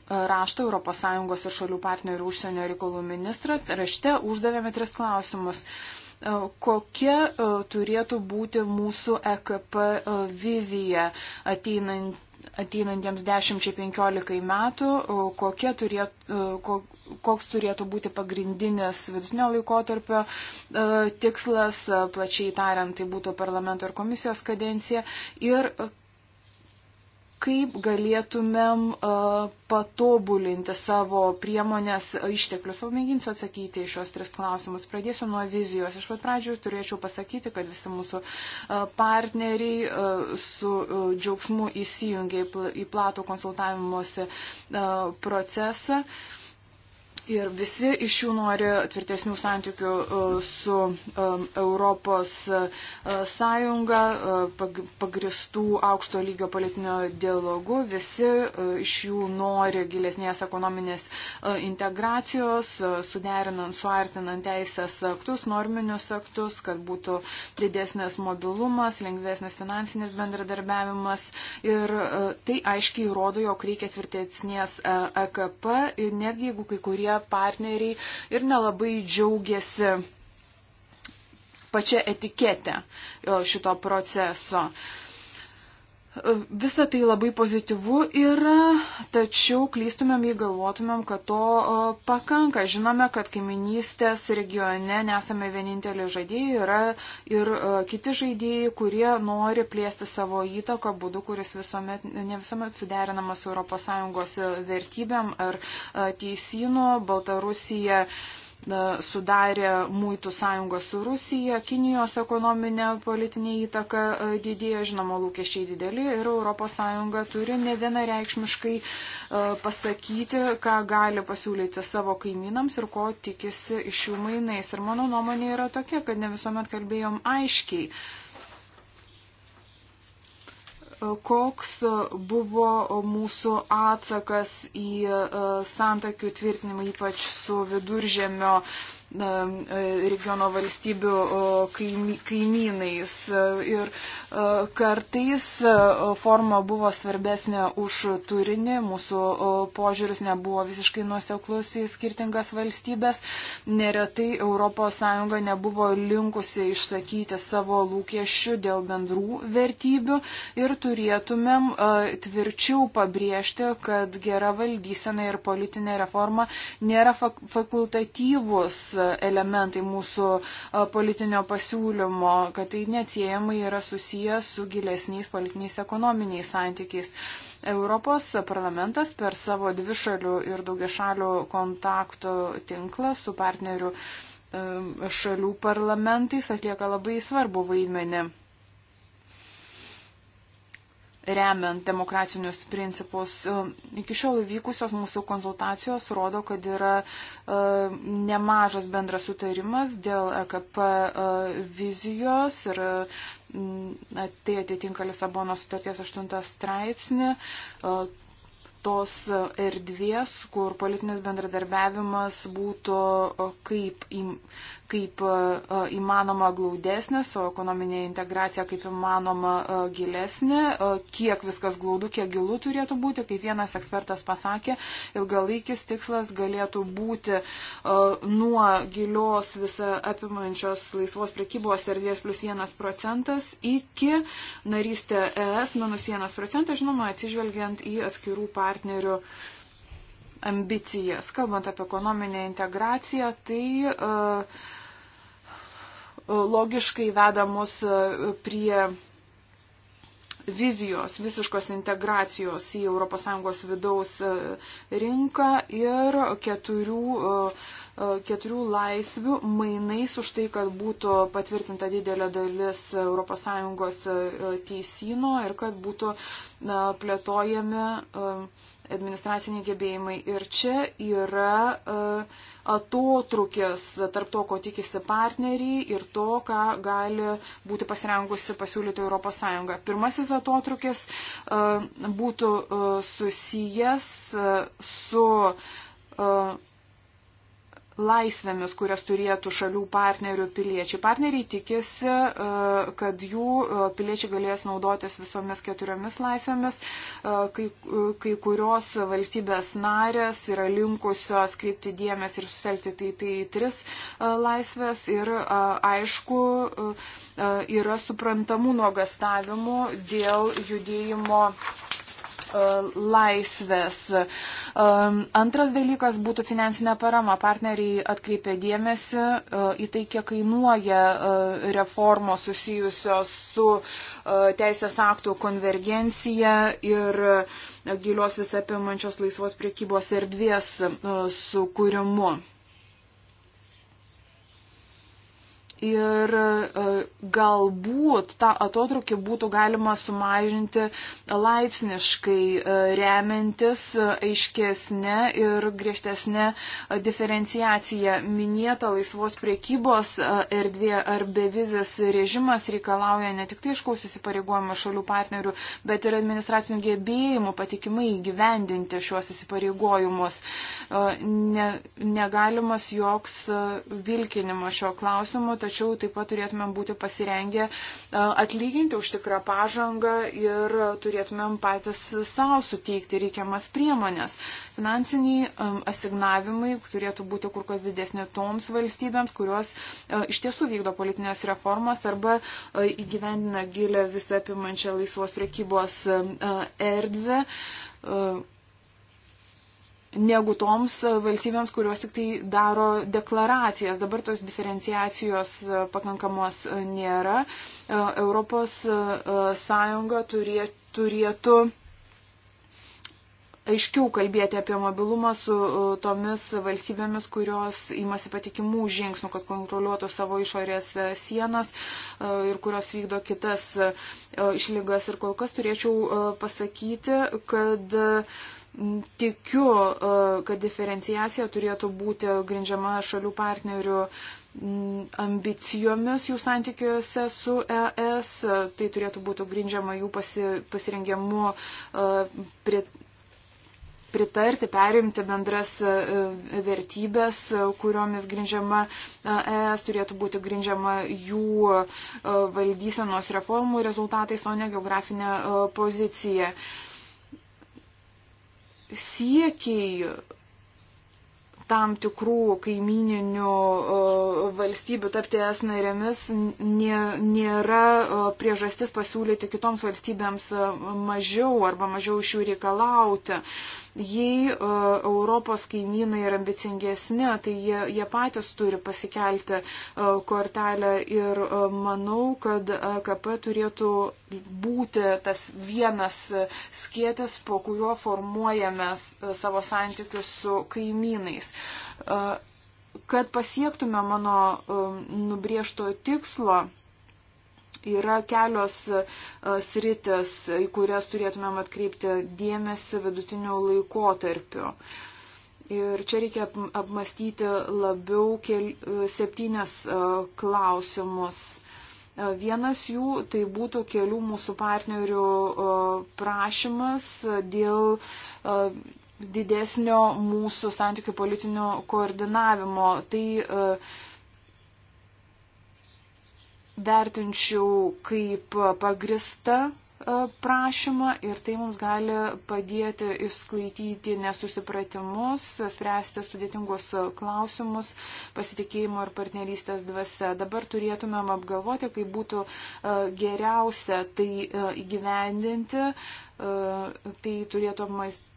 raštą ES ir šalių partnerių užsienio reikalų ministras. Rašte uždavėme tris klausimus. E, kokia e, turėtų būti mūsų EKP e, vizija ateinant ateinantiems 10-15 metų, kokia turėtų, koks turėtų būti pagrindinis vidutinio laikotarpio tikslas, plačiai tariant, tai būtų parlamento ir komisijos kadencija, ir kaip galėtumėm patobulinti savo priemonės išteklius. Pamėginsiu atsakyti į šios tris klausimus. Pradėsiu nuo vizijos. Iš pat pradžių turėčiau pasakyti, kad visi mūsų partneriai su džiaugsmu įsijungia į platų konsultavimuose procesą. Uh, Ir visi iš jų nori tvirtesnių santykių e, su e, Europos e, Sąjunga, pagristų aukšto lygio politinio dialogu. Visi iš jų nori gilesnės ekonominės integracijos, suderinant, suartinant teisės aktus, norminius aktus, kad būtų didesnės mobilumas, lengvesnis finansinis bendradarbiavimas. Ir tai aiškiai įrodo, jog reikia tvirtesnės EKP, netgi jeigu kai kurie tie partneriai ir nelabai džiaugiasi pačia etiketė šito proceso. Uh, Visa tai labai pozityvu yra, tačiau klystumėm įgalvotumėm, kad to e, pakanka. Žinome, kad kaiminystės regione nesame vienintelė žaidėjai, yra ir e, kiti žaidėjai, kurie nori plėsti savo įtaką būdu, kuris visuomet, ne visuomet suderinamas su ES vertybėm ar e, teisinu. Baltarusija sudarė muitų sąjungą su Rusija, Kinijos ekonominė politinė įtaka e, didėja, žinoma, lūkesčiai dideli ir ES turi ne vienareikšmiškai e, pasakyti, ką gali pasiūlyti savo kaimynams ir ko tikisi iš jų mainais. Ir mano nuomonė yra tokia, kad ne visuomet kalbėjom aiškiai koks buvo mūsų atsakas į e, santakių tvirtinimą, ypač su viduržėmio E, regiono valstybių kaimynais. Ir e, kartais e, forma buvo svarbesnė už turinį, mūsų požiūris nebuvo visiškai nuoseklus į skirtingas valstybės. Neretai ES nebuvo linkusi išsakyti savo lūkesčių dėl bendrų vertybių ir turėtumėm tvirčiau pabrėžti, kad gera valdysena ir politinė reforma nėra fakultatyvus elementai mūsų politinio pasiūlymo, kad tai neatsiejamai yra susijęs su gilesniais politiniais ekonominiais santykiais. Europos parlamentas per savo dvišalių ir daugiašalių kontaktų tinklą su partnerių šalių parlamentais atlieka labai svarbu vaidmenį remiant demokratinius principus. E, iki šiol įvykusios mūsų konsultacijos rodo, kad yra e, nemažas bendras sutarimas dėl EKP e, vizijos ir mm, tai atitinka Lisabono sutarties 8 straipsnį tos erdvės, kur politinis bendradarbiavimas būtų kaip kaip e, e, įmanoma glaudesnė, su ekonominė integracija kaip įmanoma e, gilesnė, kiek viskas glaudu, kiek gilu turėtų būti, kaip vienas ekspertas pasakė, ilgalaikis tikslas galėtų būti nuo gilios visą apimančios laisvos prekybos erdvės plus vienas procentas iki narystė ES minus vienas procentas, žinoma, atsižvelgiant į atskirų partnerių ambicijas. Kalbant apie ekonominę integraciją, tai uh, logiškai veda mus e, prie vizijos, visiškos integracijos į ES vidaus e, rinką ir keturių, e, keturių laisvių mainais už tai, kad būtų patvirtinta didelė dalis ES teisino ir kad būtų plėtojami administraciniai gebėjimai. Ir čia yra e, atotrukis tarp to, ko tikisi partneriai ir to, ką gali būti pasirengusi pasiūlyti ES. Pirmasis atotrukis e, būtų e, susijęs su laisvėmis, kurias turėtų šalių partnerių piliečiai. Partneriai tikisi, e, kad jų e, piliečiai galės naudotis visomis keturiomis laisvėmis. E, kai, kai kurios valstybės narės yra linkusios kreipti dėmesį ir suselti tai, tai tris laisvės. Ir aišku, yra suprantamų nuogastavimų dėl judėjimo E, laisvės. E, antras dalykas būtų finansinė parama. Partneriai atkreipia dėmesį e, į tai, kiek kainuoja reformos susijusios su teisės aktų konvergencija ir gilios visapimančios laisvos priekybos erdvės sukūrimu. ir e, galbūt tą atotrukį būtų galima sumažinti laipsniškai e, remiantis aiškesnė ir griežtesnė e, diferenciacija. Minėta laisvos priekybos erdvė ar bevizės režimas reikalauja ne tik tai iškaus įsipareigojimų šalių partnerių, bet ir administracinių gebėjimų patikimai gyvendinti šiuos įsipareigojimus. Ne, negalimas joks vilkinimas šio klausimu. Tačiau tačiau taip pat turėtumėm būti pasirengę e, atlyginti už tikrą pažangą ir turėtumėm patys savo suteikti reikiamas priemonės. Finansiniai e, asignavimai turėtų būti kur kas didesni toms valstybėms, kurios e, iš tiesų vykdo politinės reformas arba įgyvendina gilę visą apimančią laisvos priekybos erdvę negu toms valstybėms, kurios tik tai daro deklaracijas. Dabar tos diferenciacijos e, pakankamos e, nėra. E, Europos Sąjunga turė, turėtų aiškiau kalbėti apie mobilumą su tomis valstybėmis, kurios imasi patikimų žingsnių, kad kontroliuotų savo išorės sienas ir kurios vykdo kitas išlygas. Ir kol kas turėčiau pasakyti, kad Tikiu, e, kad diferenciacija turėtų būti grindžiama šalių partnerių ambicijomis jų santykiuose su ES, tai turėtų būti grindžiama jų pasi, pasirengimu e, prie, pritarti, perimti bendras e, vertybės, kuriomis grindžiama ES, turėtų būti grindžiama jų valdysenos reformų rezultatais, o ne geografinė pozicija. Uh, siekiai tam tikrų kaimininių valstybių tapti es narėmis nėra priežastis pasiūlyti kitoms valstybėms mažiau arba mažiau iš jų reikalauti. Jei e, Europos kaimynai yra ambicingesni, tai jie, jie patys turi pasikelti e, kortelę ir e, manau, kad KP turėtų būti tas vienas skėtis, po kuriuo formuojame savo santykius su kaimynais kad pasiektume mano nubriežto tikslo, Yra kelios e, sritis, į kurias turėtumėm atkreipti dėmesį vidutiniu laikotarpiu. Ir čia reikia apmastyti labiau kel, e, septynias e, klausimus. Vienas jų tai būtų kelių mūsų partnerių prašymas dėl didesnio mūsų santykių politinio koordinavimo. Tai vertinčiau kaip pagrista e, prašymą ir tai mums gali padėti išsklaidyti nesusipratimus, spręsti sudėtingus klausimus pasitikėjimo ir partnerystės dvasia. Dabar turėtumėm apgalvoti, kaip būtų e, geriausia tai e, įgyvendinti. Tai turėtų apmaisti.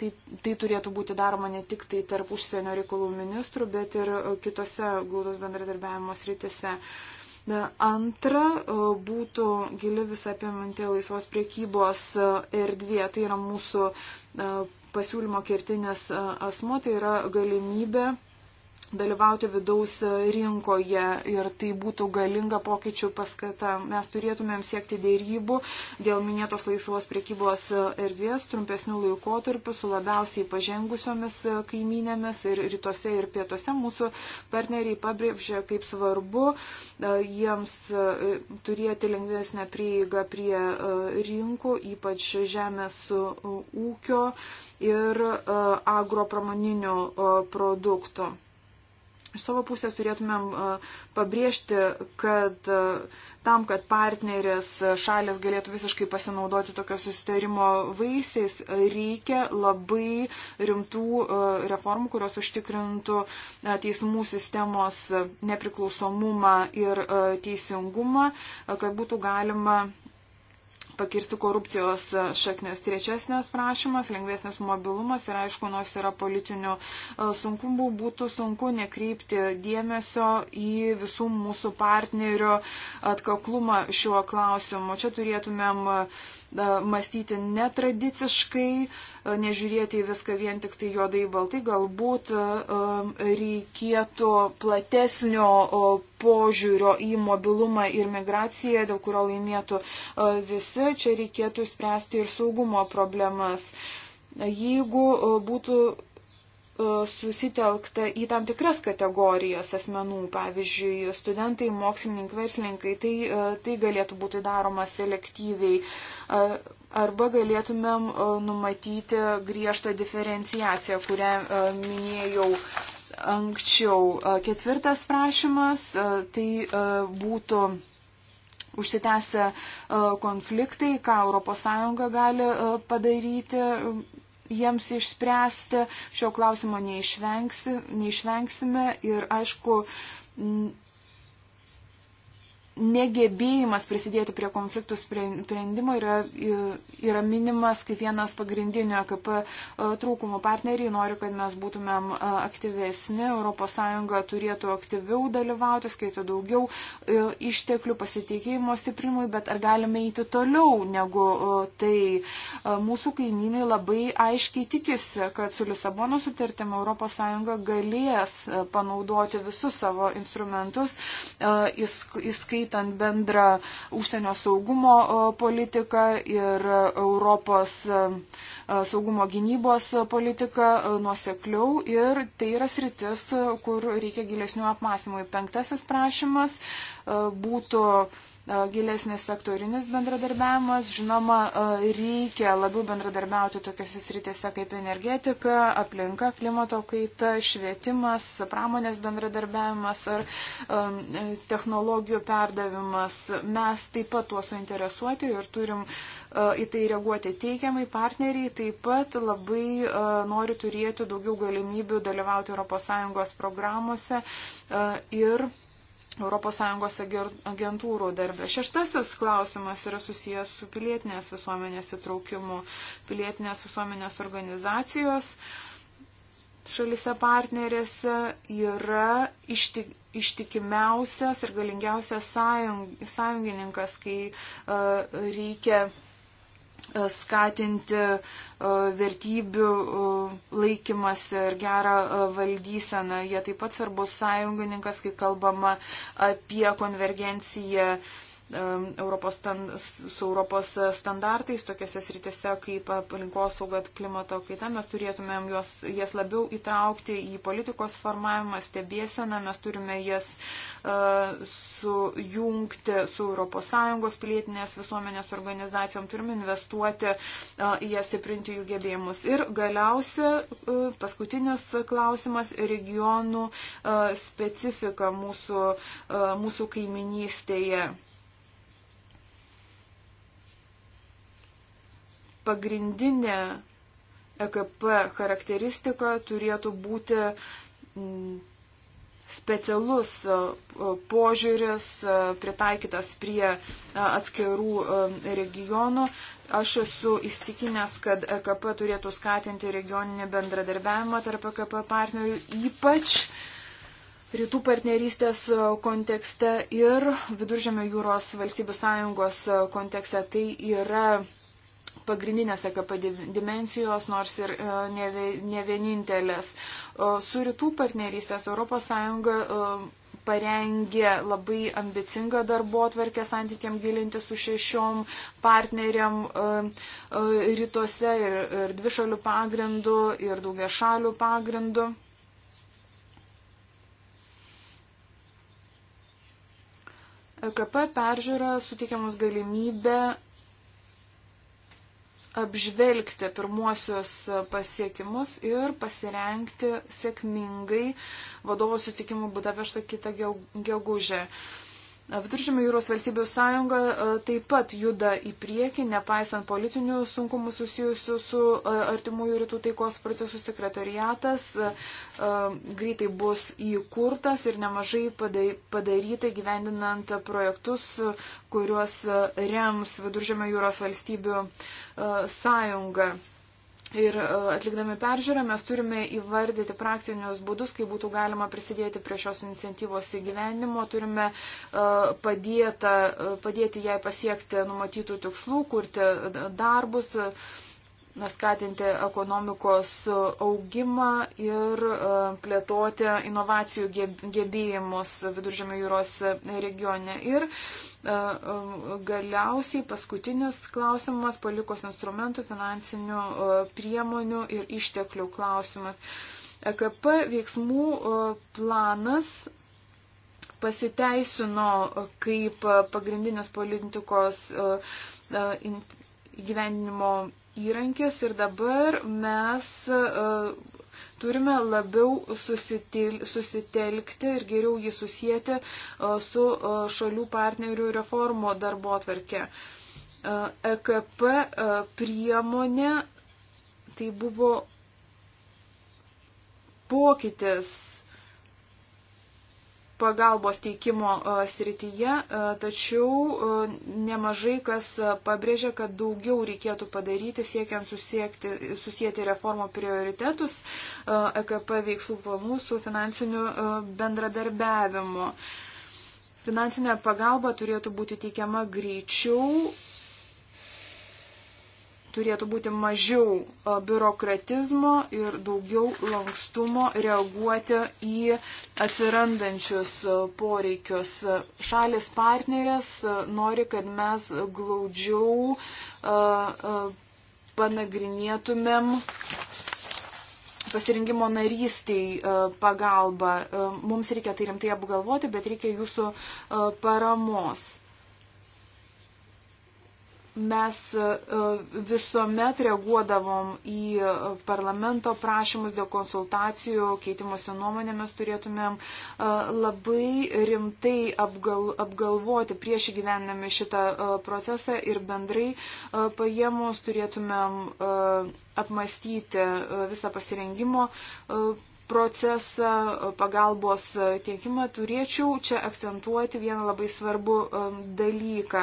Tai, tai turėtų būti daroma ne tik tai tarp užsienio reikalų ministrų, bet ir kitose glūdos bendradarbiavimo sritise. Uh, Antra e, būtų gili visą apimanti laisvos priekybos e, erdvė. Tai yra mūsų e, pasiūlymo kertinės asmo, tai yra galimybė dalyvauti vidaus rinkoje ir tai būtų galinga pokyčių paskata. Mes turėtumėm siekti dėrybų dėl minėtos laisvos priekybos erdvės trumpesnių laikotarpių su labiausiai pažengusiomis kaiminėmis ir rytuose ir pietuose. Mūsų partneriai pabrėžia, kaip svarbu e, jiems e, turėti lengvesnę prieigą prie e, rinkų, ypač žemės ūkio ir agropramoninių produktų. Iš savo pusės turėtumėm pabrėžti, kad tam, kad partnerės šalės galėtų visiškai pasinaudoti tokio susitarimo vaisiais, reikia labai rimtų reformų, kurios užtikrintų teismų sistemos nepriklausomumą ir teisingumą, kad būtų galima pakirsti korupcijos šaknis. Trečiasnės prašymas, lengvesnis mobilumas ir aišku, nors yra politinių e, sunkumų, būtų sunku nekreipti dėmesio į visų mūsų partnerių atkaklumą šiuo klausimu. Čia turėtumėm uh, E, mąstyti netradiciškai, e, nežiūrėti į viską vien tik tai juodai baltai, galbūt e, reikėtų platesnio požiūrio į mobilumą ir migraciją, dėl kurio laimėtų visi, čia reikėtų spręsti ir saugumo problemas. Jeigu būtų E, susitelkta į tam tikras kategorijas asmenų, pavyzdžiui, studentai, mokslininkai, verslininkai, tai, e, tai galėtų būti daroma selektyviai. E, arba galėtumėm numatyti griežtą diferenciaciją, kurią minėjau anksčiau. Ketvirtas prašymas, tai būtų užsitęsę konfliktai, ką ES gali padaryti jiems išspręsti. Šio klausimo neišvengsi, neišvengsime ir aišku, negebėjimas prisidėti prie konfliktų sprendimo yra, yra minimas kaip vienas pagrindinių AKP e e, trūkumų. Partneriai nori, kad mes būtumėm e, aktyvesni, ES turėtų aktyviau dalyvauti, skaito daugiau išteklių pasitikėjimo stiprimui, bet ar galime eiti toliau negu tai. Mūsų kaimynai labai aiškiai tikisi, kad su Lisabono sutartimi ES galės panaudoti visus savo instrumentus, įskaitant įskaitant bendrą užsienio saugumo e, politiką ir Europos e, e, saugumo gynybos politiką nuosekliau ir tai yra sritis, kur reikia gilesnių apmąstymų. Penktasis prašymas būtų gilesnis sektorinis bendradarbiavimas. Žinoma, reikia labiau bendradarbiauti tokiuose sritėse kaip energetika, aplinka, klimato kaita, švietimas, pramonės bendradarbiavimas ar technologijų perdavimas. Mes taip pat tuo suinteresuoti ir turim į tai reaguoti teigiamai. Partneriai taip pat labai nori turėti daugiau galimybių dalyvauti ES programuose ir ES agentūrų darbę. Šeštasis klausimas yra susijęs su pilietinės visuomenės įtraukimu. Pilietinės visuomenės organizacijos šalise partnerėse yra ištik, ištikimiausias ir galingiausias sąjung, sąjungininkas, kai uh, reikia skatinti e, vertybių e, laikymas ir gerą e, valdyseną. Jie taip pat svarbus sąjungininkas, kai kalbama apie konvergenciją Um, Europos stand, su Europos standartais tokiuose sritise kaip aplinkosauga, klimato kaita, mes turėtumėm juos, jas labiau įtraukti į politikos formavimą, stebėseną, mes turime jas uh, sujungti su ES pilietinės visuomenės organizacijom, turime investuoti uh, į jas stiprinti jų gebėjimus. Ir galiausia, uh, paskutinis klausimas - regionų uh, specifika mūsų, uh, mūsų kaiminystėje. pagrindinė EKP charakteristika turėtų būti mm, specialus e, e, požiūris e, pritaikytas prie atskirų regionų. Aš esu įstikinęs, kad EKP turėtų skatinti regioninį bendradarbiavimą tarp EKP partnerių, ypač rytų partnerystės kontekste ir Viduržėmio jūros valstybių sąjungos kontekste. Tai yra pagrindinės AKP dimensijos, nors ir e, ne vienintelės. Su rytų partnerystės ES e, parengė labai ambicingą darbo atverkę santykiam gilinti su šešiom partneriam e, rytuose ir, ir dvišalių pagrindų, ir daugia šalių pagrindų. EKP peržiūra suteikiamas galimybę apžvelgti pirmuosius pasiekimus ir pasirenkti sėkmingai vadovo sutikimų Budapešto kitą gegužę. Geog Viduržymio jūros valstybių sąjunga e, taip pat juda į priekį, nepaisant politinių sunkumų susijusių su e, artimųjų rytų taikos procesų sekretariatas. E, greitai bus įkurtas ir nemažai padaryta gyvendinant projektus, kuriuos rems Viduržymio jūros valstybių sąjunga. Ir e, atlikdami peržiūrą mes turime įvardyti praktinius būdus, kaip būtų galima prisidėti prie šios iniciatyvos įgyvenimo, turime e, padėta, e, padėti jai pasiekti numatytų tikslų, kurti darbus, skatinti ekonomikos augimą ir plėtoti inovacijų gebėjimus viduržėmio jūros regione. Ir E, e, galiausiai paskutinis klausimas - palikos instrumentų, finansinių e, priemonių ir išteklių klausimas. EKP veiksmų planas pasiteisino kaip pagrindinės politikos gyvenimo įrankis ir dabar mes Turime labiau susitil, susitelkti ir geriau jį susijęti su šalių partnerių reformo darbo atverke. EKP e, priemonė tai buvo pokytis pagalbos teikimo e, srityje, e, tačiau e, nemažai kas pabrėžia, kad daugiau reikėtų padaryti siekiant susiekti, susijęti reformų prioritetus, EKP veiksmų planų su finansiniu bendradarbiavimu. Finansinė pagalba turėtų būti teikiama greičiau, turėtų būti mažiau biurokratizmo ir daugiau lankstumo reaguoti į atsirandančius poreikius. Šalis partnerės nori, kad mes glaudžiau panagrinėtumėm pasirinkimo narystiai pagalba. Mums reikia tai rimtai apgalvoti, bet reikia jūsų paramos mes e, visuomet reaguodavom į parlamento prašymus dėl konsultacijų, keitimuose nuomonėmis turėtumėm e, labai rimtai apgal, apgalvoti prieš įgyvendami šitą e, procesą ir bendrai paėmus turėtumėm apmastyti visą pasirengimo procesą, pagalbos tiekimą, turėčiau čia akcentuoti vieną labai svarbų um, dalyką.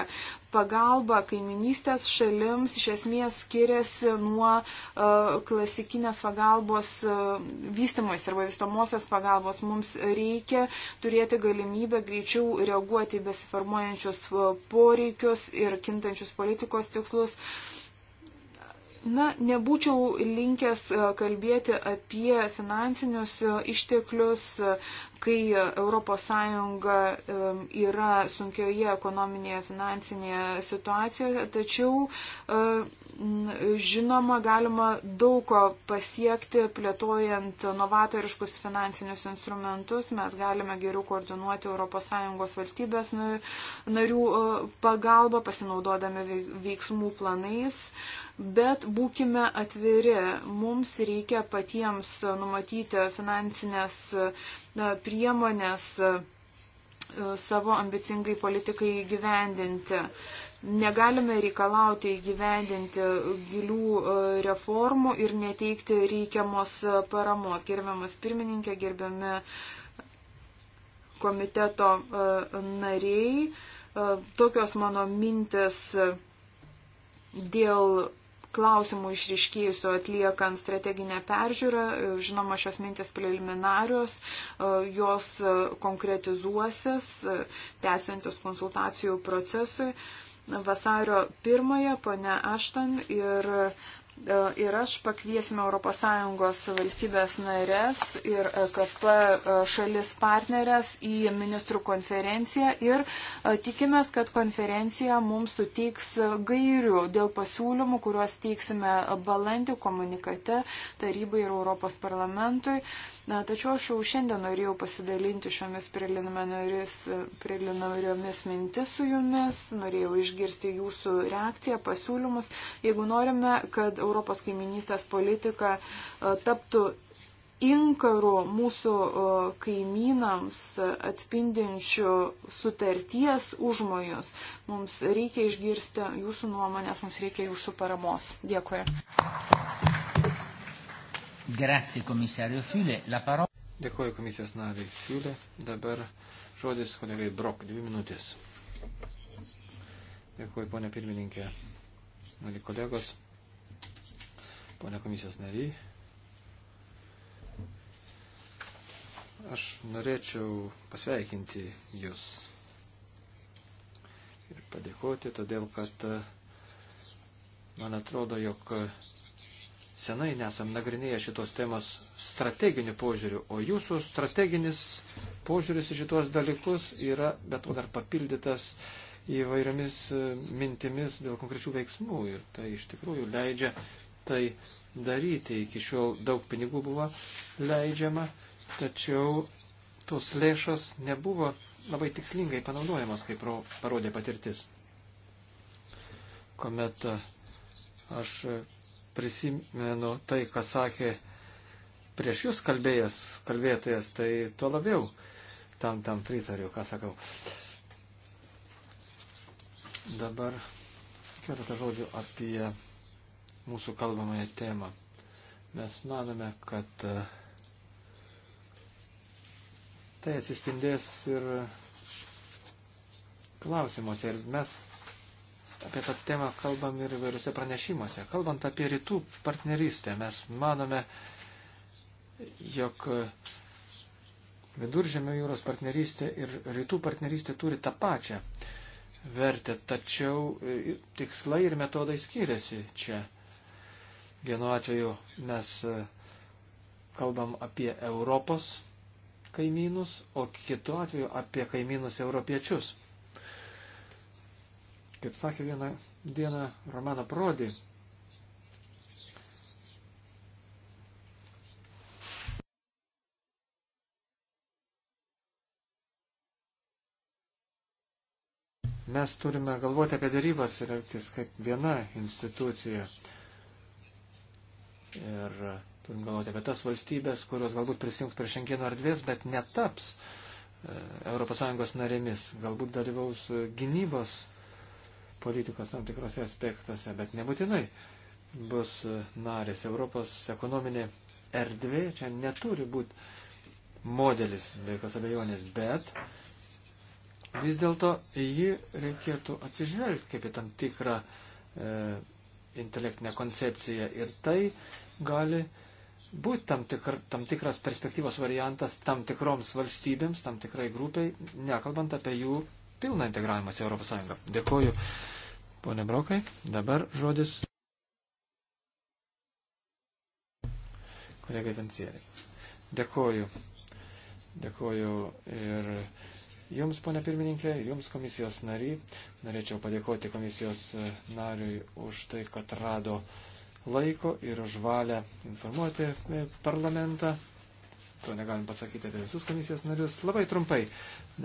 Pagalba kaiminystės šalims iš esmės skiriasi nuo uh, klasikinės pagalbos um, vystimos arba vystomosios pagalbos. Mums reikia turėti galimybę greičiau reaguoti besiformuojančius uh, poreikius ir kintančius politikos tikslus. Uh, Na, nebūčiau linkęs e, kalbėti apie finansinius e, išteklius, e, kai ES yra sunkioje ekonominėje finansinėje situacijoje, tačiau žinoma, galima daug ko pasiekti plėtojant novatoriškus finansinius instrumentus. Mes galime geriau koordinuoti ES valstybės narių pagalbą, pasinaudodami veiksmų planais. Uh, Bet būkime atviri, mums reikia patiems numatyti finansinės priemonės e, savo ambicingai politikai gyvendinti. Negalime reikalauti įgyvendinti gilių e, reformų ir neteikti reikiamos e, paramos. Gerbiamas pirmininkė, gerbiami komiteto nariai, tokios mano mintis dėl klausimų išriškėjusių atliekant strateginę peržiūrą. Žinoma, šios mintis preliminarios, e, jos konkretizuosis, e, tęsiantis konsultacijų procesui. Vasario pirmąją pane Aštan ir E, ir aš pakviesime ES valstybės narės ir e KP e, šalis partnerės į ministrų konferenciją ir tikimės, kad konferencija mums suteiks gairių dėl pasiūlymų, kuriuos teiksime balandį komunikate tarybai ir Europos parlamentui. Na, tačiau aš jau šiandien norėjau pasidalinti šiomis preliminariomis mintis su jumis, norėjau išgirsti jūsų reakciją, pasiūlymus. Jeigu norime, kad Europos kaiminystės politika e, taptų inkaru mūsų e, kaimynams e, atspindinčių sutarties užmojus. Mums reikia išgirsti jūsų nuomonės, mums reikia jūsų paramos. Dėkui. Grazie komisario Fiulė. Paro... Dėkuoju komisijos nariai Fiulė. Dabar žodis kolegai Brok, dvi minutės. Dėkuoju, ponia pirmininkė, mali kolegos, ponia komisijos nariai. Aš norėčiau pasveikinti Jūs ir padėkoti, todėl kad man atrodo, jog senai nesam nagrinėję šitos temos strateginiu požiūriu, o jūsų strateginis požiūris į šitos dalykus yra, bet to dar papildytas įvairiomis e, mintimis dėl konkrečių veiksmų ir tai iš tikrųjų leidžia tai daryti. Iki šiol daug pinigų buvo leidžiama, tačiau tos lėšos nebuvo labai tikslingai panaudojamos, kaip parodė patirtis. Komet e, aš e, prisimenu tai, ką sakė prieš jūs kalbėjas, kalbėtojas, tai tuo labiau tam, tam pritariu, ką sakau. Dabar keletą žodžių apie mūsų kalbamąją temą. Mes manome, kad e, tai atsispindės ir klausimuose. Ir mes apie tą temą kalbam ir įvairiuose pranešimuose. Kalbant apie rytų partnerystę, mes manome, jog viduržėmio jūros partnerystė ir rytų partnerystė turi tą pačią vertę, tačiau e, tikslai ir metodai skiriasi čia. Vienu atveju mes e, kalbam apie Europos kaimynus, o kitu atveju apie kaimynus europiečius. Kaip sakė vieną dieną Romana Prodi, mes turime galvoti apie darybas ir elgtis kaip viena institucija. Ir turim galvoti apie tas valstybės, kurios galbūt prisijungs prie šengeno erdvės, bet netaps ES narėmis. Galbūt dalyvaus e, gynybos politikos tam tikrose aspektuose, bet nebūtinai bus narės. Europos ekonominė erdvė čia neturi būti modelis, be jokios abejonės, bet vis dėlto jį reikėtų atsižvelgti kaip į tam tikrą e, intelektinę koncepciją ir tai gali būti tam, tikr, tam tikras perspektyvos variantas tam tikroms valstybėms, tam tikrai grupiai, nekalbant apie jų pilną integravimąsi Europos Sąjungą. Dėkuoju Pone Brokai, dabar žodis kolegai Vencieriai. Dėkoju. Dėkoju ir Jums, ponė pirmininkė, Jums komisijos nariai. Norėčiau padėkoti komisijos nariui už tai, kad rado laiko ir už valią informuoti parlamentą. To negalim pasakyti apie visus komisijos narius. Labai trumpai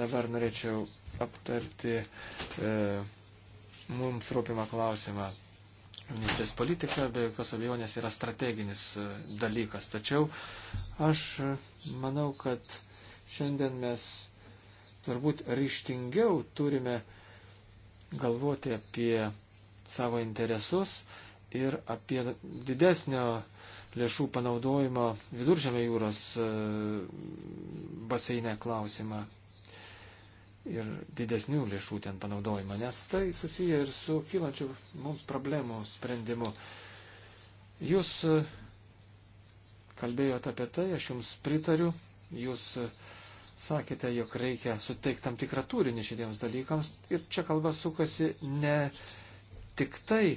dabar norėčiau aptarti. E, mums rūpimą klausimą. Ministrės politika be jokios abejonės yra strateginis e, dalykas. Tačiau aš e, manau, kad šiandien mes turbūt ryštingiau turime galvoti apie savo interesus ir apie didesnio lėšų panaudojimo viduržėmio jūros e, baseine klausimą ir didesnių lėšų ten panaudojimą, nes tai susiję ir su kylančių mums problemų sprendimu. Jūs e, kalbėjote apie tai, aš jums pritariu, jūs e, sakėte, jog reikia suteikti tam tikrą turinį šitiems dalykams ir čia kalba sukasi ne tik tai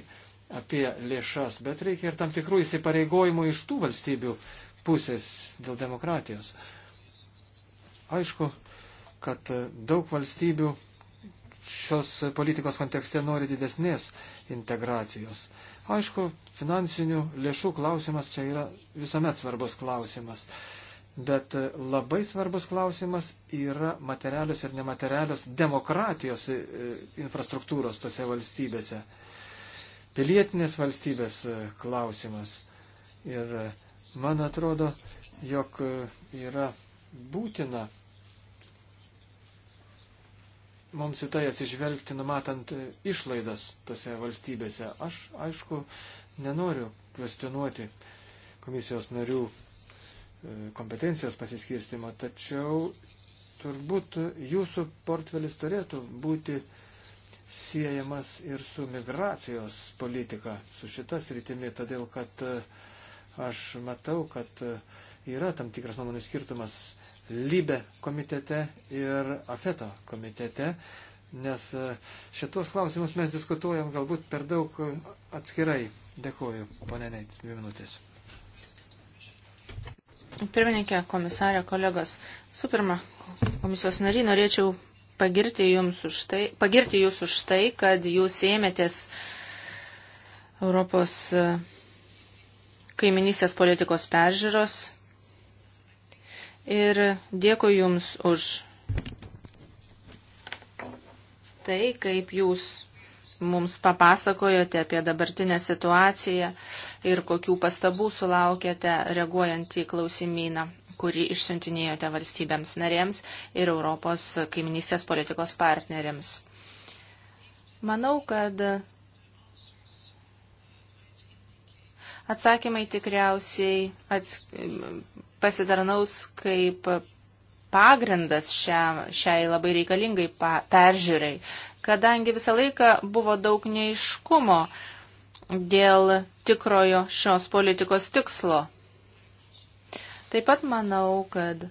apie lėšas, bet reikia ir tam tikrų įsipareigojimų iš tų valstybių pusės dėl demokratijos. Aišku, kad daug valstybių šios politikos kontekste nori didesnės integracijos. Aišku, finansinių lėšų klausimas čia yra visuomet svarbus klausimas. Bet labai svarbus klausimas yra materialios ir nematerialios demokratijos e, infrastruktūros tose valstybėse. Pilietinės valstybės e, klausimas. Ir man atrodo, jog e, yra būtina mums į tai atsižvelgti, numatant e, išlaidas tose valstybėse. Aš, aišku, nenoriu kvestionuoti komisijos narių e, kompetencijos pasiskirstimo, tačiau turbūt jūsų portfelis turėtų būti siejamas ir su migracijos politika, su šitas rytimi, todėl kad e, aš matau, kad yra tam tikras nuomonių skirtumas Libe komitete ir Afeto komitete, nes e, šitos klausimus mes diskutuojam galbūt per daug atskirai. Dėkuoju, ponė Neits, dvi minutės. Pirmininkė, komisarė, kolegos, su pirma, komisijos nariai, norėčiau pagirti, jums už tai, pagirti jūs už tai, kad jūs ėmėtės Europos e, kaiminysės politikos peržiūros Ir dėkui Jums už tai, kaip Jūs mums papasakojote apie dabartinę situaciją ir kokių pastabų sulaukėte reaguojant į klausimyną, kurį išsiuntinėjote valstybėms narėms ir Europos kaiminystės politikos partneriams. Manau, kad atsakymai tikriausiai ats pasidarnaus kaip pagrindas šiam, šiai labai reikalingai pa, peržiūrai, kadangi visą laiką buvo daug neiškumo dėl tikrojo šios politikos tikslo. Taip pat manau, kad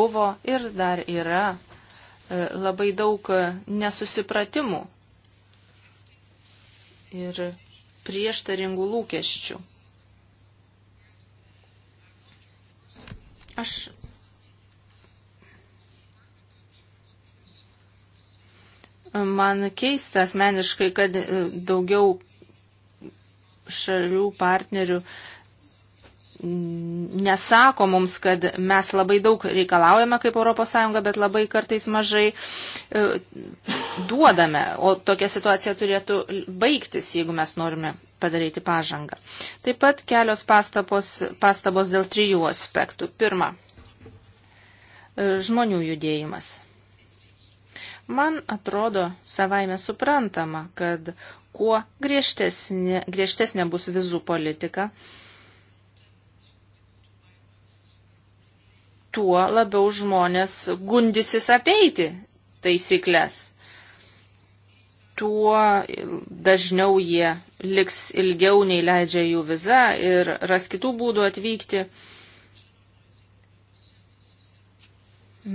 buvo ir dar yra e, labai daug nesusipratimų ir prieštaringų lūkesčių. Aš man keista asmeniškai, kad e, daugiau šalių partnerių nesako mums, kad mes labai daug reikalaujame kaip ES, bet labai kartais mažai e, duodame. O tokia situacija turėtų baigtis, jeigu mes norime padaryti pažangą. Taip pat kelios pastabos, pastabos dėl trijų aspektų. Pirma, e, žmonių judėjimas. Man atrodo savaime suprantama, kad kuo griežtesnė, griežtesnė bus vizų politika, tuo labiau žmonės gundysis apeiti taisyklės tuo dažniau jie liks ilgiau nei leidžia jų viza ir ras kitų būdų atvykti.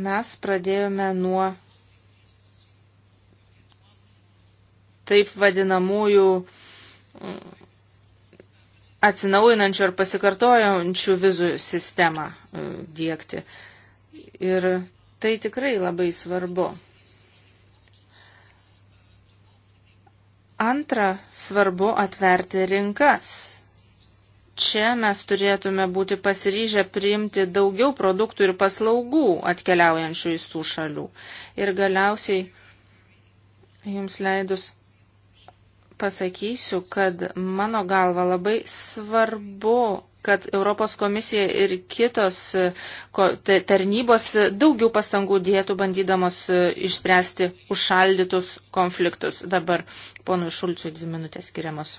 Mes pradėjome nuo taip vadinamųjų mm, atsinaujinančių ar pasikartojančių vizų sistemą mm, dėkti. Ir tai tikrai labai svarbu. Antra, svarbu atverti rinkas. Čia mes turėtume būti pasiryžę priimti daugiau produktų ir paslaugų atkeliaujančių iš tų šalių. Ir galiausiai jums leidus pasakysiu, kad mano galva labai svarbu kad Europos komisija ir kitos e, tarnybos daugiau pastangų dėtų bandydamos e, išspręsti užšaldytus konfliktus. Dabar ponui Šulciui dvi minutės skiriamos.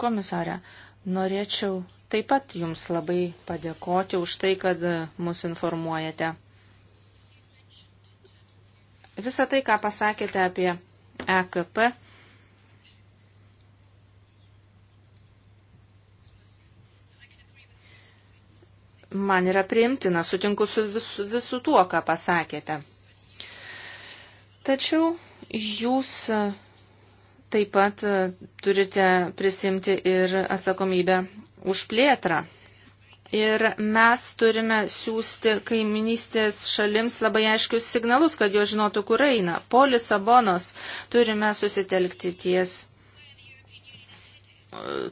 Komisarė, norėčiau taip pat Jums labai padėkoti už tai, kad e, mus informuojate. Visą tai, ką pasakėte apie EKP, man yra priimtina, sutinku su visu, visu tuo, ką pasakėte. Tačiau jūs taip pat turite prisimti ir atsakomybę už plėtrą. Ir mes turime siūsti kaiminystės šalims labai aiškius signalus, kad jo žinotų, kur eina. Po Lisabonos turime susitelkti ties e,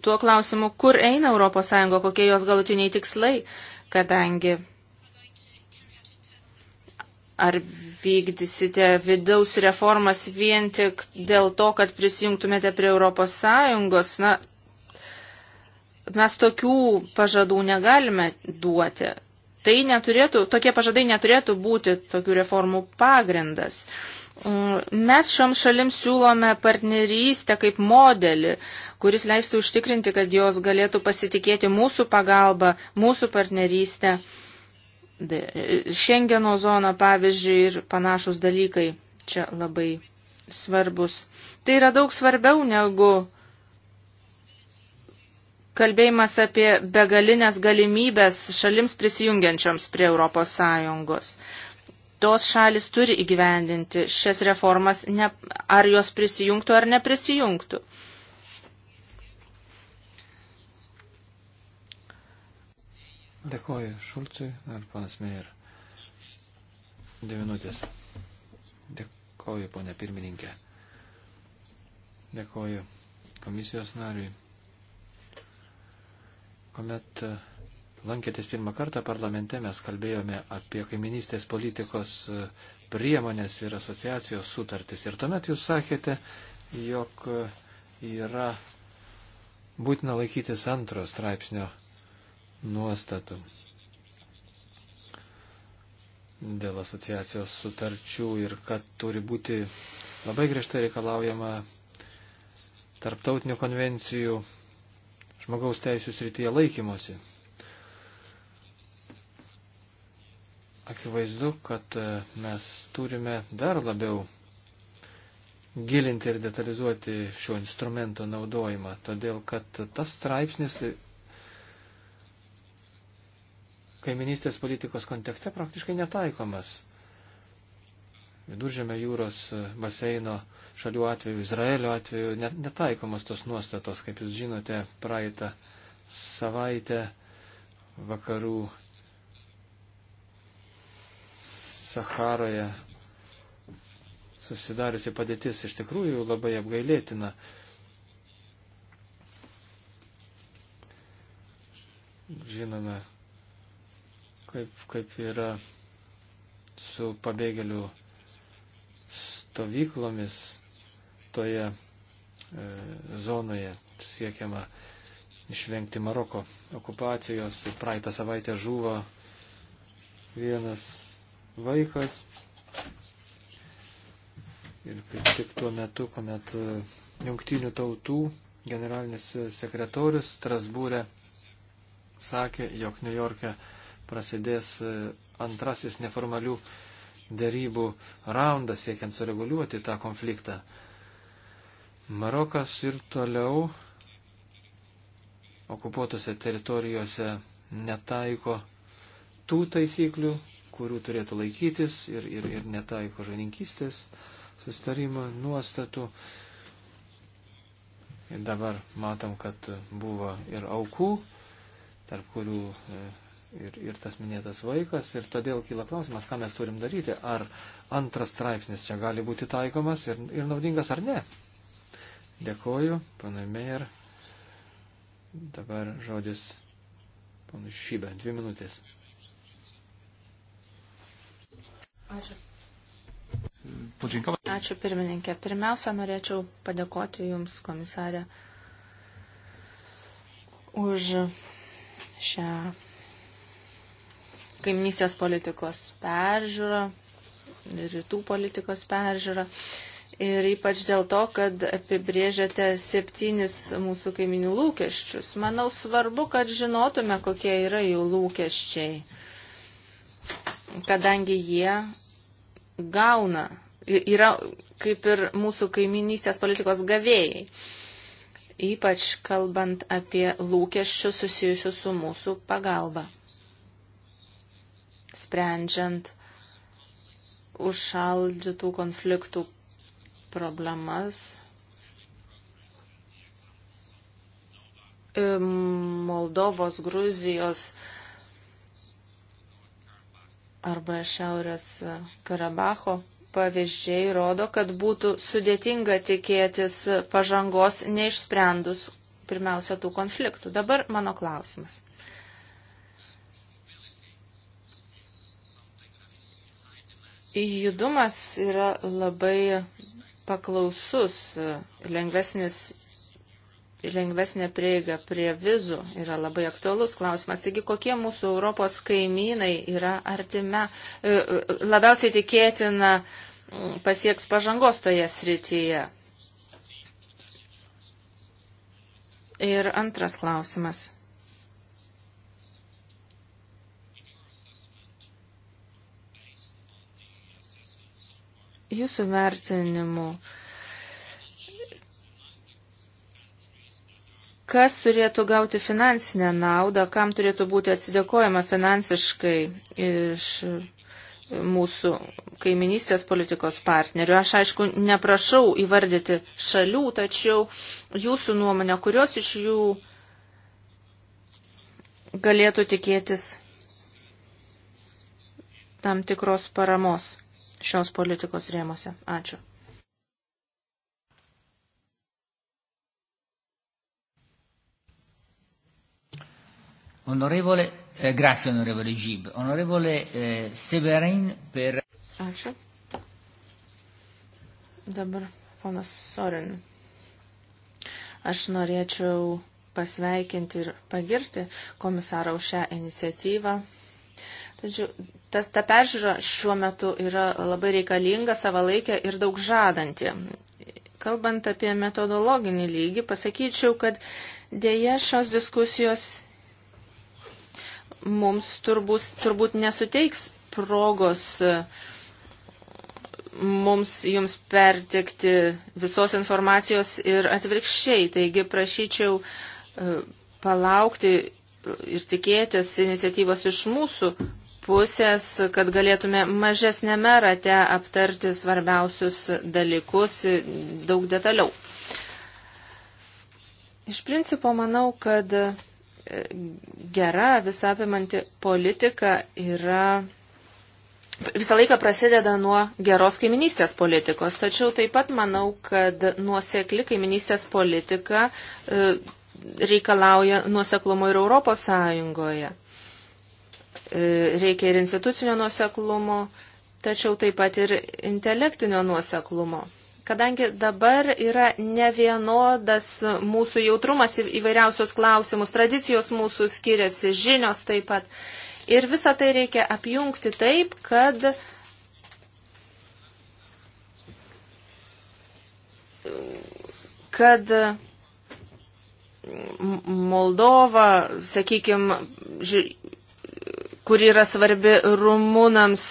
tuo klausimu, kur eina ES, kokie jos galutiniai tikslai kadangi ar vykdysite vidaus reformas vien tik dėl to, kad prisijungtumėte prie Europos Sąjungos, na, mes tokių pažadų negalime duoti. Tai neturėtų, tokie pažadai neturėtų būti tokių reformų pagrindas. Mm, mes šiom šalim siūlome partnerystę kaip modelį, kuris leistų užtikrinti, kad jos galėtų pasitikėti mūsų pagalbą, mūsų partnerystę, Šengeno zoną pavyzdžiui ir panašus dalykai čia labai svarbus. Tai yra daug svarbiau negu kalbėjimas apie begalinės galimybės šalims prisijungiančioms prie Europos Sąjungos tos šalis turi įgyvendinti šias reformas, ne, ar jos prisijungtų ar neprisijungtų. Dėkuoju Šulcui ir panas Meijer. Dvi minutės. Dėkuoju, ponė pirmininkė. Dėkuoju komisijos nariui. Komet uh, lankėtės pirmą kartą parlamente, mes kalbėjome apie kaiminystės politikos e, priemonės ir asociacijos sutartis. Ir tuomet jūs sakėte, jog e, yra būtina laikytis antro straipsnio nuostatų dėl asociacijos sutarčių ir kad turi būti labai griežtai reikalaujama tarptautinių konvencijų žmogaus teisų srityje laikymosi. akivaizdu, kad e, mes turime dar labiau gilinti ir detalizuoti šio instrumento naudojimą, todėl kad tas straipsnis kaiminystės politikos kontekste praktiškai netaikomas. Viduržėme jūros e, baseino šalių atveju, Izraelio atveju netaikomas tos nuostatos, kaip jūs žinote, praeitą savaitę vakarų Saharoje susidariusi padėtis iš tikrųjų labai apgailėtina. Žinome, kaip, kaip yra su pabėgėlių stovyklomis toje e, zonoje siekiama išvengti Maroko okupacijos. Praeitą savaitę žuvo vienas vaikas. Ir kaip tik tuo metu, kuomet e, jungtinių tautų generalinis e, sekretorius Strasbūrė sakė, jog New York'e prasidės e, antrasis neformalių dėrybų raundas siekiant sureguliuoti tą konfliktą. Marokas ir toliau okupuotose teritorijose netaiko tų taisyklių, kurių turėtų laikytis ir, ir, ir netaiko žaninkystės sustarimo nuostatų. Ir dabar matom, kad buvo ir aukų, tarp kurių e, ir, ir tas minėtas vaikas. Ir todėl kyla klausimas, ką mes turim daryti. Ar antras straipsnis čia gali būti taikomas ir, ir naudingas ar ne. Dėkoju, panai Meijer. Dabar žodis panai Šybė, dvi minutės. Ačiū. Ačiū pirmininkė. Pirmiausia, norėčiau padėkoti Jums, komisarė, už šią kaimynystės politikos peržiūrą, rytų politikos peržiūrą. Ir ypač dėl to, kad apibrėžiate septynis mūsų kaiminių lūkesčius. Manau svarbu, kad žinotume, kokie yra jų lūkesčiai kadangi jie gauna, yra kaip ir mūsų kaiminystės politikos gavėjai. Ypač kalbant apie lūkesčius susijusius su mūsų pagalba. Sprendžiant užšaldytų konfliktų problemas. Moldovos, Gruzijos, arba Šiaurės Karabacho pavyzdžiai rodo, kad būtų sudėtinga tikėtis pažangos neišsprendus pirmiausia tų konfliktų. Dabar mano klausimas. Judumas yra labai paklausus, lengvesnis lengvesnė prieiga prie vizų yra labai aktualus klausimas. Taigi, kokie mūsų Europos kaimynai yra artime, e, labiausiai tikėtina pasieks pažangos toje srityje. Ir antras klausimas. Jūsų vertinimu, uh, kas turėtų gauti finansinę naudą, kam turėtų būti atsidėkojama finansiškai iš mūsų kaiminystės politikos partnerių. Aš aišku neprašau įvardyti šalių, tačiau jūsų nuomonė, kurios iš jų galėtų tikėtis tam tikros paramos šios politikos rėmose. Ačiū. Onorevole, eh, grazie onorevole Gib. Onorevole eh, Severin per... Ačiū. Dabar ponas Sorin. Aš norėčiau pasveikinti ir pagirti komisarą už šią iniciatyvą. Tačiau tas, ta peržiūra šiuo metu yra labai reikalinga, savalaikė ir daug žadanti. Kalbant apie metodologinį lygį, pasakyčiau, kad dėja šios diskusijos mums turbūt, turbūt nesuteiks progos e, mums jums pertikti visos informacijos ir atvirkščiai. Taigi prašyčiau e, palaukti ir tikėtis iniciatyvos iš mūsų pusės, kad galėtume mažesnėme rate aptarti svarbiausius dalykus daug detaliau. Iš principo manau, kad gera visapimanti politika yra visą laiką prasideda nuo geros kaiminystės politikos, tačiau taip pat manau, kad nuosekli kaiminystės politika e, reikalauja nuoseklumo ir Europos Sąjungoje. E, reikia ir institucinio nuoseklumo, tačiau taip pat ir intelektinio nuoseklumo. Kadangi dabar yra nevienodas mūsų jautrumas įvairiausios klausimus, tradicijos mūsų skiriasi, žinios taip pat. Ir visą tai reikia apjungti taip, kad kad Moldova, sakykime, kuri yra svarbi rumunams,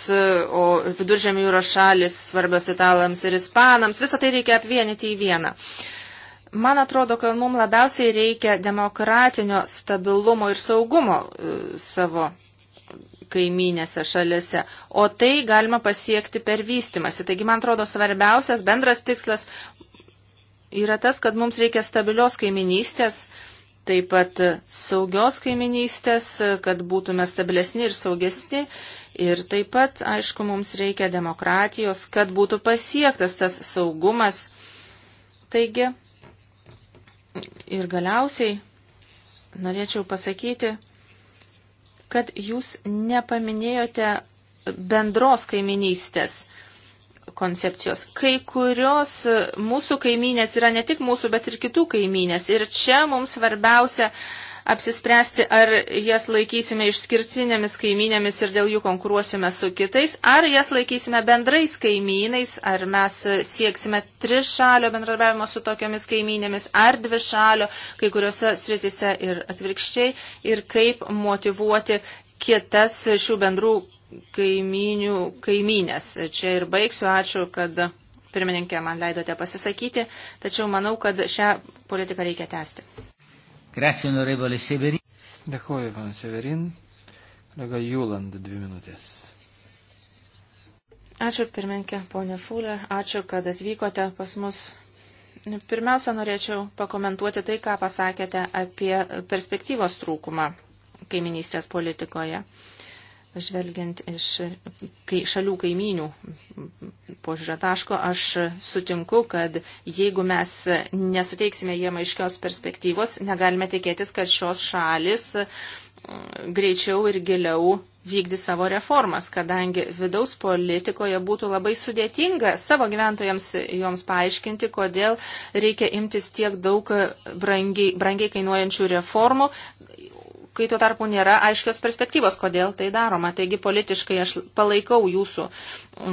o viduržėmio jūros šalis svarbios italams ir ispanams. Visą tai reikia apvienyti į vieną. Man atrodo, kad mums labiausiai reikia demokratinio stabilumo ir saugumo e, savo kaiminėse šalise, o tai galima pasiekti per vystimąsi. Taigi, man atrodo, svarbiausias bendras tikslas yra tas, kad mums reikia stabilios kaiminystės, uh, taip pat saugios kaiminystės, kad būtume stabilesni ir saugesni. Ir taip pat, aišku, mums reikia demokratijos, kad būtų pasiektas tas saugumas. Taigi, ir galiausiai norėčiau pasakyti, kad jūs nepaminėjote bendros kaiminystės koncepcijos. Kai kurios mūsų kaiminės yra ne tik mūsų, bet ir kitų kaiminės. Ir čia mums svarbiausia apsispręsti, ar jas laikysime išskirtinėmis kaiminėmis ir dėl jų konkuruosime su kitais, ar jas laikysime bendrais kaimynais, ar mes sieksime trišalio bendradarbiavimo su tokiomis kaiminėmis, ar dvišalio, kai kuriuose sritise ir atvirkščiai, ir kaip motivuoti kitas šių bendrų kaiminių kaiminės. Čia ir baigsiu. Ačiū, kad pirmininkė man leidote pasisakyti, tačiau manau, kad šią politiką reikia tęsti. Grazie, onorevole Severin. Dėkuoju, pan Severin. Kolega Juland, dvi minutės. Ačiū, pirmininkė, ponė Fulė. Ačiū, kad atvykote pas mus Pirmiausia, norėčiau pakomentuoti tai, ką pasakėte apie perspektyvos trūkumą kaiminystės politikoje žvelgiant iš kai, šalių kaimynių požiūrio taško, aš sutinku, kad jeigu mes nesuteiksime jiem aiškios perspektyvos, negalime tikėtis, kad šios šalis mm, greičiau ir giliau vykdys savo reformas, kadangi vidaus politikoje būtų labai sudėtinga savo gyventojams joms paaiškinti, kodėl reikia imtis tiek daug brangiai, brangiai kainuojančių reformų, kai tuo tarpu nėra aiškios perspektyvos, kodėl tai daroma. Taigi politiškai aš palaikau jūsų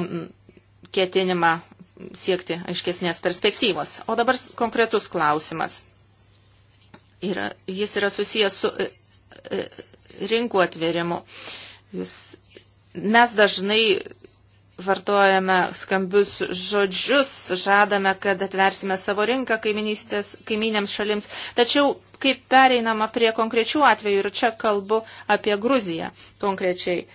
mm, ketinimą siekti aiškesnės perspektyvos. O dabar konkretus klausimas. Yra, jis yra susijęs su e, e, rinkų atverimu. Jūs, mes dažnai vartojame skambius žodžius, žadame, kad atversime savo rinką kaiminėms šalims. Tačiau kaip pereinama prie konkrečių atvejų, ir čia kalbu apie Gruziją konkrečiai,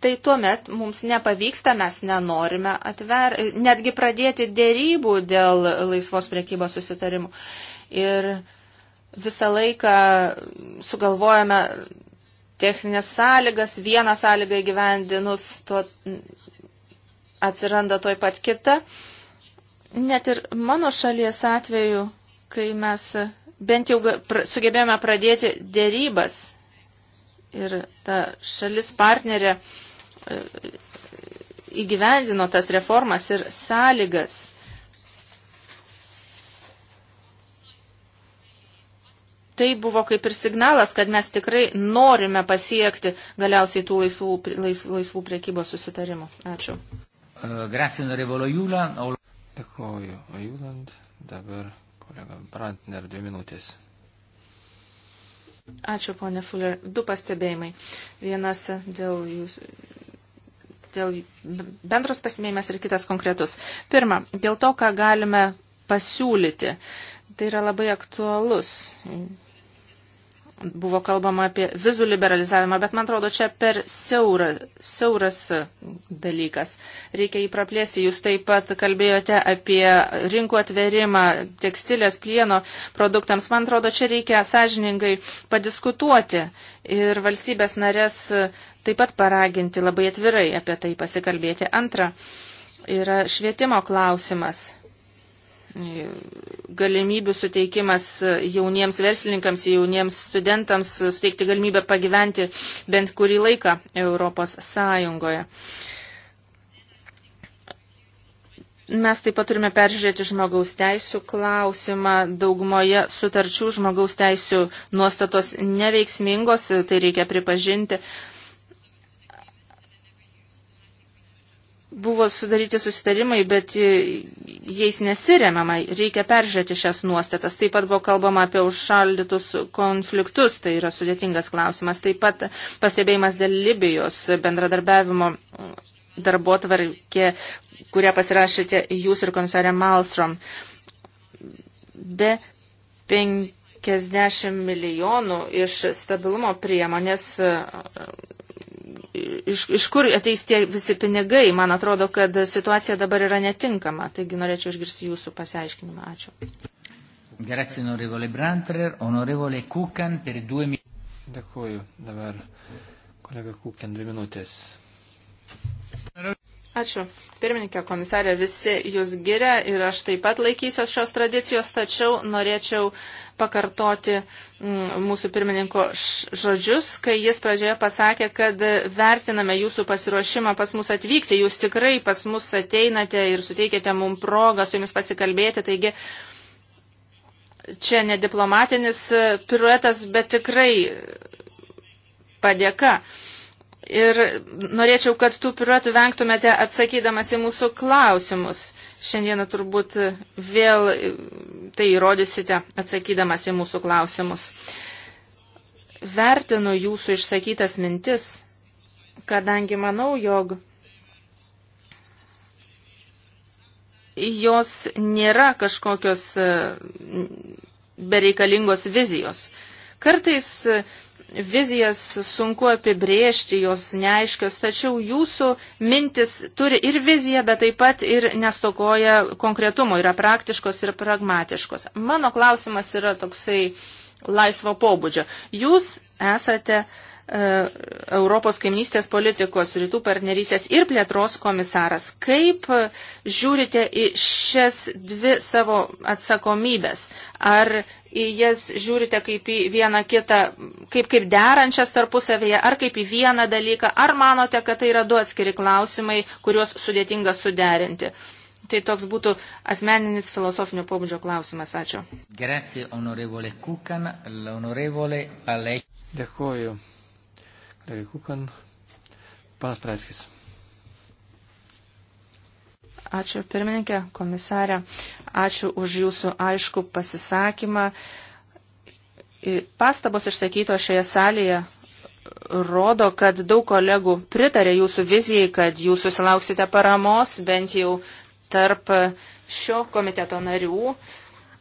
tai tuomet mums nepavyksta, mes nenorime atver, netgi pradėti dėrybų dėl laisvos priekybos susitarimų. Ir visą laiką sugalvojame techninės sąlygas, vieną sąlygą įgyvendinus, tuo atsiranda toj pat kita. Net ir mano šalies atveju, kai mes bent jau sugebėjome pradėti dėrybas ir ta šalis partnerė e, įgyvendino tas reformas ir sąlygas. tai buvo kaip ir signalas, kad mes tikrai norime pasiekti galiausiai tų laisvų, laisvų, laisvų priekybos susitarimų. Ačiū. Eh, grazie, onorevolo Jūland. Dėkoju, Jūland. Dabar kolega Brantner, dvi minutės. Ačiū, ponė Fuller. Du pastebėjimai. Vienas dėl jūsų. Dėl bendros pasimėjimas ir kitas konkretus. Pirma, dėl to, ką galime pasiūlyti. Tai yra labai aktualus buvo kalbama apie vizų liberalizavimą, bet man atrodo, čia per siaura, siauras dalykas. Reikia jį praplėsti. Jūs taip pat kalbėjote apie rinkų atverimą tekstilės, plieno produktams. Man atrodo, čia reikia sąžiningai padiskutuoti ir valstybės narės taip pat paraginti labai atvirai apie tai pasikalbėti. Antra, yra švietimo klausimas galimybių suteikimas jauniems verslininkams, jauniems studentams suteikti galimybę pagyventi bent kurį laiką Europos Sąjungoje. Mes taip pat turime peržiūrėti žmogaus teisų klausimą. Daugumoje sutarčių žmogaus teisų nuostatos neveiksmingos, tai reikia pripažinti. Uh, buvo sudaryti susitarimai, bet jais nesiremiama, reikia peržiūrėti šias nuostatas. Taip pat buvo kalbama apie užšaldytus konfliktus, tai yra sudėtingas klausimas. Taip pat pastebėjimas dėl Libijos bendradarbiavimo darbo tvarkė, kurią pasirašėte jūs ir komisarė Malstrom. Be 50 milijonų iš stabilumo priemonės iš, iš kur ateis tie visi pinigai. Man atrodo, kad situacija dabar yra netinkama. Taigi norėčiau išgirsti jūsų pasiaiškinimą. Ačiū. Grazie, onorevole Brantner, onorevole Kukan, per due minutės. Dėkuoju. Dabar kolega Kukan, dvi minutės. Ačiū. Pirmininkė komisarė, visi jūs giria ir aš taip pat laikysiuos šios tradicijos, tačiau norėčiau pakartoti mm, mūsų pirmininko žodžius, kai jis pradžioje pasakė, kad vertiname jūsų pasiruošimą pas mus atvykti. Jūs tikrai pas mus ateinate ir suteikėte mums progą su jumis pasikalbėti. Taigi, čia ne diplomatinis piruetas, bet tikrai padėka. Ir norėčiau, kad tų piratų vengtumėte atsakydamas į mūsų klausimus. Šiandieną turbūt vėl tai įrodysite atsakydamas į mūsų klausimus. Vertinu jūsų išsakytas mintis, kadangi manau, jog jos nėra kažkokios bereikalingos vizijos. Kartais vizijas sunku apibrėžti, jos neaiškios, tačiau jūsų mintis turi ir viziją, bet taip pat ir nestokoja konkretumo, yra praktiškos ir pragmatiškos. Mano klausimas yra toksai laisvo pobūdžio. Jūs esate uh, E, Europos kaimynystės politikos rytų partnerysės ir plėtros komisaras. Kaip žiūrite į šias dvi savo atsakomybės? Ar į jas žiūrite kaip į vieną kitą, kaip, kaip derančias tarpusavėje, ar kaip į vieną dalyką, ar manote, kad tai yra du atskiri klausimai, kuriuos sudėtinga suderinti? Tai toks būtų asmeninis filosofinio pobūdžio klausimas. Ačiū. Grazie, onorevole Kukan, onorevole Palei. Dėkuoju. Kukan. Panas Pratskis. Ačiū pirmininkė, komisarė. Ačiū už jūsų aišku pasisakymą. Pastabos išsakytos šioje salėje rodo, kad daug kolegų pritarė jūsų vizijai, kad jūs susilauksite paramos bent jau tarp šio komiteto narių.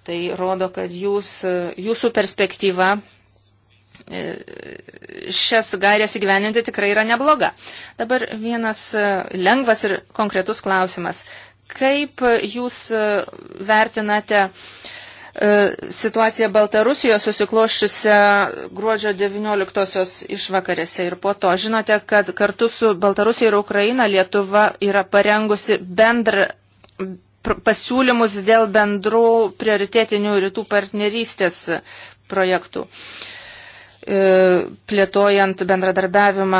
Tai rodo, kad jūs, jūsų perspektyva šias gairias įgyveninti tikrai yra nebloga. Dabar vienas e, lengvas ir konkretus klausimas. Kaip e, jūs e, vertinate situaciją Baltarusijoje susikloščiusią gruodžio 19-osios išvakarėse ir po to. Žinote, kad kartu su Baltarusija ir Ukraina Lietuva yra parengusi bendrą pasiūlymus dėl bendrų prioritetinių rytų partnerystės projektų. Uh, E, plėtojant bendradarbiavimą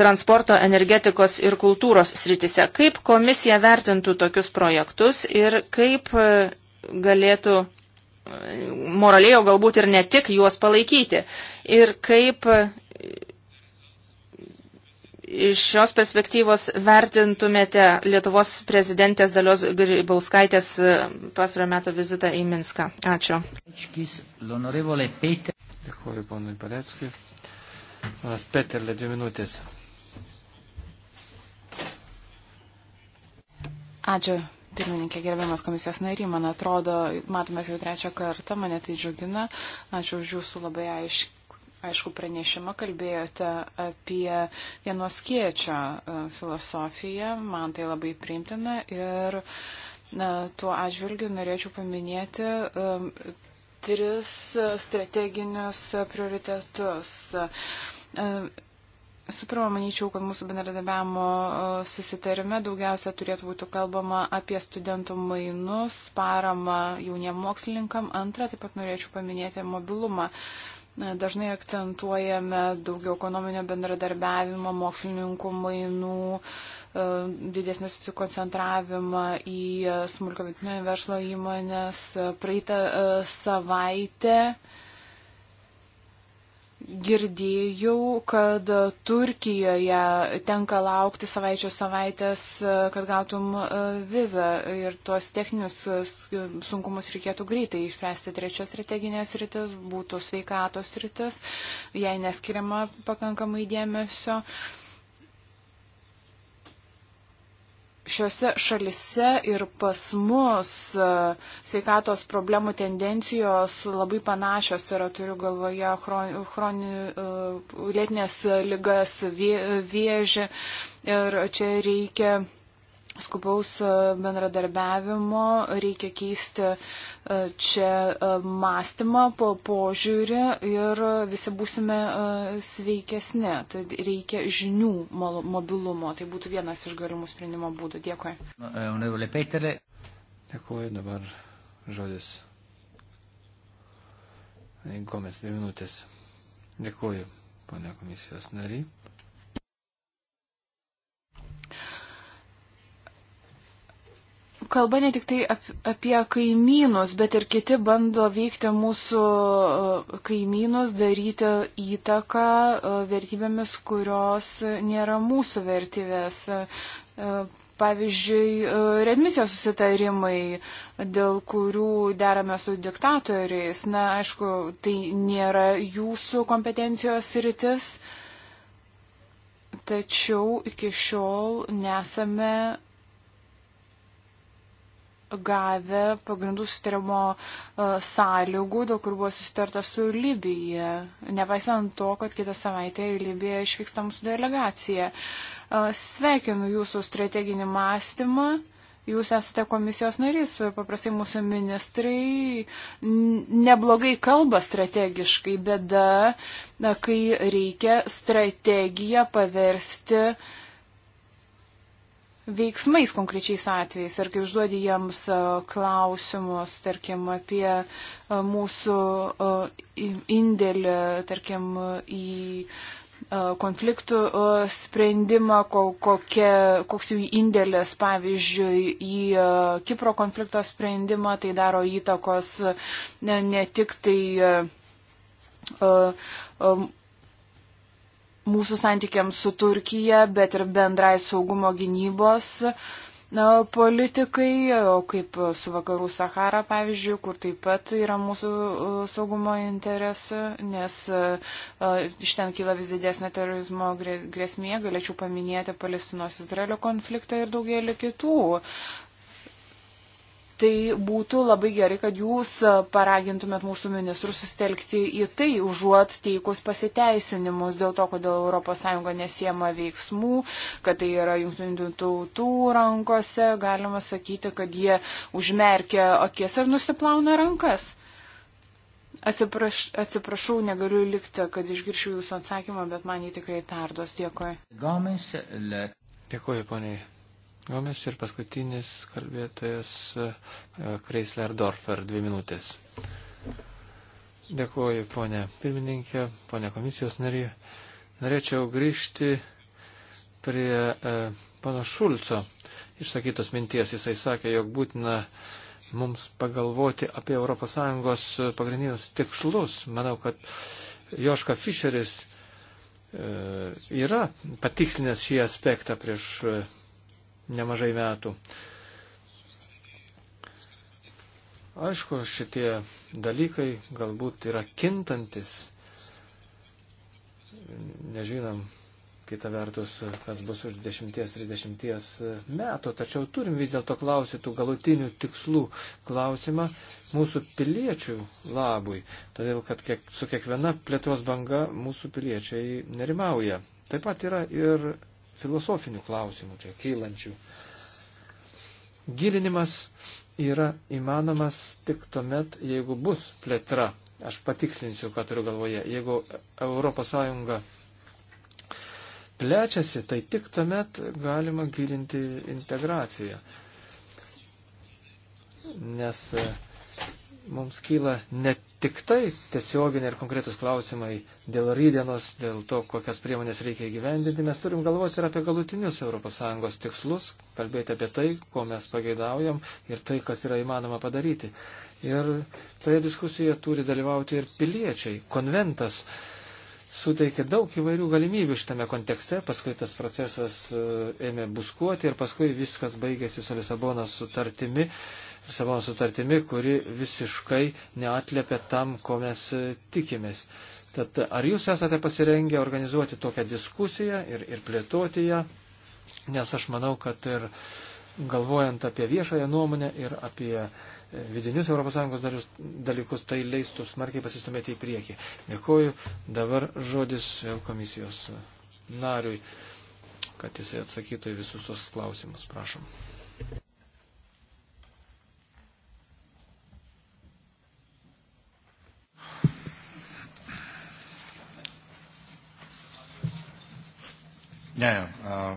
transporto, energetikos ir kultūros sritise. Kaip komisija vertintų tokius projektus ir kaip e, galėtų e, moraliai, o galbūt ir ne tik juos palaikyti. Ir kaip iš šios perspektyvos vertintumėte Lietuvos prezidentės dalios Grybauskaitės pasarojo metų vizitą į Minską. Ačiū. Dėkuoju ponui Paleckui. Manas Peterle, dvi minutės. Ačiū, pirmininkė, gerbiamas komisijos nariai. Man atrodo, matomės jau trečią kartą, mane tai džiugina. Ačiū už jūsų labai aiškį. Aišku, pranešimą kalbėjote apie vienos kiečio e, filosofiją, man tai labai priimtina ir na, tuo atžvilgiu norėčiau paminėti um, tris strateginius prioritetus. Su pirma, manyčiau, kad mūsų bendradarbiavimo susitarime daugiausia turėtų būti kalbama apie studentų mainus, paramą jauniem mokslininkam. Antra, taip pat norėčiau paminėti mobilumą. Dažnai akcentuojame daugiau ekonominio bendradarbiavimo, mokslininkų mainų, uh, E, didesnį susikoncentravimą į smulko vidutinio verslo įmonės. Praeitą e, savaitę girdėjau, kad Turkijoje tenka laukti savaičių savaitės, e, kad gautum vizą ir tuos techninius sunkumus reikėtų greitai išspręsti. Trečios strateginės rytis būtų sveikatos rytis, jai neskiriama pakankamai dėmesio. Uh, šiuose šalise ir pas mus e, sveikatos problemų tendencijos labai panašios yra, turiu galvoje, chroni, chroni, e, lėtinės lygas, vėžį ir čia reikia skubaus e, bendradarbiavimo, reikia keisti e, čia e, mąstymą, po požiūrį ir visi būsime sveikesni. Tai reikia žinių mobilumo. Tai būtų vienas iš galimų sprendimo būdų. Dėkui. Dėkui, dabar žodis. Gomes, dvi minutės. Dėkuoju, ponia komisijos nariai. kalba ne tik tai ap, apie kaimynus, bet ir kiti bando veikti mūsų e, kaimynus, daryti įtaką e, vertybėmis, kurios nėra mūsų vertybės. E, pavyzdžiui, redmisijos susitarimai, dėl kurių derame su diktatoriais, na, aišku, tai nėra jūsų kompetencijos rytis, tačiau iki šiol nesame gavę pagrindų sutarimo e, sąlygų, dėl kur buvo susitarta su Libija, nepaisant to, kad kitą savaitę į Libiją išvyksta mūsų delegacija. E, sveikinu jūsų strateginį mąstymą. Jūs esate komisijos narys, paprastai mūsų ministrai neblogai kalba strategiškai, bet kai reikia strategiją paversti uh, veiksmais konkrečiais atvejais, ar kai užduodi jiems e, klausimus, tarkim, apie e, mūsų e, indėlį, tarkim, į konfliktų sprendimą, kokie, koks jų indėlis, pavyzdžiui, į Kipro konflikto sprendimą, tai daro įtakos ne, ne tik tai mūsų santykiams su Turkija, bet ir bendrai saugumo gynybos na, politikai, o kaip su vakarų Sahara, pavyzdžiui, kur taip pat yra mūsų e, saugumo interesų, nes e, e, iš ten kyla vis didesnė terorizmo grėsmė, galėčiau paminėti Palestinos Izraelio konfliktą ir daugelį kitų Tai būtų labai gerai, kad jūs e, paragintumėt mūsų ministrus sustelkti į tai, užuot teikus pasiteisinimus dėl to, kodėl ES nesiema veiksmų, kad tai yra jungtinių tautų rankose, galima sakyti, kad jie užmerkia akis ir nusiplauna rankas. Atsipraš, atsiprašau, negaliu likti, kad išgiršiu jūsų atsakymą, bet man jį tikrai perduos. Dėkui. Gomes, le... Dėkui, poniai Gomes ir paskutinis kalbėtojas e, Kreisler Dorfer, dvi minutės. Dėkuoju, ponė pirmininkė, ponė komisijos narė. Norėčiau grįžti prie e, pana Šulco išsakytos minties. Jisai sakė, jog būtina mums pagalvoti apie ES pagrindinius tikslus. Manau, kad Joška Fischeris e, yra patikslinęs šį aspektą prieš. E, nemažai metų. Aišku, šitie dalykai galbūt yra kintantis. Nežinom, kita vertus, kas bus už 10-30 metų, tačiau turim vis dėlto klausyti tų galutinių tikslų klausimą mūsų piliečių labui, todėl kad kiek, su kiekviena plėtros banga mūsų piliečiai nerimauja. Taip pat yra ir filosofinių klausimų čia kylančių. Gilinimas yra įmanomas tik tuomet, jeigu bus plėtra. Aš patikslinsiu, ką turiu galvoje. Jeigu ES plečiasi, tai tik tuomet galima gilinti integraciją. Nes e, mums kyla ne tik tai tiesioginiai ir konkretus klausimai dėl rydienos, dėl to, kokias priemonės reikia įgyvendinti, mes turim galvoti ir apie galutinius ES tikslus, kalbėti apie tai, ko mes pageidaujam ir tai, kas yra įmanoma padaryti. Ir toje diskusijoje turi dalyvauti ir piliečiai. Konventas suteikė daug įvairių galimybių šitame kontekste, paskui tas procesas e, ėmė buskuoti ir paskui viskas baigėsi su Lisabonos sutartimi. Uh, savo sutartimi, kuri visiškai neatlėpia tam, ko mes e, tikimės. Tad ar jūs esate pasirengę organizuoti tokią diskusiją ir, ir plėtoti ją, nes aš manau, kad ir galvojant apie viešąją nuomonę ir apie e, vidinius ES dalykus, tai leistų smarkiai pasistumėti į priekį. Dėkuoju. Dabar žodis vėl komisijos nariui, kad jisai atsakytų į visus tos klausimus. Prašom. Yeah, yeah.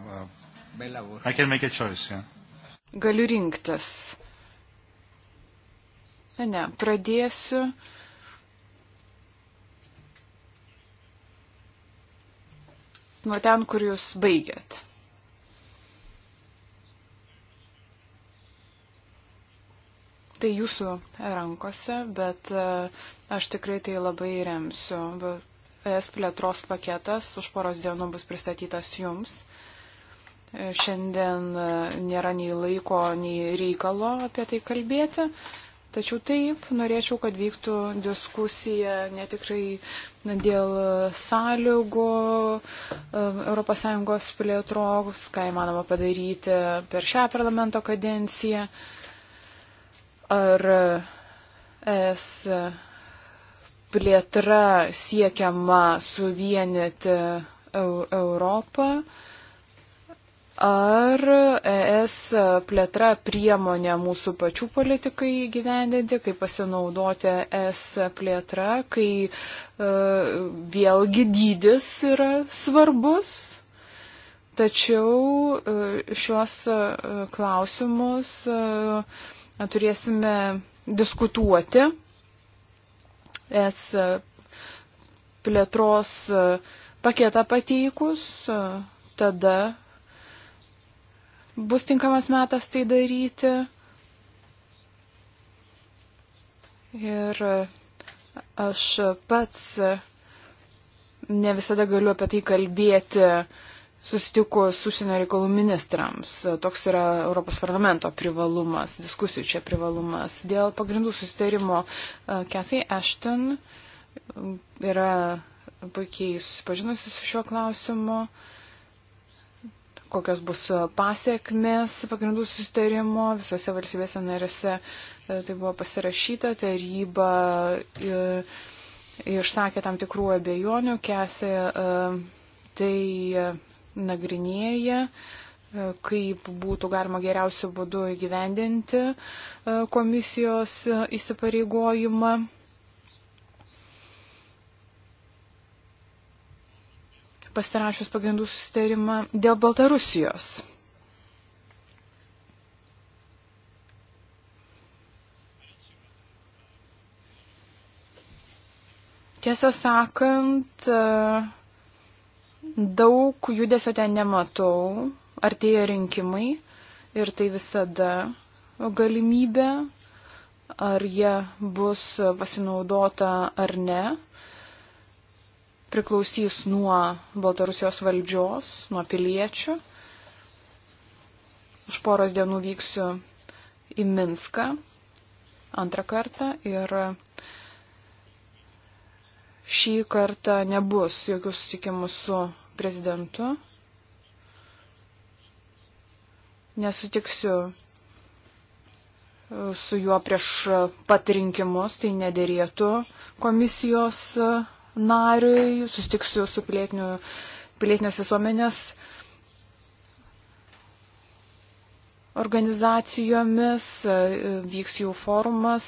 Uh, uh, I can make a choice, yeah. Galiu rinktis. Ne, ne, pradėsiu. Nuo ten, kur jūs baigėt. Tai jūsų rankose, bet uh, aš tikrai tai labai remsiu. Bet ES plėtros paketas už poros dienų bus pristatytas jums. E, šiandien e, nėra nei laiko, nei reikalo apie tai kalbėti. Tačiau taip, norėčiau, kad vyktų diskusija netikrai dėl sąlygų ES plėtros, ką įmanoma padaryti per šią parlamento kadenciją, ar ES plėtra siekiama suvienyti Europą, ar ES plėtra priemonė mūsų pačių politikai gyvendinti, kaip pasinaudoti ES plėtra, kai e, vėlgi dydis yra svarbus. Tačiau e, šios e, klausimus turėsime diskutuoti es e, plėtros e, paketą pateikus, e, tada bus tinkamas metas tai daryti. Ir aš pats ne visada galiu apie tai kalbėti uh, susitiko su užsienio reikalų ministrams. Toks yra Europos parlamento privalumas, diskusijų čia privalumas. Dėl pagrindų susitarimo Kathy e, Ashton e, yra puikiai susipažinusi su šiuo klausimu, kokios bus pasiekmes pagrindų susitarimo visose valstybėse narėse. E, tai buvo pasirašyta taryba. Išsakė tam tikrų abejonių, Kesė tai nagrinėja, e, kaip būtų galima geriausių būdų įgyvendinti e, komisijos e, įsipareigojimą. pasirašius pagrindų sustarimą dėl Baltarusijos. Tiesą sakant, uh, Daug judesio ten nematau, artėja rinkimai ir tai visada galimybė, ar jie bus pasinaudota ar ne, priklausys nuo Baltarusijos valdžios, nuo piliečių. Už poros dienų vyksiu į Minską antrą kartą ir šį kartą nebus jokių susitikimų su prezidentu. Nesutiksiu uh, su juo prieš uh, pat rinkimus, tai nedėrėtų komisijos uh, nariui, susitiksiu su pilietinės visuomenės organizacijomis, vyks jų forumas,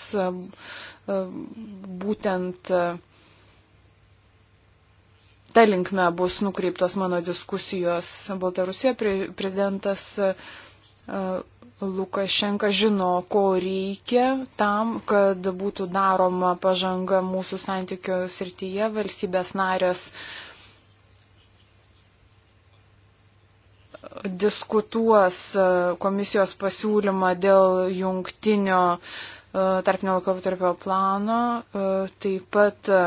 būtent ta linkme bus nukreiptos mano diskusijos. Baltarusija prezidentas e, Lukašenka žino, ko reikia tam, kad būtų daroma pažanga mūsų santykių srityje, valstybės narės diskutuos e, komisijos pasiūlymą dėl jungtinio e, tarpinio laikotarpio plano, taip pat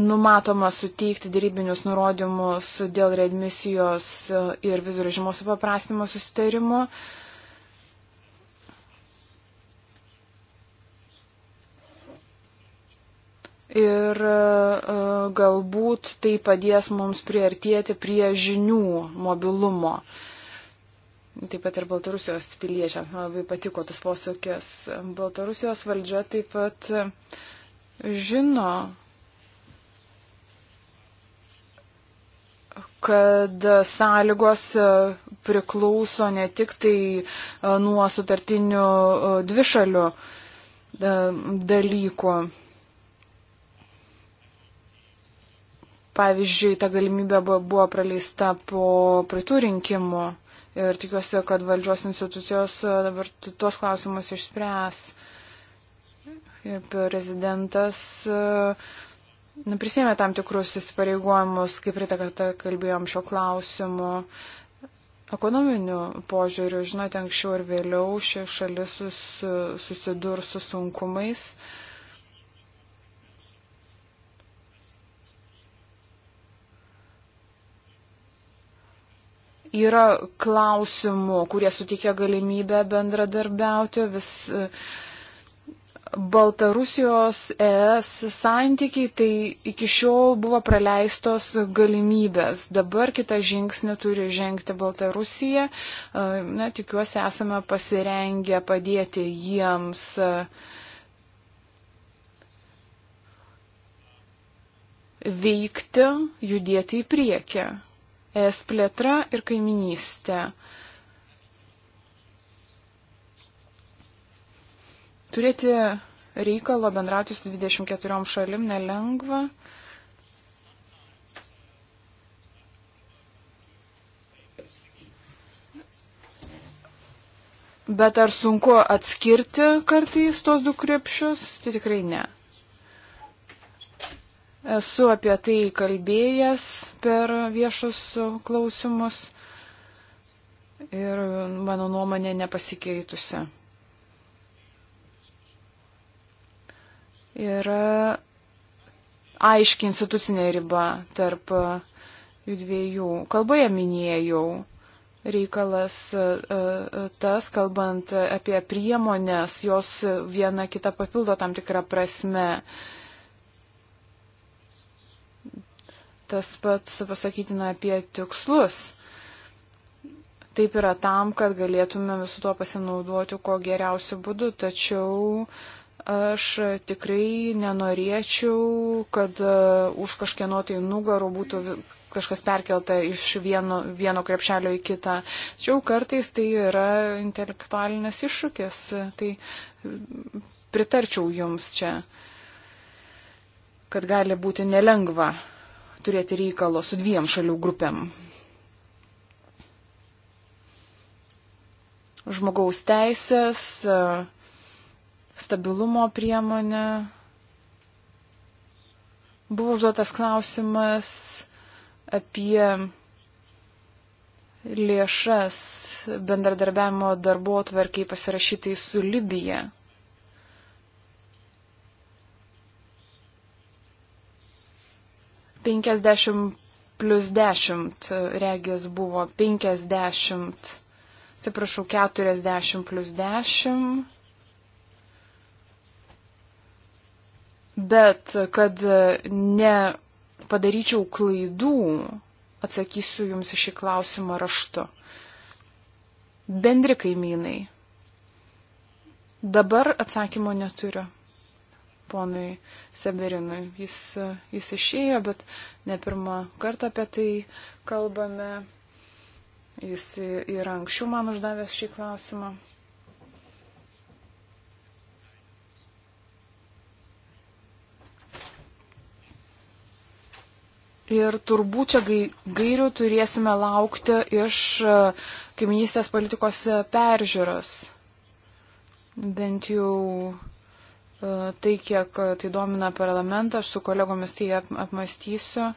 numatoma suteikti dėrybinius nurodymus dėl readmisijos ir vizų režimo supaprastinimo susitarimo. Ir e, galbūt tai padės mums priartėti prie žinių mobilumo. Taip pat ir Baltarusijos piliečiams. Man labai patiko tas posūkis. Baltarusijos valdžia taip pat žino, kad sąlygos e, priklauso ne tik tai e, nuo sutartinių e, dvišalių dalykų. Pavyzdžiui, ta galimybė buvo praleista po praeitų rinkimų ir tikiuosi, kad valdžios institucijos dabar tuos klausimus išspręs. Ir prezidentas uh, nu, prisėmė tam tikrus įsipareigojimus, kaip ryte kartą kalbėjom šio klausimu. Ekonominiu požiūriu, žinote, anksčiau ir vėliau ši šalis sus, susidurs su sunkumais. Yra klausimų, kurie sutikia galimybę bendradarbiauti vis. Uh, Baltarusijos ES santykiai, tai iki šiol buvo praleistos galimybės. Dabar kitą žingsnį turi žengti Baltarusija. E, na, tikiuosi, esame pasirengę padėti jiems. E, veikti, judėti į priekį. Es plėtra ir kaiminystė. Turėti reikalo bendrauti su 24 šalim nelengva. Bet ar sunku atskirti kartais tos du krepšius? Tai tikrai ne. Esu apie tai kalbėjęs per viešus klausimus ir mano nuomonė nepasikeitusi. yra aiški institucinė riba tarp uh, jų dviejų. Kalboje minėjau reikalas uh, uh, tas, kalbant apie priemonės, jos viena kita papildo tam tikrą prasme. Tas pats pasakytina apie tikslus. Taip yra tam, kad galėtume visu tuo pasinaudoti kuo geriausiu būdu, tačiau uh, Aš tikrai nenorėčiau, kad e, už kažkieno tai nugarų būtų kažkas perkelta iš vieno, vieno krepšelio į kitą. Tačiau kartais tai yra intelektualinis iššūkis. Tai pritarčiau jums čia, kad gali būti nelengva turėti reikalo su dviem šalių grupėm. Žmogaus teisės, uh, stabilumo priemonę. Buvo užduotas klausimas apie lėšas bendradarbiavimo darbo atvarkiai pasirašytai su Libija. Penkiasdešimt plus dešimt, regis buvo penkiasdešimt, atsiprašau, keturiasdešimt plus dešimt Bet kad e, nepadaryčiau klaidų, atsakysiu Jums iš šį klausimą raštu. Bendri kaimynai. Dabar atsakymo neturiu ponui Seberinui. Jis, e, jis išėjo, bet ne pirmą kartą apie tai kalbame. Jis yra anksčiau man uždavęs šį klausimą. Ir turbūt čia gairių turėsime laukti iš e, kaiminystės politikos peržiūros. Bent jau e, tai, kiek tai domina parlamentą, aš su kolegomis tai apmastysiu.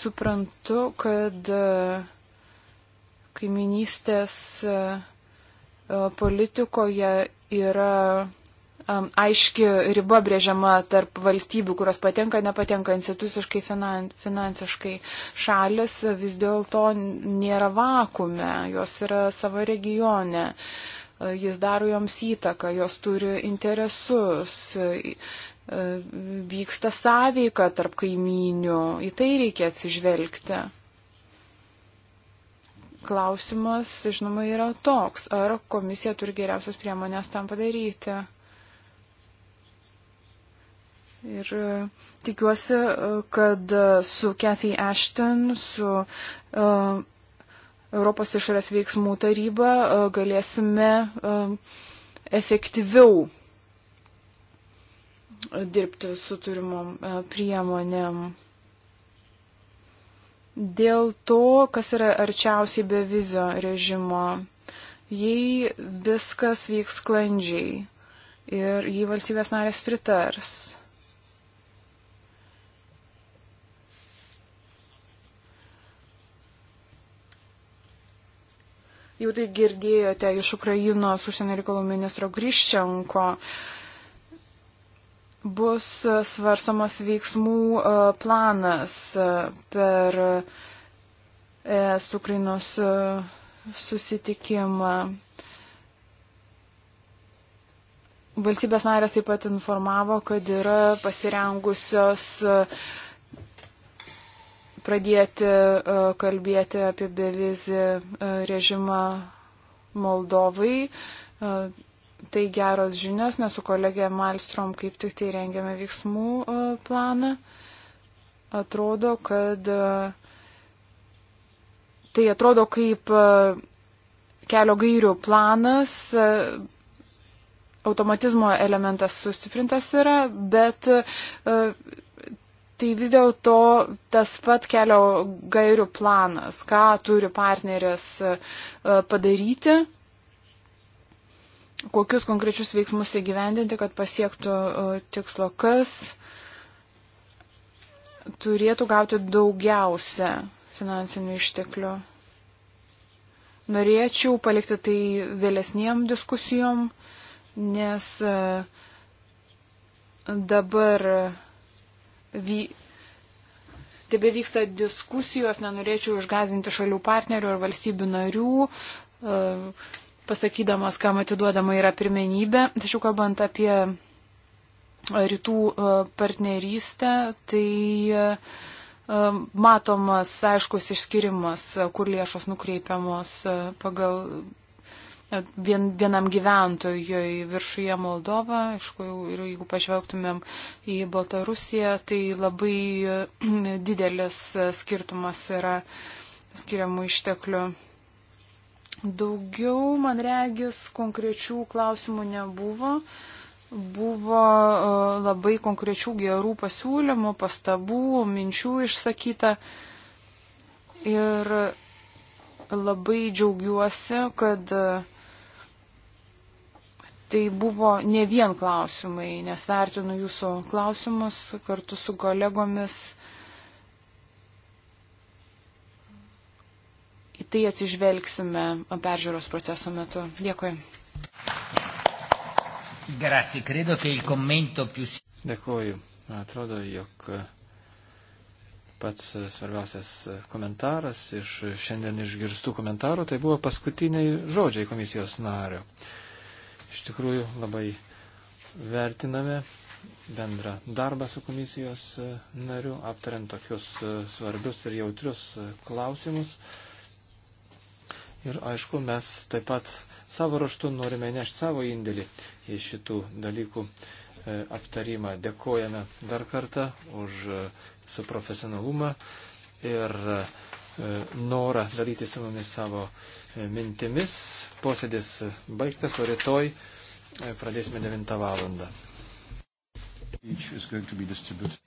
Suprantu, kad e, kaiminystės politikoje yra Um, aiški riba brėžiama tarp valstybių, kurios patenka, nepatenka instituciškai, finan, finansiškai. Šalis vis dėlto nėra vakume, jos yra savo regione. Uh, jis daro joms įtaką, jos turi interesus, uh, vyksta sąveika tarp kaimynių, į tai reikia atsižvelgti. Klausimas, žinoma, yra toks, ar komisija turi geriausias priemonės tam padaryti. Ir e, tikiuosi, e, kad e, su Kathy Ashton, su uh, Europos išorės veiksmų taryba uh, galėsime uh, efektyviau dirbti su turimom priemonėm. Dėl to, kas yra arčiausiai be vizio režimo, jei viskas vyks sklandžiai ir jei valstybės narės pritars Jau tai girdėjote iš Ukrainos užsienio reikalų ministro Grįščenko. Bus e, svarstomas veiksmų e, planas e, per ES Ukrainos susitikimą. Valstybės narės taip pat informavo, kad yra pasirengusios uh, pradėti e, kalbėti apie bevizį e, režimą Moldovai. E, tai geros žinios, nes su kolegė Malstrom kaip tik tai rengiame veiksmų planą. Atrodo, kad tai atrodo kaip kelio gairių planas, automatizmo elementas sustiprintas yra, bet Tai vis dėlto tas pat kelio gairių planas, ką turi partneris e, padaryti, kokius konkrečius veiksmus įgyvendinti, kad pasiektų e, tikslo, kas turėtų gauti daugiausia finansinių išteklių. Norėčiau palikti tai vėlesniem diskusijom, nes e, dabar vy... tebe vyksta diskusijos, nenorėčiau išgazinti šalių partnerių ar valstybių narių, e, pasakydamas, kam atiduodama yra pirmenybė. Tačiau kalbant apie e, rytų e, partnerystę, tai matomas aiškus išskirimas, kur lėšos nukreipiamos pagal vien, vienam gyventojui viršuje Moldova, aišku, ir jeigu pažvelgtumėm į Baltarusiją, tai labai [clears throat] didelis skirtumas yra skiriamų išteklių. Daugiau, man regis, konkrečių klausimų nebuvo. Buvo e, labai konkrečių gerų pasiūlymų, pastabų, minčių išsakyta. Ir labai džiaugiuosi, kad uh, tai buvo ne vien klausimai, nes vertinu jūsų klausimus kartu su kolegomis. Į tai atsižvelgsime peržiūros proceso metu. Dėkui. Grazie, credo che il commento più... Dėkuoju. Atrodo, jog pats svarbiausias komentaras iš šiandien išgirstų komentarų tai buvo paskutiniai žodžiai komisijos nario. Iš tikrųjų labai vertiname bendrą darbą su komisijos e, nariu, aptariant tokius e, svarbius ir jautrius e, klausimus. Ir aišku, mes taip pat savo raštu norime nešti savo indėlį į šitų dalykų aptarimą. Dėkojame dar kartą už su profesionalumą ir norą dalyti su mumis savo mintimis. Posėdis baigtas, o rytoj e, pradėsime 9 valandą. Each is going to be distributed.